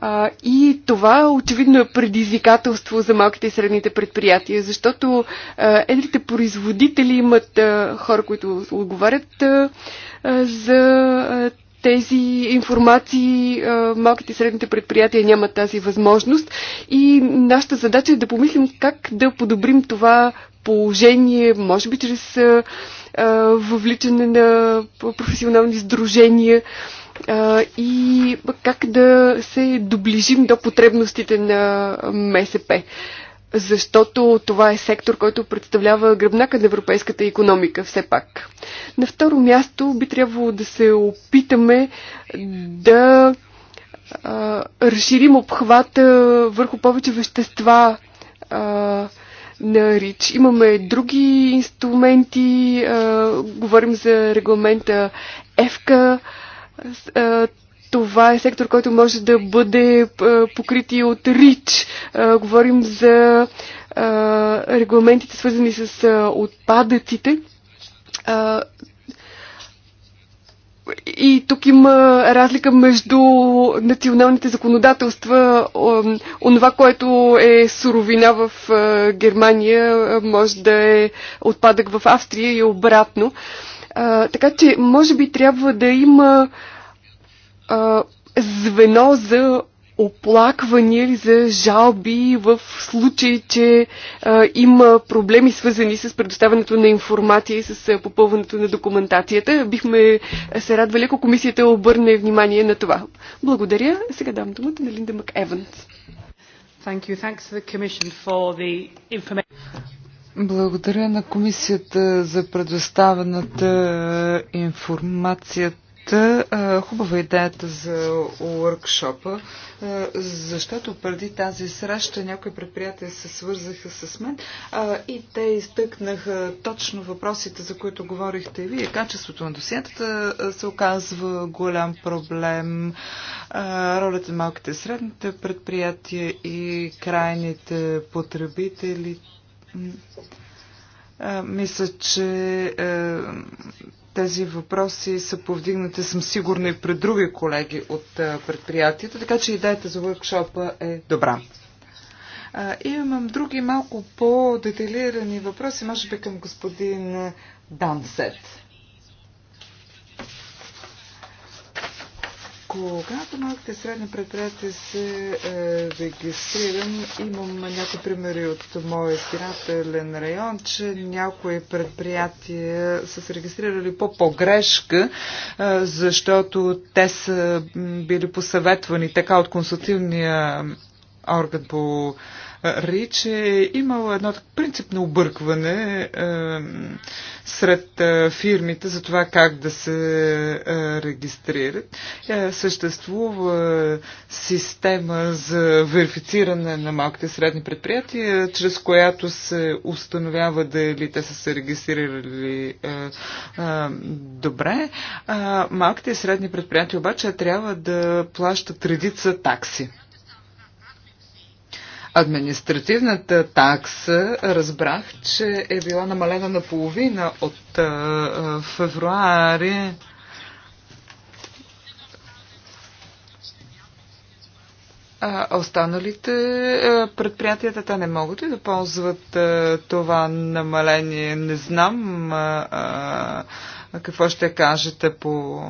А, и това очевидно е предизвикателство за малките и средните предприятия, защото а, едрите производители имат а, хора, които отговарят а, за а, тези информации, малките и средните предприятия нямат тази възможност. И нашата задача е да помислим как да подобрим това положение, може би чрез въвличане на професионални сдружения и как да се доближим до потребностите на МСП. Защото това е сектор, който представлява гръбнака на европейската економика все пак. На второ място би трябвало да се опитаме да а, разширим обхвата върху повече вещества а, на РИЧ. Имаме други инструменти, а, говорим за регламента ЕФКА, е, това е сектор, който може да бъде е, покрит и от РИЧ. Е, говорим за регламентите, свързани с отпадъците. И тук има разлика между националните законодателства. Онова, което е суровина в Германия, може да е отпадък в Австрия и обратно. А, така че, може би трябва да има а, звено за оплаквания или за жалби в случай, че а, има проблеми свързани с предоставянето на информация и с а, попълването на документацията. Бихме се радвали, ако комисията обърне внимание на това. Благодаря. Сега дам думата на Линда МакЕванс. Thank you. Thanks to the Commission for the information. Благодаря на комисията за предоставената е, информацията е, хубава идеята за уркшопа, е, защото преди тази среща някои предприятия се свързаха с мен и те изтъкнаха точно въпросите, за които говорихте и вие. Качеството на досиетата се оказва голям проблем, ролята на малките и средните предприятия и крайните потребители мисля, че е, тези въпроси са повдигнати, съм сигурна и пред други колеги от е, предприятията, така че идеята за въркшопа е добра. имам други малко по деталирани въпроси, може би към господин Дансет. Когато малките средни предприятия се е, регистрирам, имам някои примери от моя избирателен район, че някои предприятия са се регистрирали по погрешка, е, защото те са били посъветвани така от консултивния орган по е, реч е имало едно принципно объркване е, сред е, фирмите за това как да се е, регистрират. Е, съществува система за верифициране на малките и средни предприятия, чрез която се установява дали те са се регистрирали е, е, добре. Е, малките и средни предприятия обаче трябва да плащат редица такси административната такса разбрах, че е била намалена на половина от а, февруари. А останалите предприятията те не могат ли да ползват това намаление? Не знам а, какво ще кажете по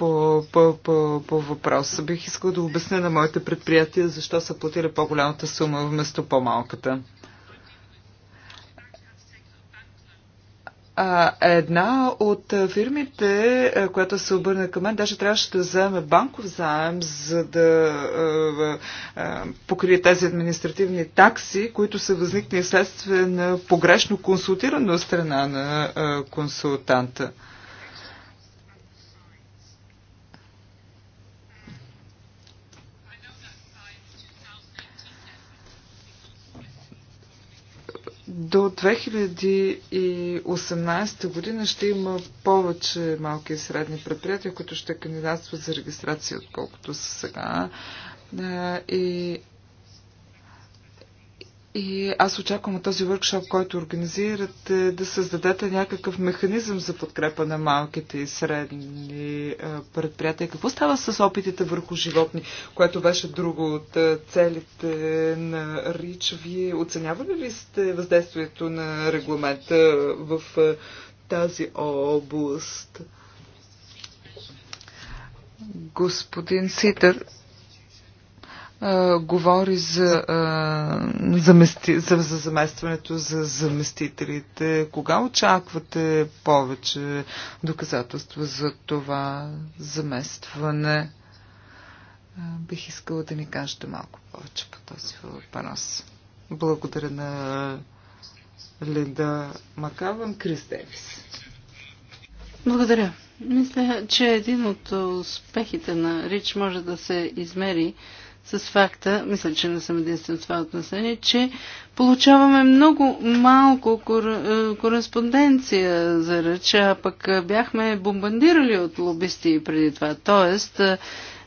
по, по, по, по въпроса. Бих искал да обясня на моите предприятия защо са платили по-голямата сума вместо по-малката. А, една от фирмите, която се обърна към мен, даже трябваше да вземе банков заем, за да покрие тези административни такси, които са възникнали следствие на погрешно консултирана страна на консултанта. До 2018 година ще има повече малки и средни предприятия, които ще кандидатстват за регистрация, отколкото са сега. Е, и и аз очаквам от този въркшоп, който организирате, да създадете някакъв механизъм за подкрепа на малките и средни е, предприятия. Какво става с опитите върху животни, което беше друго от е, целите на РИЧ? Вие оценявали ли сте въздействието на регламента в е, тази област? Господин Ситър, говори за, а, замести, за, за заместването за заместителите. Кога очаквате повече доказателства за това заместване? А, бих искала да ни кажете малко повече по този въпрос. Благодаря на Линда Макаван, Крис Девис. Благодаря. Мисля, че един от успехите на Рич може да се измери с факта, мисля, че не съм единствен в това отношение, че получаваме много малко кор... Е, кореспонденция за ръча. пък бяхме бомбандирали от лобисти преди това. Тоест, е,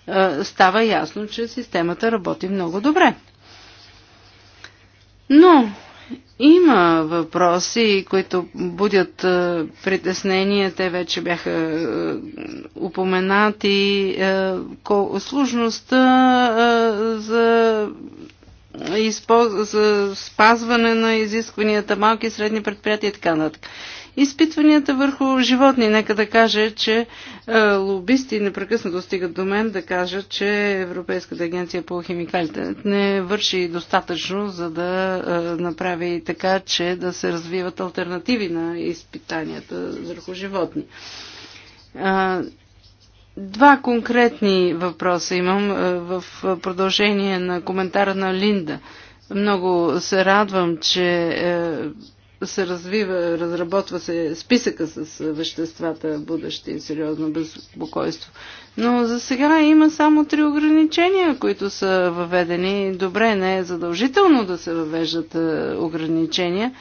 е, става ясно, че системата работи много добре. Но има въпроси, които будят е, притеснение. Те вече бяха е, упоменати. Е, сложността за за спазване на изискванията малки и средни предприятия и така нататък изпитванията върху животни. Нека да кажа, че е, лобисти непрекъснато стигат до мен да кажат, че Европейската агенция по химикалите не върши достатъчно, за да е, направи така, че да се развиват альтернативи на изпитанията върху животни. Е, два конкретни въпроса имам в продължение на коментара на Линда. Много се радвам, че се развива, разработва се списъка с веществата, будещи сериозно безпокойство. Но за сега има само три ограничения, които са въведени. Добре, не е задължително да се въвеждат е, ограничения.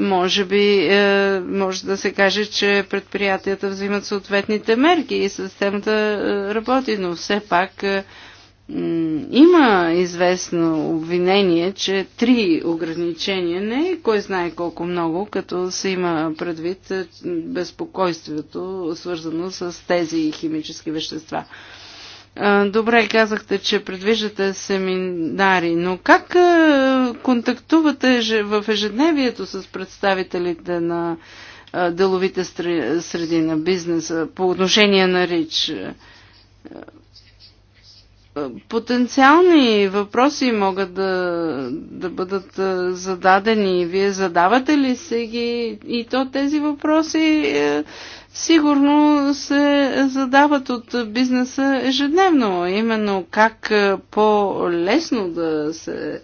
Може би е, може да се каже, че предприятията взимат съответните мерки и системата е, работи, но все пак има известно обвинение, че три ограничения не е кой знае колко много, като се има предвид е, безпокойството, свързано с тези химически вещества. Е, добре, казахте, че предвиждате семинари, но как е, контактувате в ежедневието с представителите на деловите среди на бизнеса по отношение на РИЧ? Е, потенциални въпроси могат да, да бъдат е, зададени. Вие задавате ли се ги? И то тези въпроси е, сигурно се задават от бизнеса ежедневно. Именно как по-лесно да се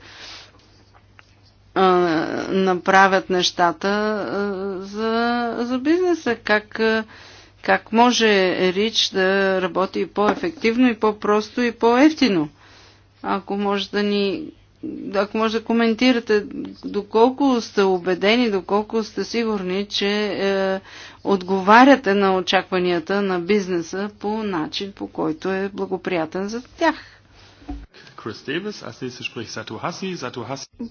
направят нещата за, за бизнеса. Как как може РИЧ да работи по-ефективно и по-просто и по-ефтино? Ако може да ни ако може да коментирате доколко сте убедени, доколко сте сигурни, че е, отговаряте на очакванията на бизнеса по начин, по който е благоприятен за тях.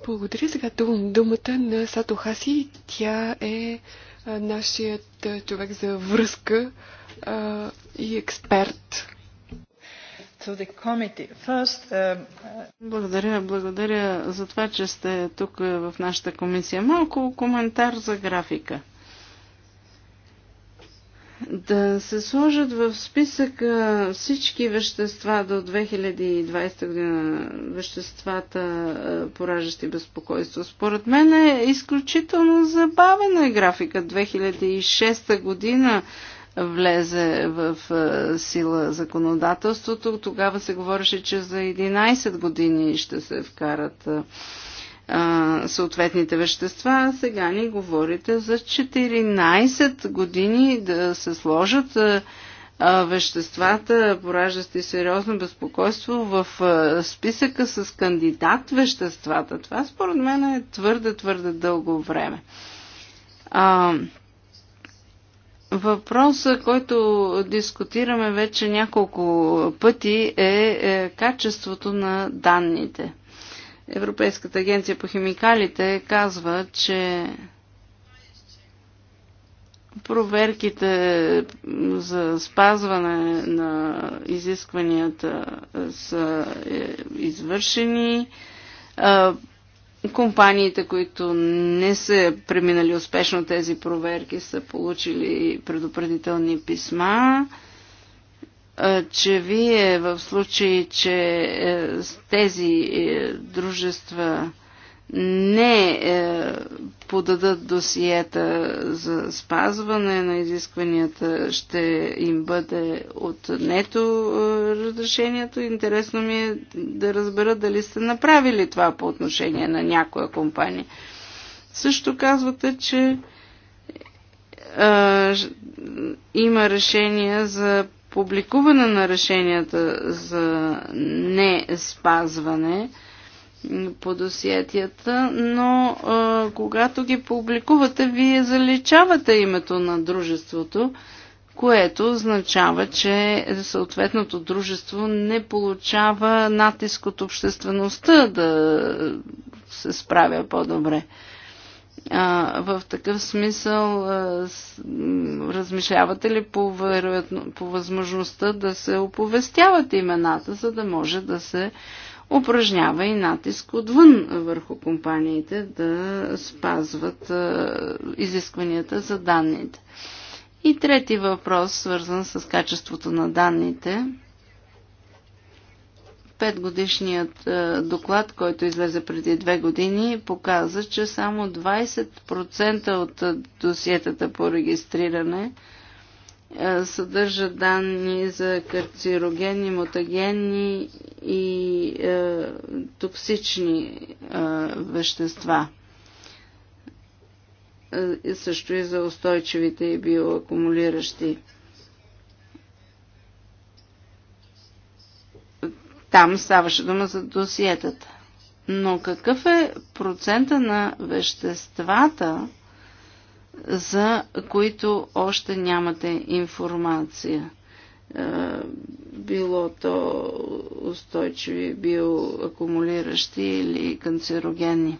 Благодаря. Сега думата на Сато Хаси. Тя е нашият човек за връзка а, и експерт. First, uh, uh... Благодаря, благодаря за това, че сте тук е, в нашата комисия. Малко коментар за графика да се сложат в списъка всички вещества до 2020 година, веществата, е, поражащи безпокойство. Според мен е изключително забавена е графика. 2006 година влезе в е, сила законодателството. Тогава се говореше, че за 11 години ще се вкарат а, съответните вещества. Сега ни говорите за 14 години да се сложат а, веществата, пораждащи сериозно безпокойство, в а, списъка с кандидат веществата. Това според мен е твърде, твърде дълго време. А, Въпросът, който дискутираме вече няколко пъти е, е качеството на данните – Европейската агенция по химикалите казва, че проверките за спазване на изискванията са е, извършени. Компаниите, които не са преминали успешно тези проверки, са получили предупредителни писма че вие в случай, че е, тези е, дружества не е, подадат досиета за спазване на изискванията, ще им бъде отнето разрешението. Интересно ми е да разбера дали сте направили това по отношение на някоя компания. Също казвате, че има решения за публикуване на решенията за не спазване по досиетията, но а, когато ги публикувате, вие заличавате името на дружеството, което означава, че съответното дружество не получава натиск от обществеността да се справя по-добре. А, в такъв смисъл, а, с, размишлявате ли по, вероятно, по възможността да се оповестяват имената, за да може да се упражнява и натиск отвън върху компаниите да спазват а, изискванията за данните? И трети въпрос, свързан с качеството на данните Петгодишният е, доклад, който излезе преди две години, показа, че само 20% от е, досиетата по регистриране е, съдържа данни за карцирогенни, мутагенни и е, токсични е, вещества. също и за устойчивите и биоакумулиращи. Там ставаше дума за досиетата. Но какъв е процента на веществата, за които още нямате информация? Е, било то устойчиви биоакумулиращи или канцерогенни.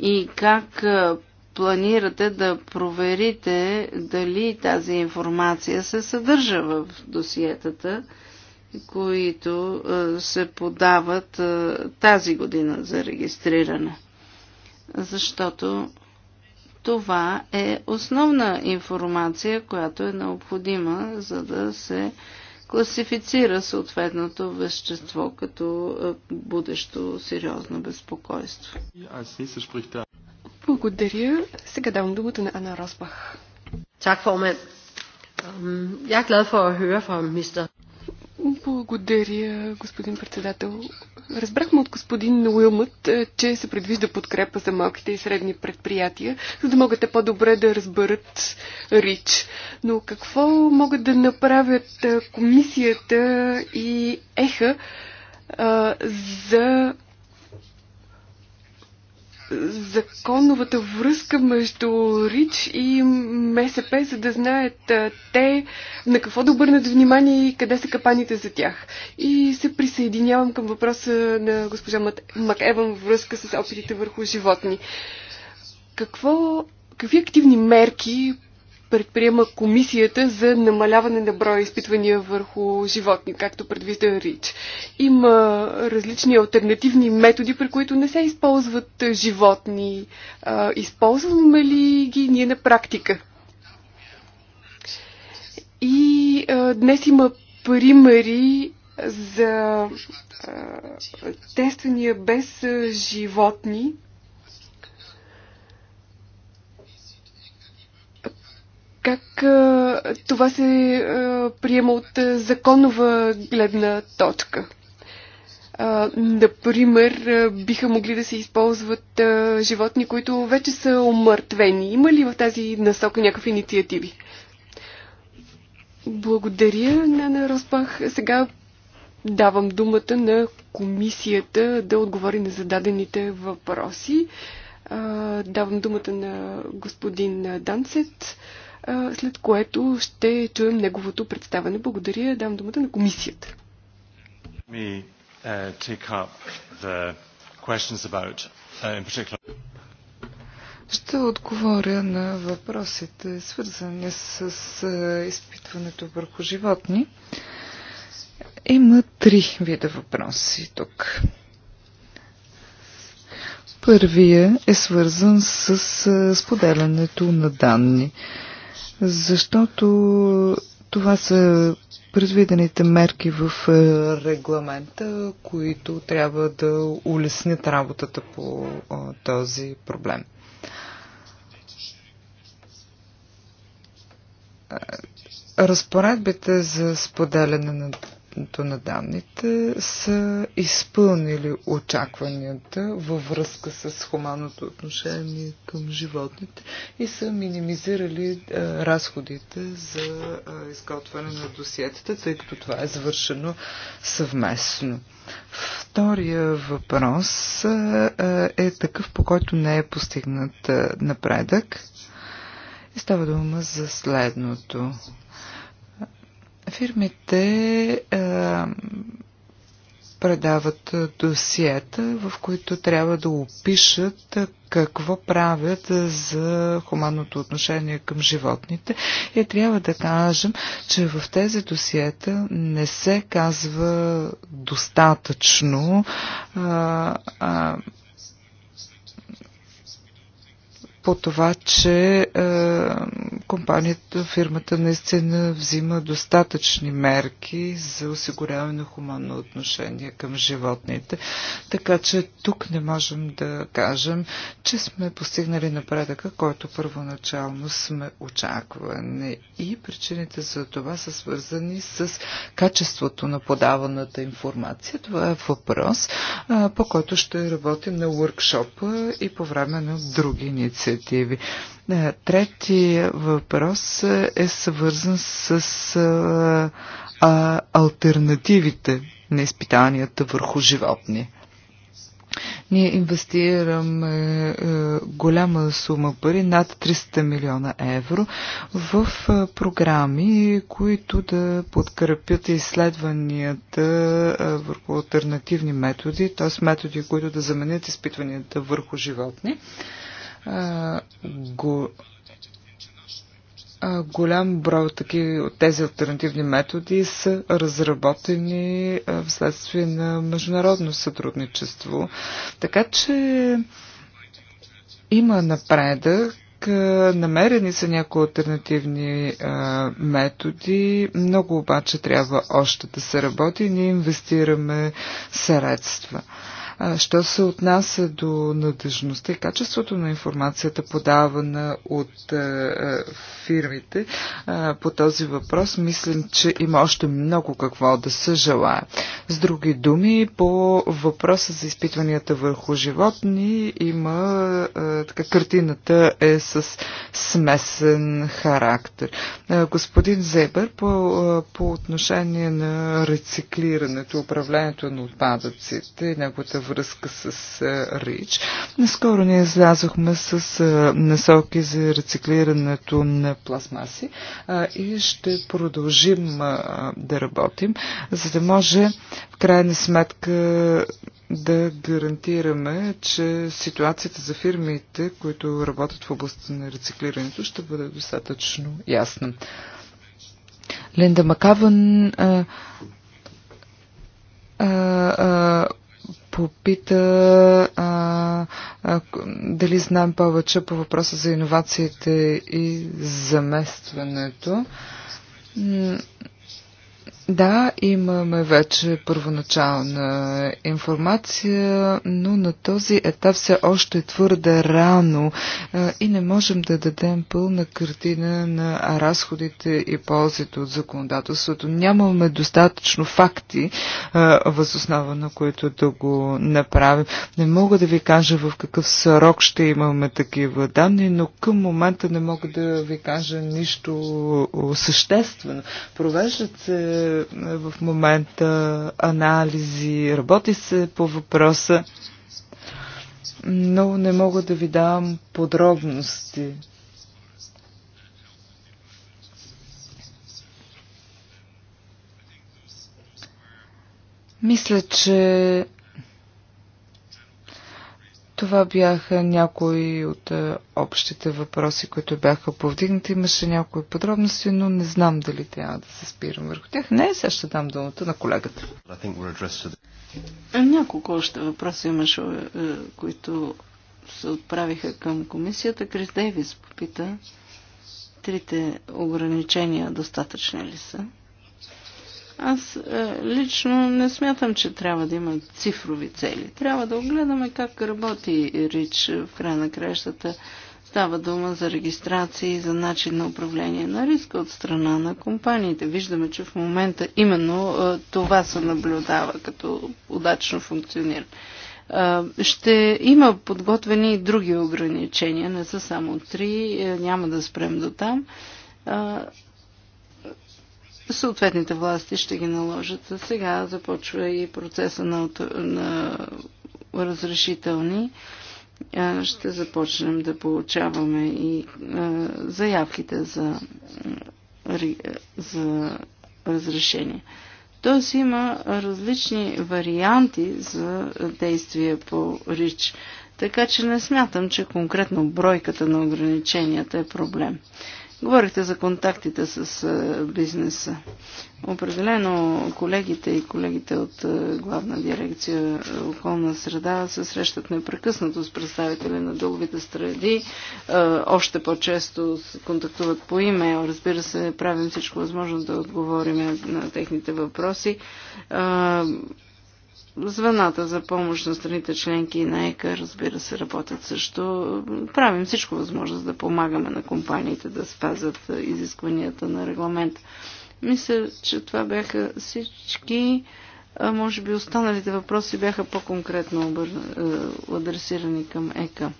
И как е, планирате да проверите дали тази информация се съдържа в досиетата които се подават тази година за регистриране. Защото това е основна информация, която е необходима, за да се класифицира съответното вещество като будещо сериозно безпокойство. Благодаря. Сега давам думата на Ана Росбах. Так, формand. Jeg er glad for at høre fra благодаря, господин председател. Разбрахме от господин Уилмът, е, че се предвижда подкрепа за малките и средни предприятия, за да могат по-добре да разберат РИЧ. Но какво могат да направят е, комисията и ЕХА а, е, за законовата връзка между РИЧ и МСП, за да знаят те на какво да обърнат внимание и къде са капаните за тях. И се присъединявам към въпроса на госпожа Макеван във връзка с опитите върху животни. Какво, какви активни мерки предприема комисията за намаляване на броя изпитвания върху животни, както предвижда РИЧ. Има различни альтернативни методи, при които не се използват животни. Използваме ли ги ние на практика? И а, днес има примери за а, тествания без животни, Как а, това се а, приема от а, законова гледна точка? А, например, а, биха могли да се използват а, животни, които вече са умъртвени. Има ли в тази насока някакви инициативи? Благодаря, Нана Роспах. Сега давам думата на комисията да отговори на зададените въпроси. Давам думата на господин Данцет след което ще чуем неговото представане. Благодаря. Дам думата на комисията. Uh, uh, ще отговоря на въпросите, свързани с изпитването върху животни. Има три вида въпроси тук. Първия е свързан с споделянето на данни защото това са предвидените мерки в е, регламента, които трябва да улеснят работата по е, този проблем. Е, разпоредбите за споделяне на защитното на данните са изпълнили очакванията във връзка с хуманното отношение към животните и са минимизирали е, разходите за е, изготвяне на досиетата, тъй като това е завършено съвместно. Втория въпрос е, е такъв, по който не е постигнат напредък. И става дума за следното. Фирмите а, е, предават досиета, в които трябва да опишат какво правят за хуманното отношение към животните. И трябва да кажем, че в тези досиета не се казва достатъчно а, а, по това, че е, компанията, фирмата наистина взима достатъчни мерки за осигуряване на хуманно отношение към животните. Така че тук не можем да кажем, че сме постигнали напредъка, който първоначално сме очаквани. И причините за това са свързани с качеството на подаваната информация. Това е въпрос, е, по който ще работим на уркшопа и по време на други инициативи инициативи. Е, трети въпрос е свързан с е, а, альтернативите на изпитанията върху животни. Ние инвестираме е, голяма сума пари, над 300 милиона евро, в програми, които да подкрепят изследванията върху альтернативни методи, т.е. методи, които да заменят изпитванията върху животни го, голям брой таки, от тези альтернативни методи са разработени вследствие на международно сътрудничество. Така че има напредък намерени са някои альтернативни а, методи, много обаче трябва още да се работи и ние инвестираме средства. Що се отнася до надежността и качеството на информацията, подавана от е, е, фирмите е, по този въпрос, мислим, че има още много какво да се желая. С други думи, по въпроса за изпитванията върху животни има така картината е с смесен характер. Господин Зебър, по, по отношение на рециклирането, управлението на отпадъците и неговата връзка с РИЧ. Наскоро ние излязохме с насоки за рециклирането на пластмаси и ще продължим да работим, за да може в крайна сметка да гарантираме, че ситуацията за фирмите, които работят в областта на рециклирането, ще бъде достатъчно ясна. Линда Макаван, а, а, а, попита а, а, дали знаем повече по въпроса за иновациите и заместването. Да, имаме вече първоначална информация, но на този етап все още е твърде рано и не можем да дадем пълна картина на разходите и ползите от законодателството. Нямаме достатъчно факти, възоснова на които да го направим. Не мога да ви кажа в какъв срок ще имаме такива данни, но към момента не мога да ви кажа нищо съществено. Провеждат се в момента анализи, работи се по въпроса, но не мога да ви давам подробности. Мисля, че това бяха някои от е, общите въпроси, които бяха повдигнати. Имаше някои подробности, но не знам дали трябва да се спирам върху тях. Не, сега ще дам думата на колегата. Няколко още въпроси имаше, е, които се отправиха към комисията. Крис Дейвис попита трите ограничения достатъчни ли са? Аз е, лично не смятам, че трябва да има цифрови цели. Трябва да огледаме как работи РИЧ в края на кращата. Става дума за регистрации, за начин на управление на риска от страна на компаниите. Виждаме, че в момента именно е, това се наблюдава като удачно функционира. Е, ще има подготвени и други ограничения, не са само три, е, няма да спрем до там е, съответните власти ще ги наложат. Сега започва и процеса на, на разрешителни. Ще започнем да получаваме и заявките за, за разрешение. Тоест има различни варианти за действие по РИЧ. Така че не смятам, че конкретно бройката на ограниченията е проблем. Говорихте за контактите с бизнеса. Определено колегите и колегите от главна дирекция околна среда се срещат непрекъснато с представители на дълговите среди. Още по-често контактуват по имейл. Разбира се, правим всичко възможно да отговорим на техните въпроси. Звената за помощ на страните членки и на ЕКА, разбира се, работят също. Правим всичко възможно да помагаме на компаниите да спазят изискванията на регламент. Мисля, че това бяха всички. А, може би останалите въпроси бяха по-конкретно обър... Е, адресирани към ЕКА.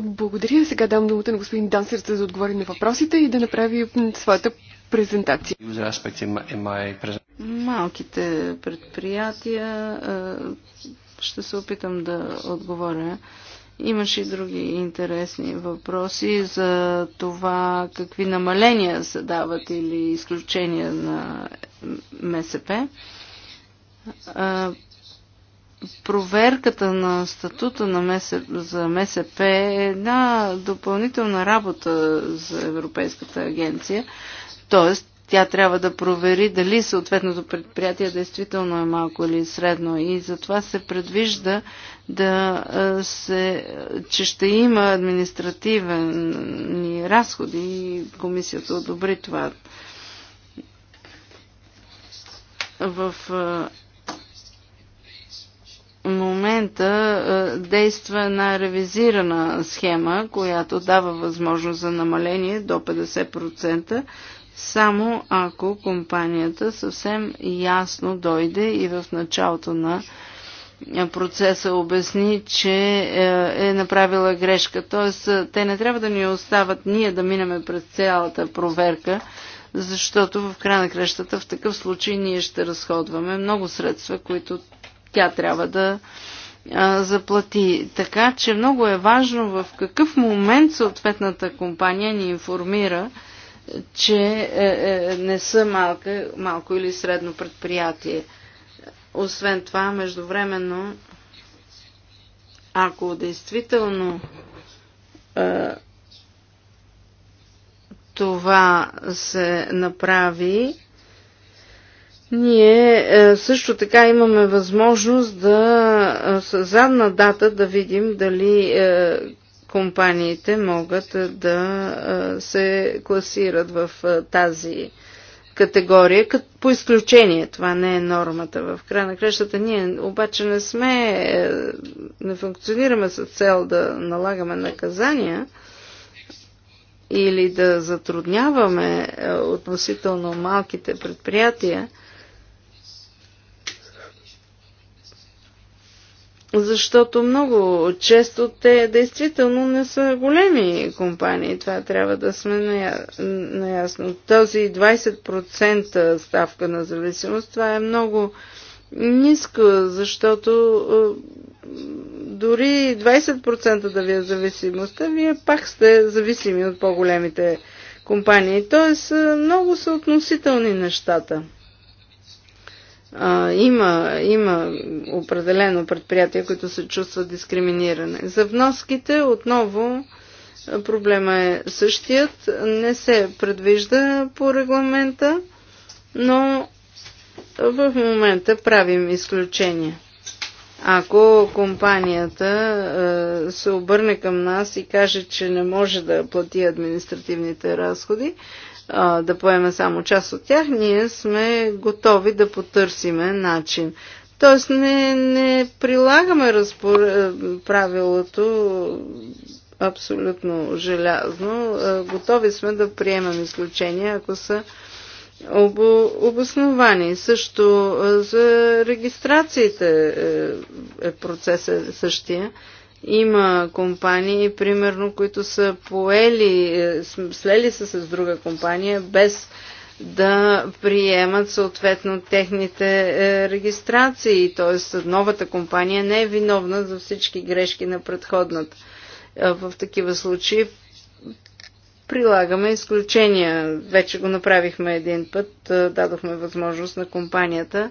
Благодаря. Сега дам думата на господин Дансер за да отговори на въпросите и да направи своята презентация малките предприятия. Ще се опитам да отговоря. Имаше и други интересни въпроси за това какви намаления се дават или изключения на МСП. Проверката на статута на МСП, за МСП е една допълнителна работа за Европейската агенция. Тоест, тя трябва да провери дали съответното предприятие действително е малко или средно. И затова се предвижда да се, че ще има административни разходи и комисията одобри това. В момента действа една ревизирана схема, която дава възможност за намаление до 50%, само ако компанията съвсем ясно дойде и в началото на е, процеса обясни, че е, е направила грешка. Тоест, е, те не трябва да ни остават ние да минеме през цялата проверка, защото в края на крещата в такъв случай ние ще разходваме много средства, които тя трябва да заплати. Така че много е важно в какъв момент съответната компания ни информира че е, е, не са малко, малко или средно предприятие. Освен това, междувременно, ако действително е, това се направи, ние също така имаме възможност да с задна дата да видим дали компаниите могат да се класират в тази категория, по изключение. Това не е нормата. В края на кращата ние обаче не сме, е, не функционираме с цел да налагаме наказания или да затрудняваме е, относително малките предприятия, защото много често те действително не са големи компании. Това трябва да сме наясно. Този 20% ставка на зависимост, това е много ниска, защото е, дори 20% да ви е зависимостта, вие пак сте зависими от по-големите компании. Тоест е, много са относителни нещата а, има, има определено предприятия, които се чувстват дискриминиране. За вноските отново проблема е същият. Не се предвижда по регламента, но в момента правим изключение. Ако компанията се обърне към нас и каже, че не може да плати административните разходи, а, да поеме само част от тях, ние сме готови да потърсиме начин. Тоест не, не прилагаме разпор... Е, правилото абсолютно желязно. Е, готови сме да приемем изключения, ако са обо... обосновани. Също е, за регистрациите е, процесът същия. Има компании, примерно, които са поели, е, слели са с друга компания, без да приемат съответно техните е, регистрации. Т.е. новата компания не е виновна за всички грешки на предходната. В такива случаи прилагаме изключения. Вече го направихме един път, е, дадохме възможност на компанията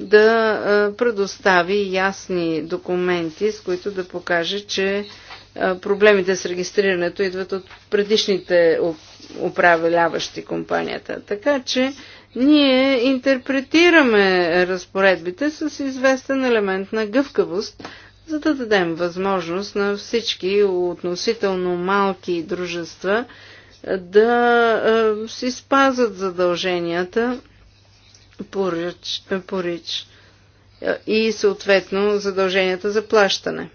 да предостави ясни документи, с които да покаже, че проблемите с регистрирането идват от предишните управляващи компанията. Така че ние интерпретираме разпоредбите с известен елемент на гъвкавост, за да дадем възможност на всички относително малки дружества да си спазат задълженията порич, порич и съответно задълженията за плащане.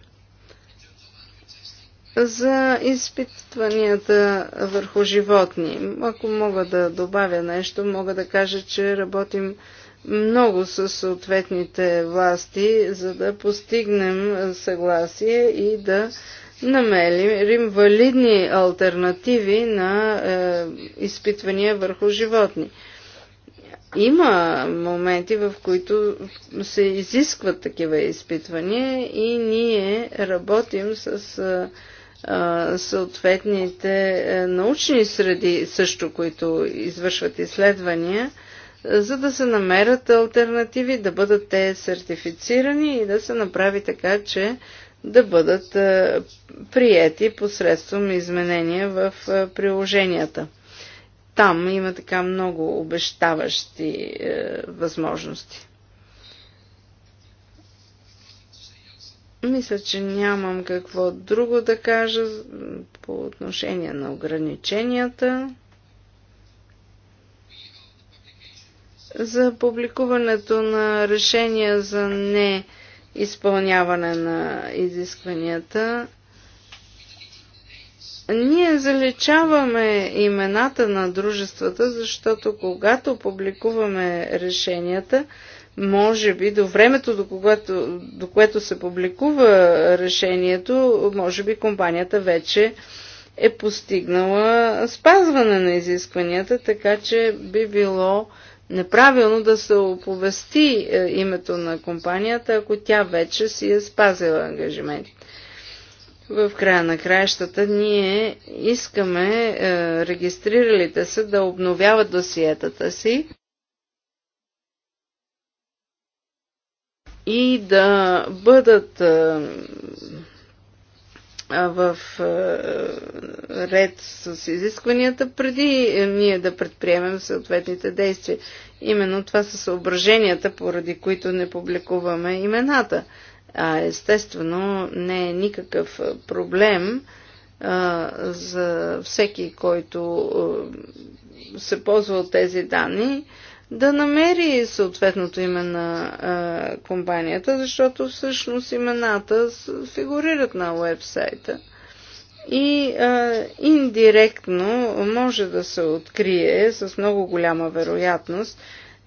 За изпитванията върху животни, ако мога да добавя нещо, мога да кажа, че работим много с съответните власти, за да постигнем съгласие и да намерим валидни альтернативи на е, изпитвания върху животни. Има моменти, в които се изискват такива изпитвания и ние работим с съответните научни среди също, които извършват изследвания, за да се намерят альтернативи, да бъдат те сертифицирани и да се направи така, че да бъдат приети посредством изменения в приложенията. Там има така много обещаващи е, възможности. Мисля, че нямам какво друго да кажа по отношение на ограниченията. За публикуването на решения за не изпълняване на изискванията ние заличаваме имената на дружествата, защото когато публикуваме решенията, може би до времето, до, когато, до което се публикува решението, може би компанията вече е постигнала спазване на изискванията, така че би било неправилно да се оповести е, името на компанията, ако тя вече си е спазила ангажимент. В края на краищата ние искаме е, регистриралите се да обновяват досиетата си и да бъдат е, в е, ред с изискванията, преди ние да предприемем съответните действия. Именно това са съображенията, поради които не публикуваме имената. А естествено не е никакъв проблем а, за всеки, който а, се ползва от тези данни, да намери съответното име на а, компанията, защото всъщност имената фигурират на уебсайта. И а, индиректно може да се открие с много голяма вероятност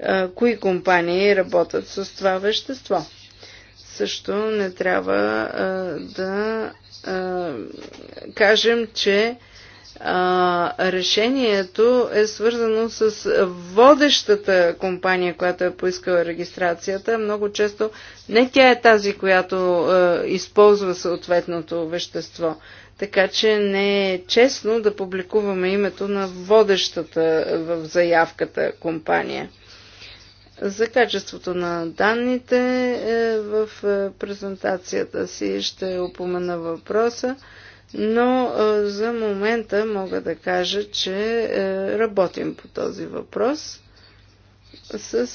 а, кои компании работят с това вещество също не трябва а, да а, кажем, че а, решението е свързано с водещата компания, която е поискала регистрацията. Много често не тя е тази, която а, използва съответното вещество. Така че не е честно да публикуваме името на водещата в заявката компания. За качеството на данните е, в е, презентацията си ще опомена въпроса, но е, за момента мога да кажа, че работим по този въпрос с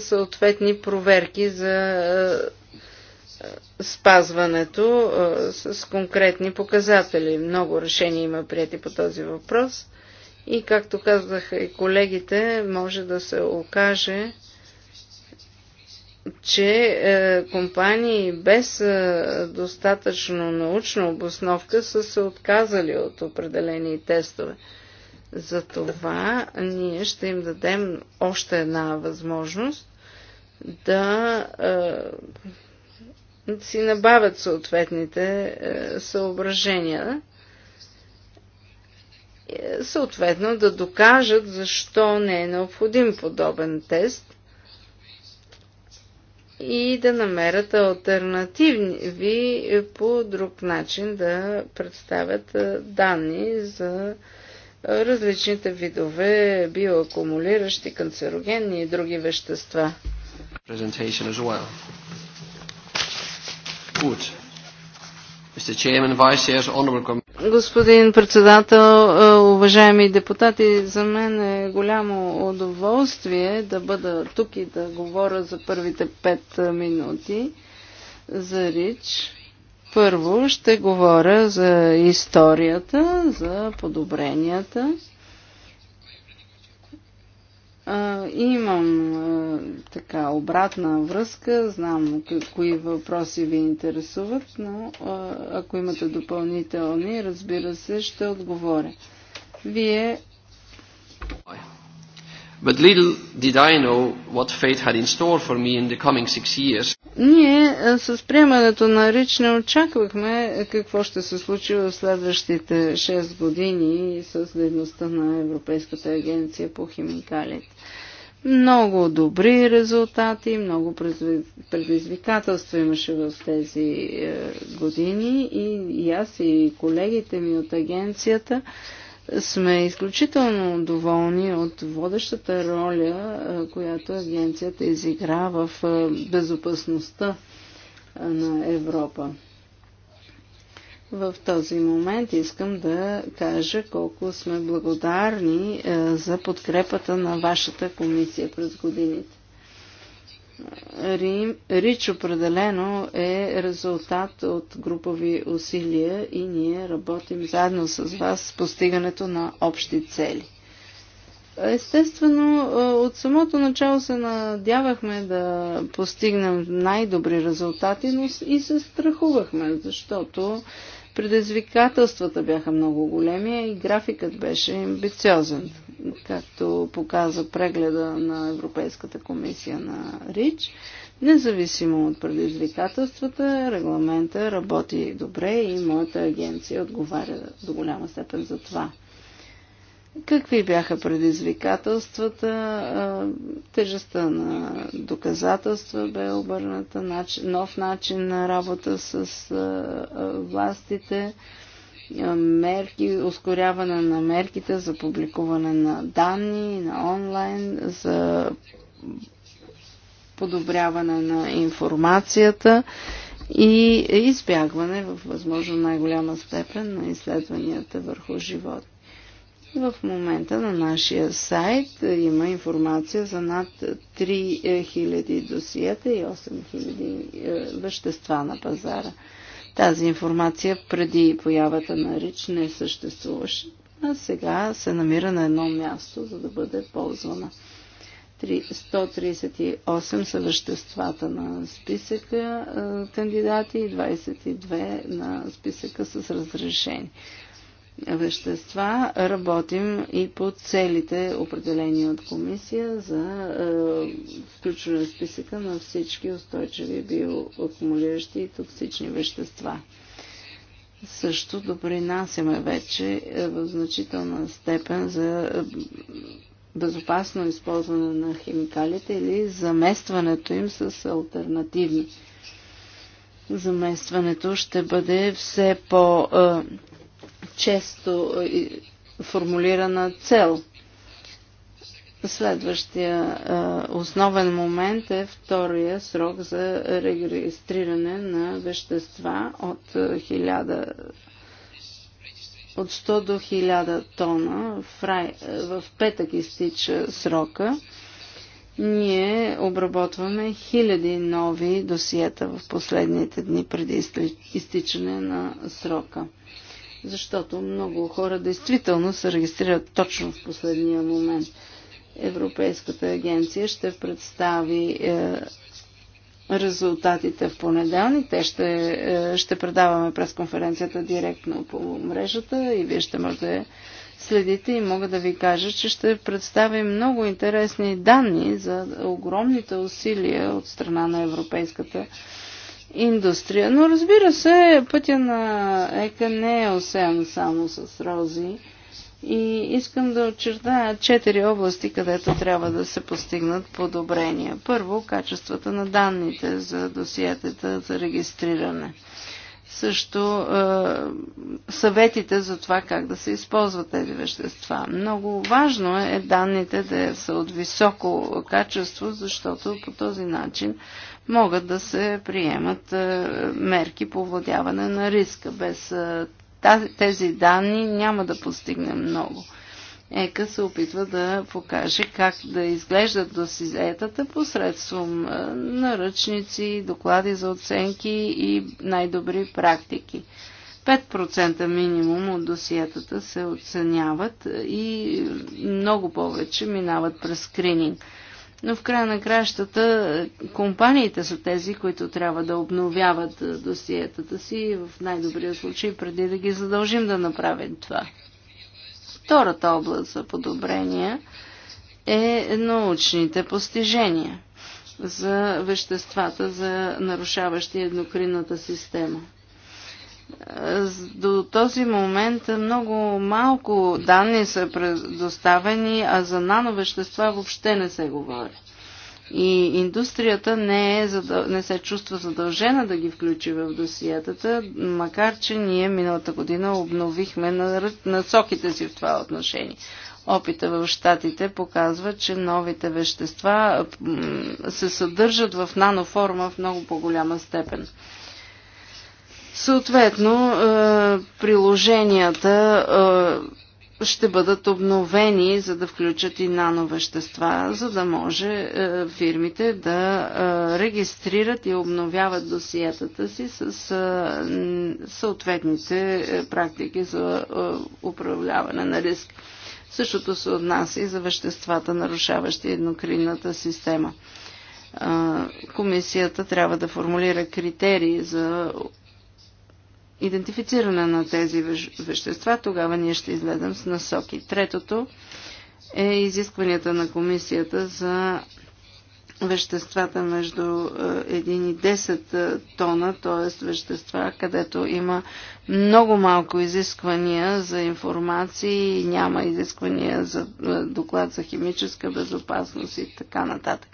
съответни проверки за спазването с конкретни показатели. Много решения има прияти по този въпрос и, както казаха и колегите, може да се окаже, че е, компании без е, достатъчно научна обосновка са се отказали от определени тестове. Затова ние ще им дадем още една възможност да е, си набавят съответните е, съображения, е, съответно да докажат защо не е необходим подобен тест и да намерят альтернативни по друг начин да представят данни за различните видове биоакумулиращи, канцерогенни и други вещества. Mr. Chairman, Vice Chairs, Господин председател, е, уважаеми депутати, за мен е голямо удоволствие да бъда тук и да говоря за първите пет е, минути за Рич. Първо ще говоря за историята, за подобренията Имам така обратна връзка, знам кои въпроси ви интересуват, но ако имате допълнителни, разбира се, ще отговоря. Вие But little did I know what fate had in store for me in the coming six years. Ние е, с приемането на Рич не очаквахме е, какво ще се случи в следващите 6 години с дейността на Европейската агенция по химикалите. Много добри резултати, много предизвикателства имаше в тези е, години и, и аз и колегите ми от агенцията сме изключително доволни от водещата роля, която агенцията изигра в безопасността на Европа. В този момент искам да кажа колко сме благодарни за подкрепата на вашата комисия през годините. Рич определено е резултат от групови усилия и ние работим заедно с вас с постигането на общи цели. Естествено, от самото начало се надявахме да постигнем най-добри резултати, но и се страхувахме, защото Предизвикателствата бяха много големи и графикът беше амбициозен, както показа прегледа на Европейската комисия на РИЧ. Независимо от предизвикателствата, регламента работи добре и моята агенция отговаря до голяма степен за това. Какви бяха предизвикателствата? Тежестта на доказателства бе обърната, нов начин на работа с властите, мерки, ускоряване на мерките за публикуване на данни на онлайн, за подобряване на информацията и избягване в възможно най-голяма степен на изследванията върху живот. В момента на нашия сайт има информация за над 3000 досиета и 8000 е, вещества на пазара. Тази информация преди появата на РИЧ не съществуваше, а сега се намира на едно място, за да бъде ползвана. 138 са веществата на списъка е, кандидати и 22 на списъка с разрешени вещества. Работим и по целите, определени от комисия, за е, включване в списъка на всички устойчиви биоакумулиращи и токсични вещества. Също допринасяме вече е, в значителна степен за е, безопасно използване на химикалите или заместването им с альтернативни. Заместването ще бъде все по- е, често е, формулирана цел. Следващия е, основен момент е втория срок за регистриране на вещества от 1000 е, от 100 до 1000 тона. В, рай, в петък изтича срока. Ние обработваме хиляди нови досиета в последните дни преди изтичане на срока защото много хора действително се регистрират точно в последния момент. Европейската агенция ще представи е, резултатите в понеделник. Те ще, е, ще предаваме през конференцията директно по мрежата и вие ще може да следите и мога да ви кажа, че ще представи много интересни данни за огромните усилия от страна на Европейската агенция индустрия. Но разбира се, пътя на ЕКА не е осеян само с рози. И искам да очертая четири области, където трябва да се постигнат подобрения. Първо, качествата на данните за досиетата за регистриране също е, съветите за това как да се използват тези вещества. Много важно е данните да са от високо качество, защото по този начин могат да се приемат е, мерки по владяване на риска. Без е, тези данни няма да постигнем много. ЕКА се опитва да покаже как да изглеждат досизетата посредством е, наръчници, доклади за оценки и най-добри практики. 5% минимум от досиетата се оценяват и много повече минават през скрининг. Но в края на кращата е, компаниите са тези, които трябва да обновяват е, досиетата си в най-добрия случай, преди да ги задължим да направят това. Втората област за подобрение е научните постижения за веществата, за нарушаващи еднокринната система. До този момент много малко данни са предоставени, а за нановещества въобще не се говори и индустрията не, е, не се чувства задължена да ги включи в досиетата, макар че ние миналата година обновихме насоките си в това отношение. Опита в Штатите показва, че новите вещества се съдържат в наноформа в много по-голяма степен. Съответно, е, приложенията е, ще бъдат обновени, за да включат и нановещества, за да може е, фирмите да е, регистрират и обновяват досиетата си с е, съответните практики за управляване на риск. Същото се отнася и за веществата, нарушаващи еднокринната система. Комисията трябва да формулира критерии за идентифициране на тези вещества, тогава ние ще излезем с насоки. Третото е изискванията на комисията за веществата между 1 е, и 10 е, тона, т.е. вещества, където има много малко изисквания за информации няма изисквания за е, доклад за химическа безопасност и така нататък.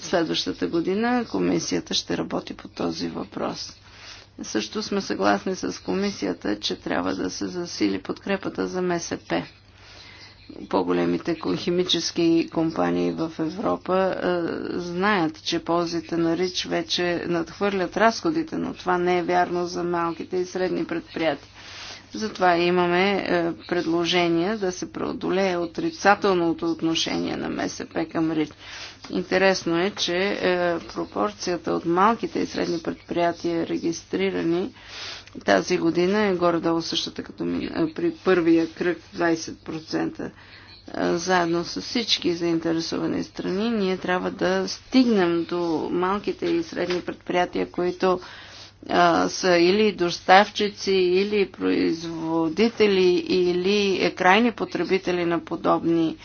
Следващата година комисията ще работи по този въпрос. Също сме съгласни с комисията, че трябва да се засили подкрепата за МСП. По-големите химически компании в Европа е, знаят, че ползите на РИЧ вече надхвърлят разходите, но това не е вярно за малките и средни предприятия. Затова имаме е, предложение да се преодолее отрицателното отношение на МСП към РИД. Интересно е, че е, пропорцията от малките и средни предприятия, регистрирани тази година, е горе-долу същата като е, при първия кръг 20% заедно с всички заинтересовани страни, ние трябва да стигнем до малките и средни предприятия, които са или доставчици, или производители, или е крайни потребители на подобни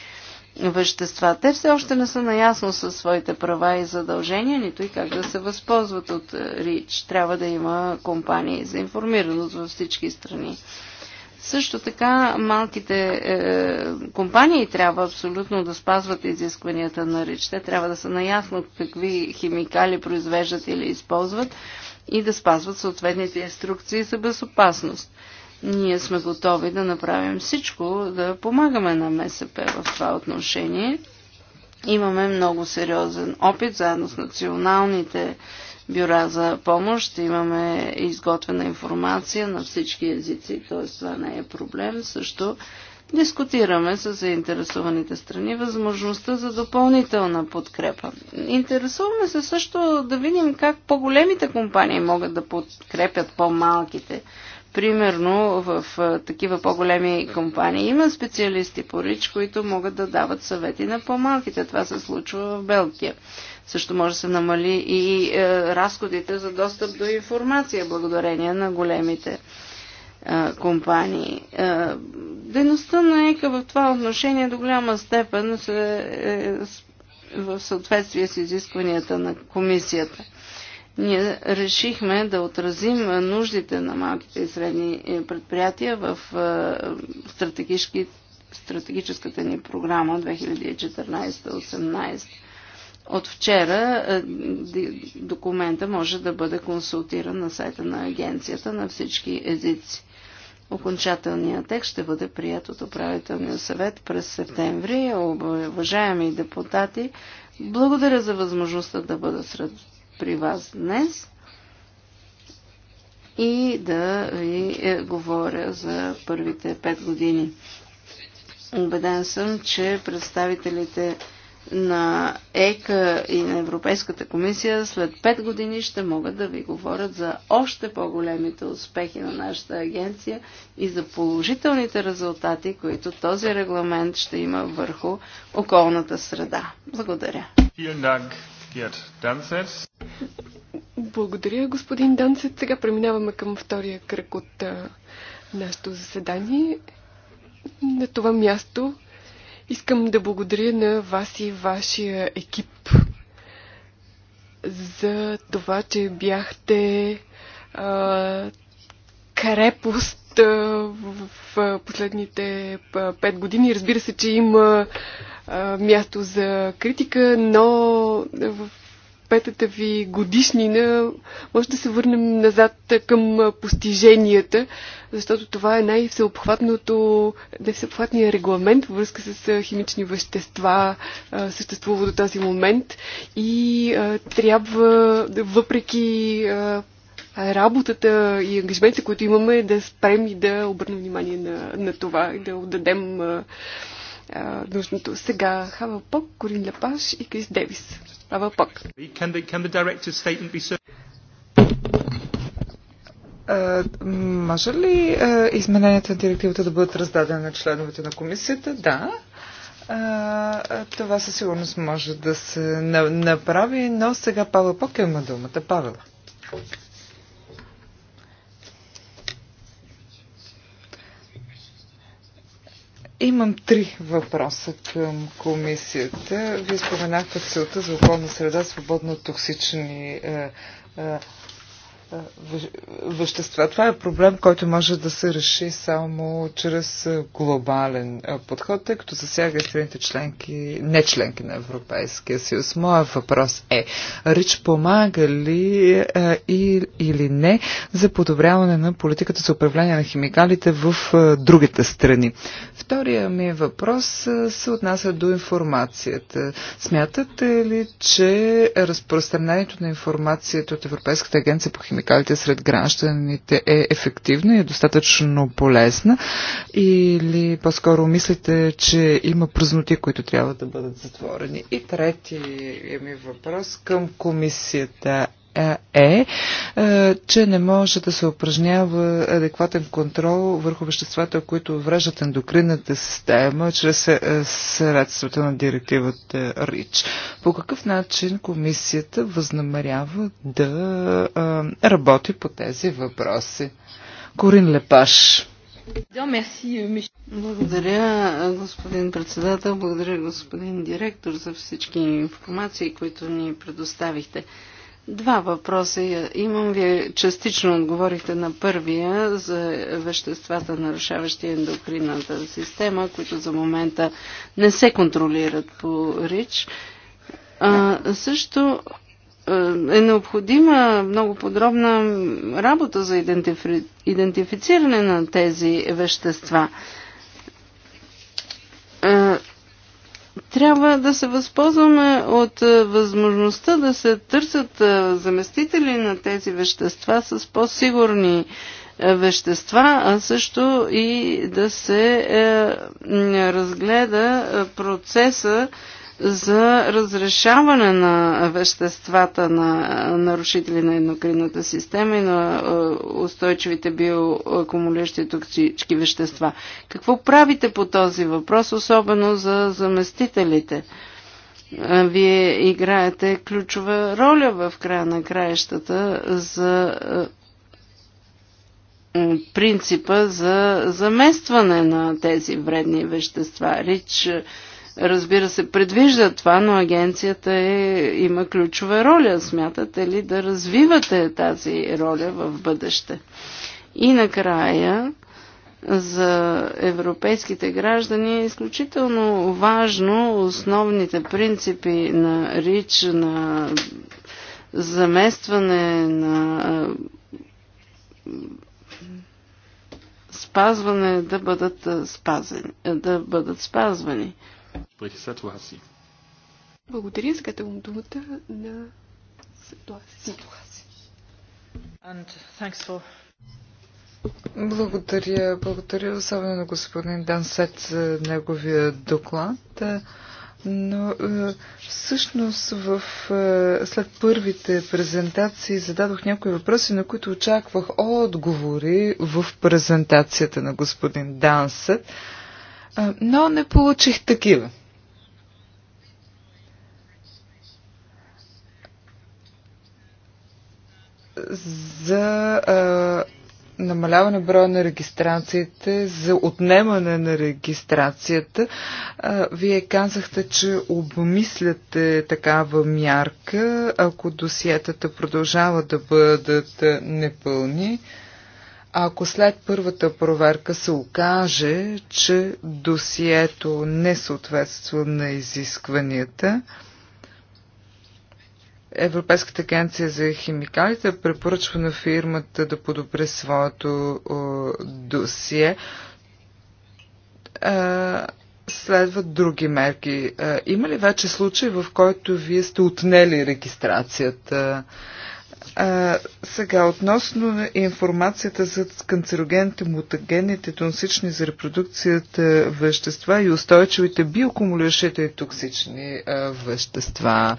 вещества. Те все още не са наясно със своите права и задължения, нито и как да се възползват от РИЧ. Трябва да има компании за информираност във всички страни. Също така малките е, компании трябва абсолютно да спазват изискванията на РИЧ. Те трябва да са наясно какви химикали произвеждат или използват и да спазват съответните инструкции за безопасност. Ние сме готови да направим всичко, да помагаме на МСП в това отношение. Имаме много сериозен опит заедно с националните бюра за помощ. Имаме изготвена информация на всички езици, т.е. това не е проблем. Също дискутираме с заинтересованите страни възможността за допълнителна подкрепа. Интересуваме се също да видим как по-големите компании могат да подкрепят по-малките. Примерно в такива по-големи компании има специалисти по РИЧ, които могат да дават съвети на по-малките. Това се случва в Белгия. Също може да се намали и е, разходите за достъп до информация, благодарение на големите е, компании. Е, дейността на ЕКА в това отношение до голяма степен се е в съответствие с изискванията на комисията. Ние решихме да отразим нуждите на малките и средни предприятия в стратегическата ни програма 2014-2018. От вчера е, документа може да бъде консултиран на сайта на агенцията на всички езици. Окончателният текст ще бъде прият от управителния съвет през септември. Уважаеми депутати, благодаря за възможността да бъда сред при вас днес и да ви е, говоря за първите пет години. Убеден съм, че представителите на ЕКА и на Европейската комисия след 5 години ще могат да ви говорят за още по-големите успехи на нашата агенция и за положителните резултати, които този регламент ще има върху околната среда. Благодаря. Благодаря, господин Данцет. Сега преминаваме към втория кръг от нашето заседание. На това място Искам да благодаря на вас и вашия екип за това, че бяхте а, крепост а, в, в последните пет години. Разбира се, че има а, място за критика, но в петата ви годишнина може да се върнем назад към постиженията, защото това е най-всеобхватното, най регламент във връзка с химични вещества, съществува до този момент и трябва, въпреки работата и ангажментите, които имаме, да спрем и да обърнем внимание на, на това и да отдадем нужното. Сега Хава Пок, Корин Лепаш и Крис Девис. Е, може ли е, измененията на директивата да бъдат раздадени на членовете на комисията? Да. Е, това със сигурност може да се направи, но сега Павел Пок има думата. Павел. Имам три въпроса към комисията. Вие споменахте целта за околна среда, свободна от токсични е, е, вещества. Това е проблем, който може да се реши само чрез глобален подход, тъй като засяга и страните членки, не членки на Европейския съюз. Моя въпрос е, Рич помага ли а, и, или не за подобряване на политиката за управление на химикалите в а, другите страни? Втория ми въпрос а, се отнася до информацията. Смятате ли, че разпространението на информацията от Европейската агенция по химикалите химикалите сред гражданите е ефективна и е достатъчно полезна? Или по-скоро мислите, че има празноти, които трябва да бъдат затворени? И третият ми въпрос към комисията е, е, че не може да се упражнява адекватен контрол върху веществата, които вреждат ендокринната система чрез е, средствата на директивата РИЧ. По какъв начин комисията възнамерява да е, работи по тези въпроси? Корин Лепаш. Благодаря, господин председател, благодаря, господин директор, за всички информации, които ни предоставихте. Два въпроса имам. Вие частично отговорихте на първия за веществата, нарушаващи ендокринната система, които за момента не се контролират по РИЧ. А, също е необходима много подробна работа за идентифи... идентифициране на тези вещества трябва да се възползваме от е, възможността да се търсят е, заместители на тези вещества с по-сигурни е, вещества, а също и да се разгледа процеса за разрешаване на веществата на нарушители на еднокринната система и на устойчивите биоакумулиращи токсички вещества. Какво правите по този въпрос, особено за заместителите? Вие играете ключова роля в края на краищата за принципа за заместване на тези вредни вещества. Рич Разбира се, предвижда това, но агенцията е, има ключова роля. Смятате ли да развивате тази роля в бъдеще? И накрая, за европейските граждани е изключително важно основните принципи на РИЧ, на заместване, на спазване да бъдат спазени. Да бъдат спазвани. Благодаря. Сега давам думата на Ситуаси. For... Благодаря, благодаря особено на господин Дансет за неговия доклад. Но е, всъщност в, е, след първите презентации зададох някои въпроси, на които очаквах отговори в презентацията на господин Дансет но не получих такива. За а, намаляване броя на регистрациите, за отнемане на регистрацията. Вие казахте, че обмисляте такава мярка, ако досиетата продължава да бъдат непълни. Ако след първата проверка се окаже, че досието не съответства на изискванията, Европейската агенция за химикалите препоръчва на фирмата да подобри своето досие. Е, следват други мерки. Е, има ли вече случай, в който вие сте отнели регистрацията? А, сега, относно информацията за канцерогените, мутагените, тонсични за репродукцията вещества и устойчивите биокумулиращите и токсични а, вещества.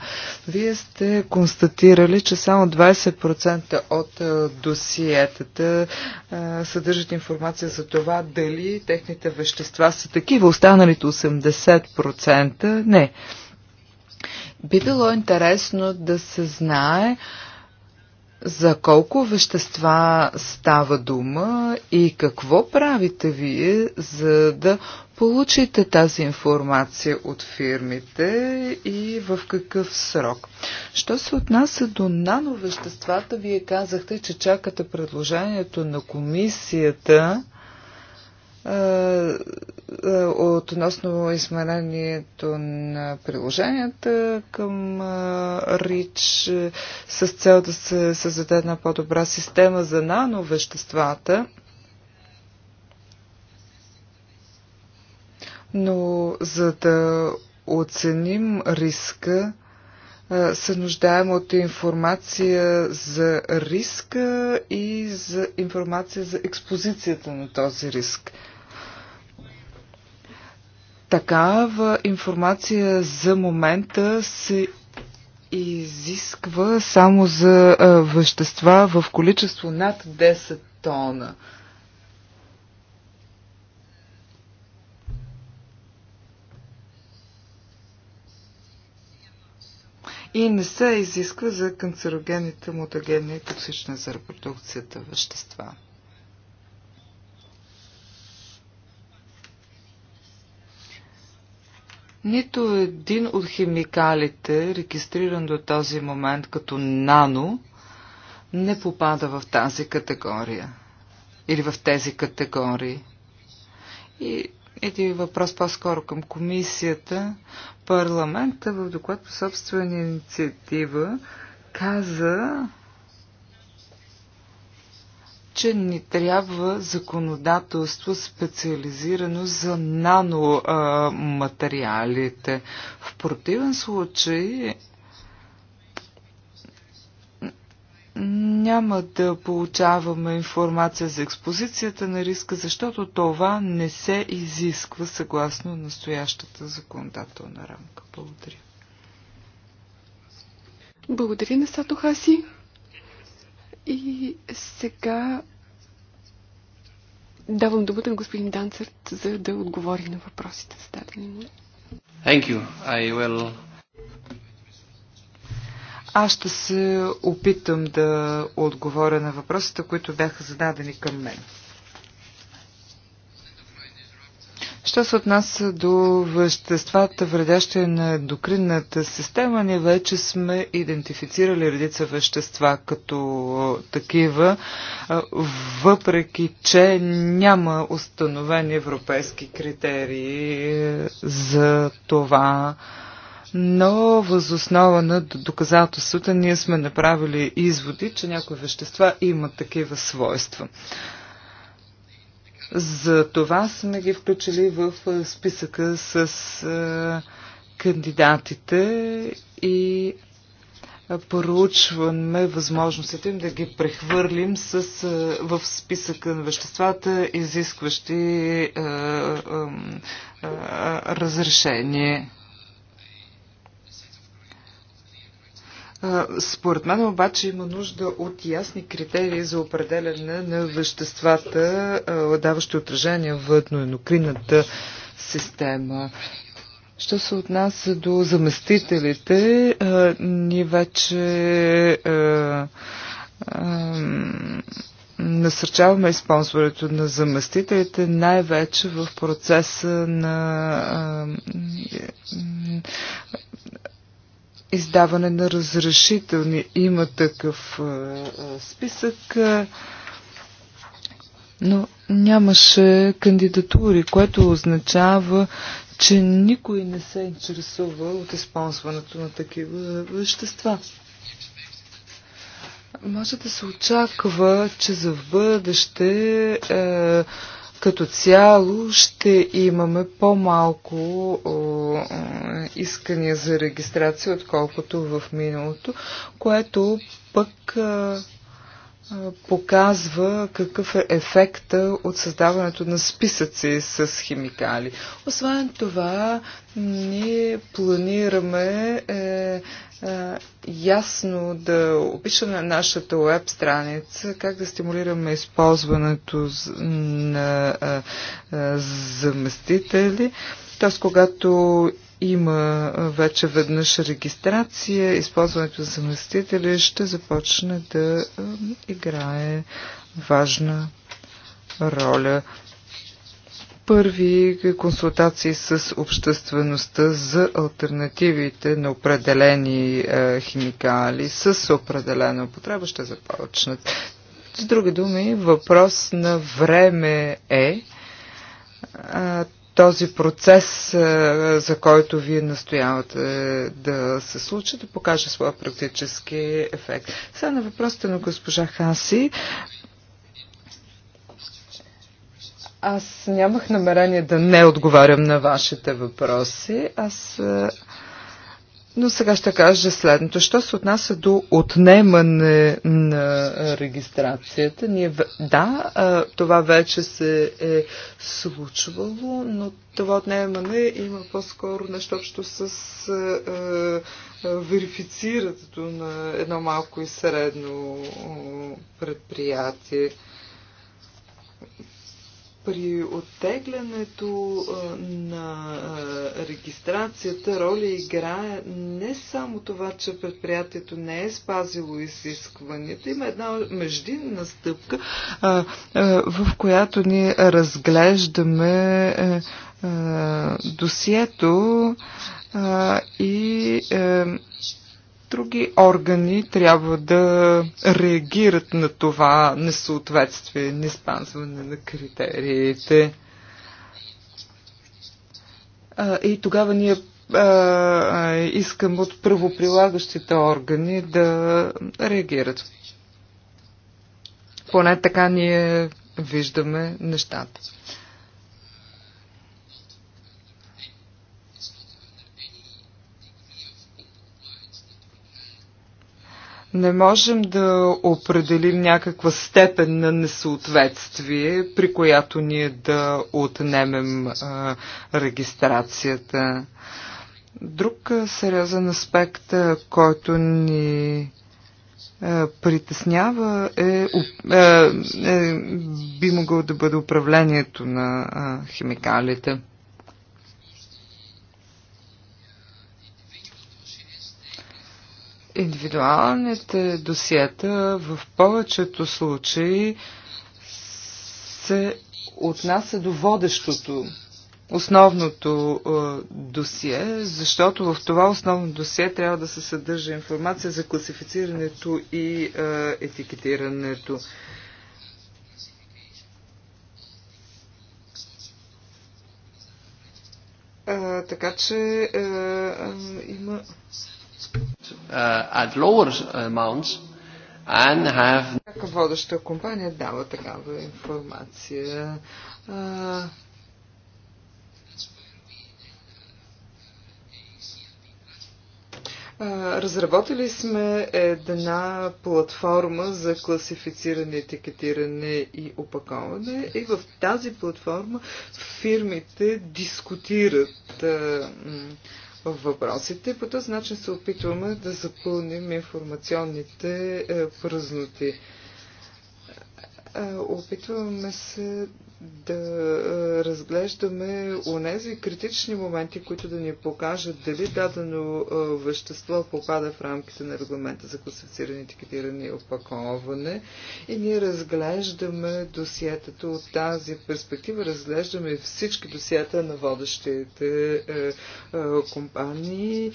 Вие сте констатирали, че само 20% от а, досиетата а, съдържат информация за това дали техните вещества са такива, останалите 80% не. Би било интересно да се знае, а, за колко вещества става дума и какво правите вие, за да получите тази информация от фирмите и в какъв срок? Що се отнася до нановеществата, вие казахте, че чакате предложението на комисията е, е, относно изменението на приложенията към е, РИЧ с цел да се създаде една по-добра система за нановеществата. Но за да оценим риска, се нуждаем от информация за риска и за информация за експозицията на този риск. Такава информация за момента се изисква само за а, вещества в количество над 10 тона. И не се изисква за канцерогените, мутагенни и токсични за репродукцията вещества. Нито един от химикалите, регистриран до този момент като нано, не попада в тази категория или в тези категории. И един въпрос по-скоро към комисията. Парламента в доклад по собствена инициатива каза, че ни трябва законодателство специализирано за наноматериалите. В противен случай няма да получаваме информация за експозицията на риска, защото това не се изисква съгласно настоящата законодателна рамка. Благодаря. Благодаря на Сато Хаси. И сега Давам думата на господин Данцърт, за да отговори на въпросите, зададени му. Thank you. I will... Аз ще се опитам да отговоря на въпросите, които бяха зададени към мен. Що се отнася до веществата, вредящи на докринната система, ние вече сме идентифицирали редица вещества като такива, въпреки че няма установени европейски критерии за това но възоснова на доказателствата ние сме направили изводи, че някои вещества имат такива свойства. За това сме ги включили в е, списъка с е, кандидатите и е, проучваме възможностите им да ги прехвърлим с, в списъка на веществата, изискващи е, е, е, разрешение. Според мен обаче има нужда от ясни критерии за определяне на веществата, даващи отражение в едноенокринната система. Що се отнася до заместителите, ние вече насърчаваме използването на заместителите, най-вече в процеса на издаване на разрешителни. Има такъв е, е, списък, е, но нямаше кандидатури, което означава, че никой не се интересува от използването на такива вещества. Може да се очаква, че за в бъдеще е, като цяло ще имаме по-малко искания за регистрация, отколкото в миналото, което пък а, показва какъв е ефекта от създаването на списъци с химикали. Освен това, ние планираме е, е, ясно да опишем на нашата веб страница как да стимулираме използването на е, е, заместители. Т.е. когато има вече веднъж регистрация, използването на заместители ще започне да играе важна роля. Първи консултации с обществеността за альтернативите на определени е, химикали с определена употреба ще започнат. С други думи, въпрос на време е а, е, този процес, а, е, за който вие настоявате да се случи, да покаже своя практически ефект. Сега на въпросите на госпожа Хаси, аз нямах намерение да не отговарям на вашите въпроси. Аз. Е, но сега ще кажа следното. Що се отнася до отнемане на регистрацията, ние, да, е, това вече се е случвало, но това отнемане има по-скоро нещо общо с е, верифицирането на едно малко и средно предприятие при оттеглянето на регистрацията роля играе не само това, че предприятието не е спазило изискванията. Има една междинна стъпка, в която ние разглеждаме е, е, досието и е, други органи трябва да реагират на това несъответствие, неспазване на критериите. И тогава ние искам от правоприлагащите органи да реагират. Поне така ние виждаме нещата. Не можем да определим някаква степен на несъответствие, при която ние да отнемем а, регистрацията. Друг сериозен аспект, който ни притеснява е, е, е, би могло да бъде управлението на а, химикалите. Индивидуалните досиета в повечето случаи се отнася до водещото, основното е, досие, защото в това основно досие трябва да се съдържа информация за класифицирането и е, етикетирането. А, е, така че е, е, има всяка uh, uh, водеща компания дава такава информация. Разработили сме една платформа за класифициране, етикетиране и опаковане и в тази платформа фирмите дискутират в въпросите. По този начин се опитваме да запълним информационните е, празноти. Е, опитваме се да е, разглеждаме онези критични моменти, които да ни покажат дали дадено е, вещество попада в рамките на регламента за класифициране, етикетиране и опаковане. И ние разглеждаме досиетата от тази перспектива, разглеждаме всички досиета на водещите компании,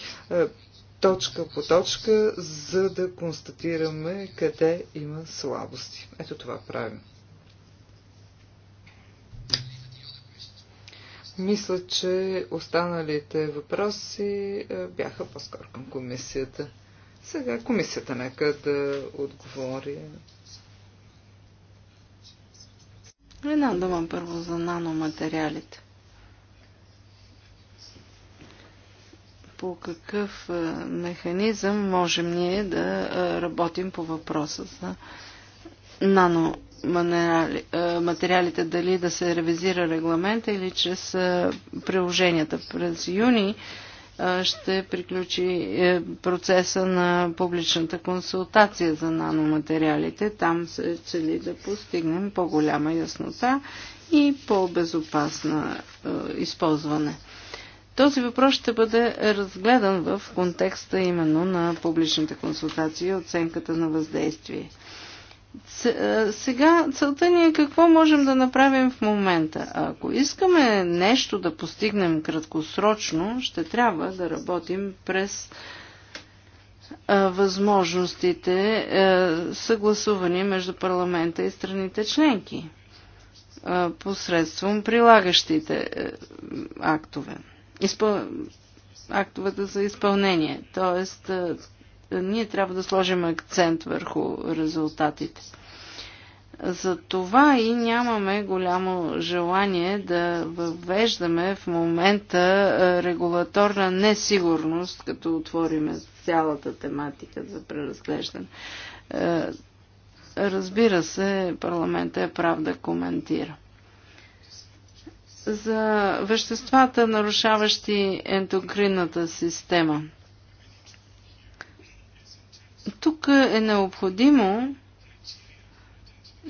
точка по точка, за да констатираме къде има слабости. Ето това правим. Мисля, че останалите въпроси е, бяха по-скоро към комисията. Сега комисията нека да отговори. Ренан, давам първо за наноматериалите. по какъв е, механизъм можем ние да е, работим по въпроса за нано е, материалите, дали да се ревизира регламента или чрез приложенията. През юни ще приключи процеса на публичната консултация за наноматериалите. Там се цели да постигнем по-голяма яснота и по-безопасна използване. Този въпрос ще бъде разгледан в контекста именно на публичните консултации и оценката на въздействие. Сега целта ни е какво можем да направим в момента. ако искаме нещо да постигнем краткосрочно, ще трябва да работим през възможностите съгласувани между парламента и страните членки посредством прилагащите актове изпъл... актовете за изпълнение. Тоест, ние трябва да сложим акцент върху резултатите. За това и нямаме голямо желание да въвеждаме в момента регулаторна несигурност, като отвориме цялата тематика за преразглеждане. Разбира се, парламента е прав да коментира за веществата, нарушаващи ендокринната система. Тук е необходимо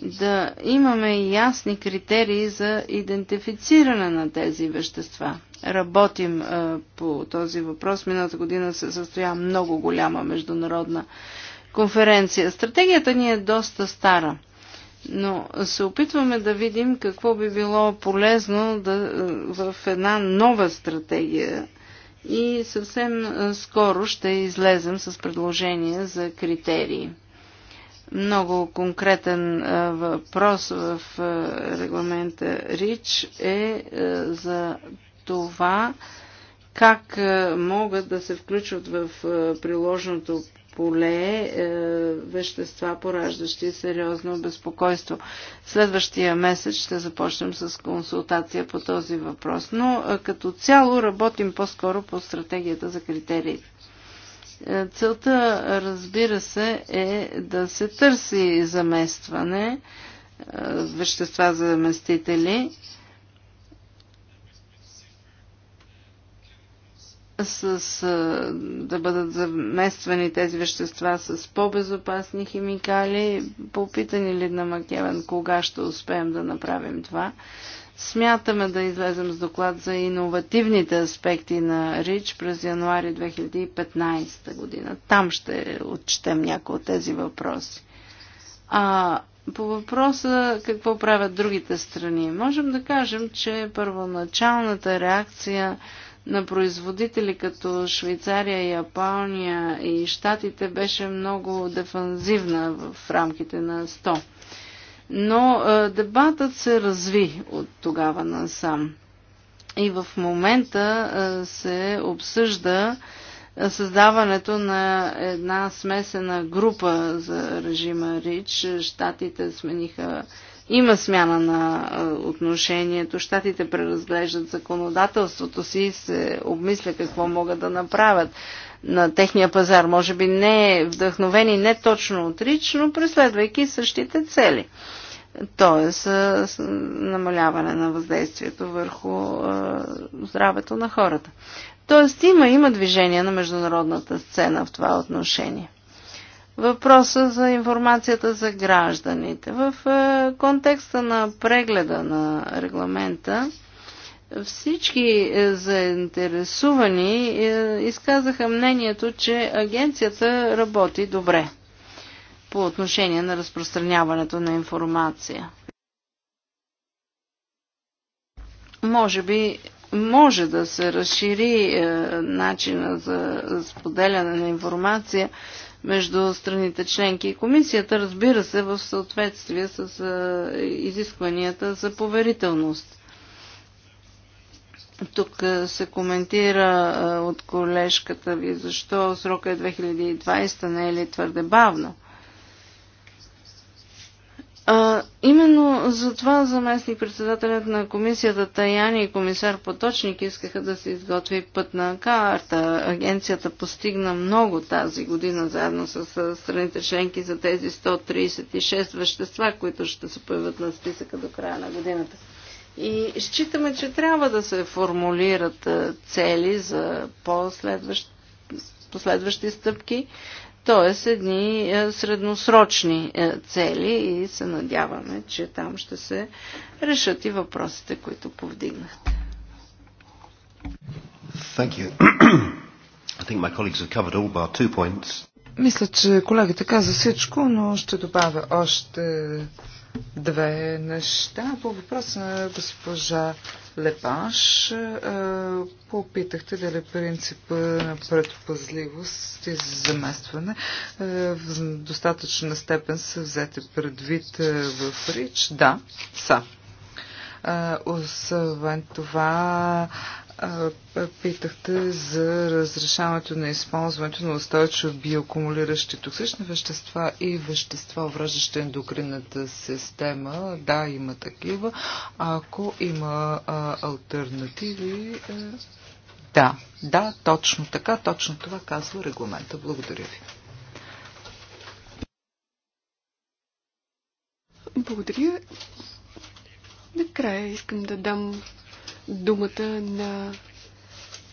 да имаме ясни критерии за идентифициране на тези вещества. Работим е, по този въпрос. Миналата година се състоя много голяма международна конференция. Стратегията ни е доста стара – но се опитваме да видим какво би било полезно да, в една нова стратегия и съвсем скоро ще излезем с предложение за критерии. Много конкретен въпрос в регламента РИЧ е за това как могат да се включват в приложеното поле е, вещества, пораждащи сериозно безпокойство. Следващия месец ще започнем с консултация по този въпрос, но е, като цяло работим по-скоро по стратегията за критериите. Е, целта, разбира се, е да се търси заместване, е, вещества заместители, с, да бъдат замествани тези вещества с по-безопасни химикали. Попитани ли на Макевен кога ще успеем да направим това? Смятаме да излезем с доклад за иновативните аспекти на РИЧ през януари 2015 година. Там ще отчетем някои от тези въпроси. А по въпроса какво правят другите страни, можем да кажем, че първоначалната реакция на производители като Швейцария, Япония и Штатите беше много дефанзивна в рамките на 100. Но дебатът се разви от тогава насам. И в момента се обсъжда създаването на една смесена група за режима РИЧ. Штатите смениха има смяна на отношението. Штатите преразглеждат законодателството си и се обмисля какво могат да направят на техния пазар. Може би не вдъхновени не точно отрично, преследвайки същите цели. Тоест, намаляване на въздействието върху здравето на хората. Тоест, има, има движение на международната сцена в това отношение въпроса за информацията за гражданите. В е, контекста на прегледа на регламента, всички е, заинтересувани е, изказаха мнението, че агенцията работи добре по отношение на разпространяването на информация. Може би може да се разшири начина за споделяне на информация между страните членки и комисията, разбира се, в съответствие с изискванията за поверителност. Тук се коментира от колежката ви защо срока е 2020, не е ли твърде бавно. А, именно за това заместник председателят на комисията Таяни и комисар Поточник искаха да се изготви пътна карта. Агенцията постигна много тази година заедно с страните членки за тези 136 вещества, които ще се появят на списъка до края на годината. И считаме, че трябва да се формулират цели за последващи стъпки, т.е. едни е, средносрочни е, цели и се надяваме, че там ще се решат и въпросите, които повдигнахте. Thank you. I think my colleagues have covered all bar two points. Мисля, че колегата каза всичко, но ще добавя още две неща по въпроса на госпожа Лепаш, попитахте дали принципа на предпазливост и заместване в достатъчна степен са взети предвид в РИЧ. Да, са. Освен това, Питахте за разрешаването на използването на устойчиво биокумулиращи токсични вещества и вещества, връждащи ендокринната система. Да, има такива. Ако има а, альтернативи, е... да, да, точно така, точно това казва регламента. Благодаря ви. Благодаря. Накрая искам да дам думата на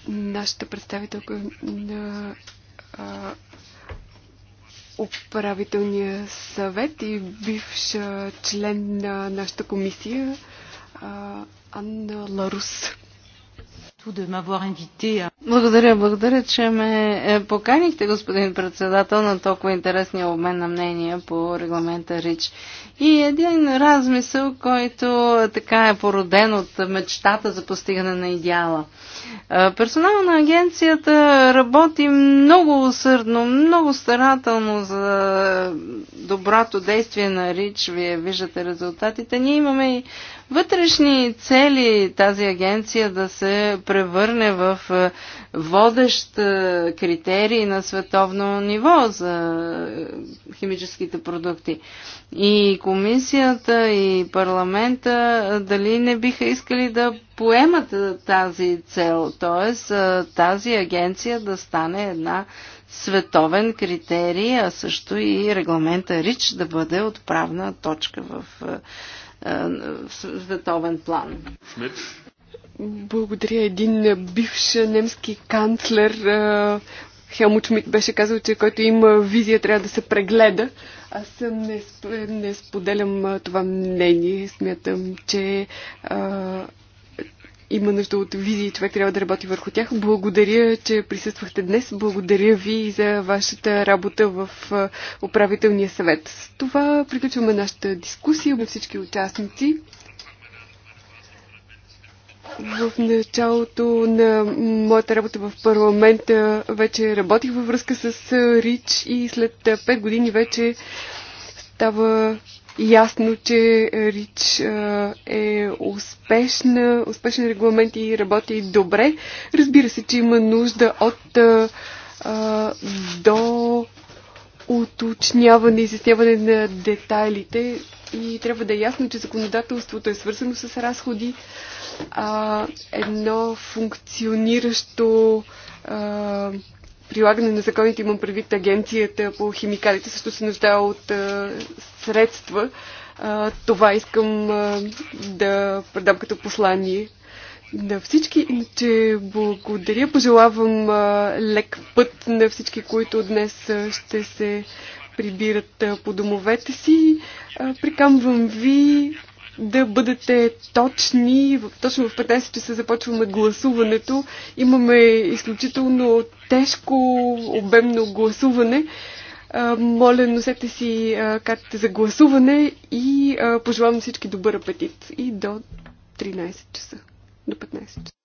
нашата представителка на а, управителния съвет и бивш член на нашата комисия а, Анна Ларус. Благодаря, благодаря, че ме е, поканихте, господин председател, на толкова интересния обмен на мнения по регламента РИЧ. И един размисъл, който е, така е породен от мечтата за постигане на идеала. Е, Персонал на агенцията работи много усърдно, много старателно за доброто действие на РИЧ. Вие виждате резултатите. Ние имаме и вътрешни цели тази агенция да се превърне в е, водещ е, критерий на световно ниво за е, химическите продукти. И комисията, и парламента дали не биха искали да поемат тази цел, т.е. тази агенция да стане една световен критерий, а също и регламента РИЧ да бъде отправна точка в е, в световен план. Благодаря. Един бивш немски канцлер е, Хелмут Шмидт беше казал, че който има визия трябва да се прегледа. Аз не, не споделям е, това мнение. Смятам, че има нужда от визии и човек трябва да работи върху тях. Благодаря, че присъствахте днес. Благодаря ви за вашата работа в управителния съвет. С това приключваме нашата дискусия на всички участници. В началото на моята работа в парламента вече работих във връзка с РИЧ и след 5 години вече става ясно, че РИЧ е успешна, успешен регламент и работи добре. Разбира се, че има нужда от до уточняване, изясняване на детайлите и трябва да е ясно, че законодателството е свързано с разходи. А, едно функциониращо а, прилагане на законите имам предвид агенцията по химикалите също се нуждае от а, средства. Това искам да предам като послание на всички. Иначе благодаря. Пожелавам лек път на всички, които днес ще се прибират по домовете си. Прикамвам ви да бъдете точни. Точно в 15 часа започваме гласуването. Имаме изключително тежко, обемно гласуване моля, носете си картите за гласуване и пожелавам всички добър апетит и до 13 часа, до 15 часа.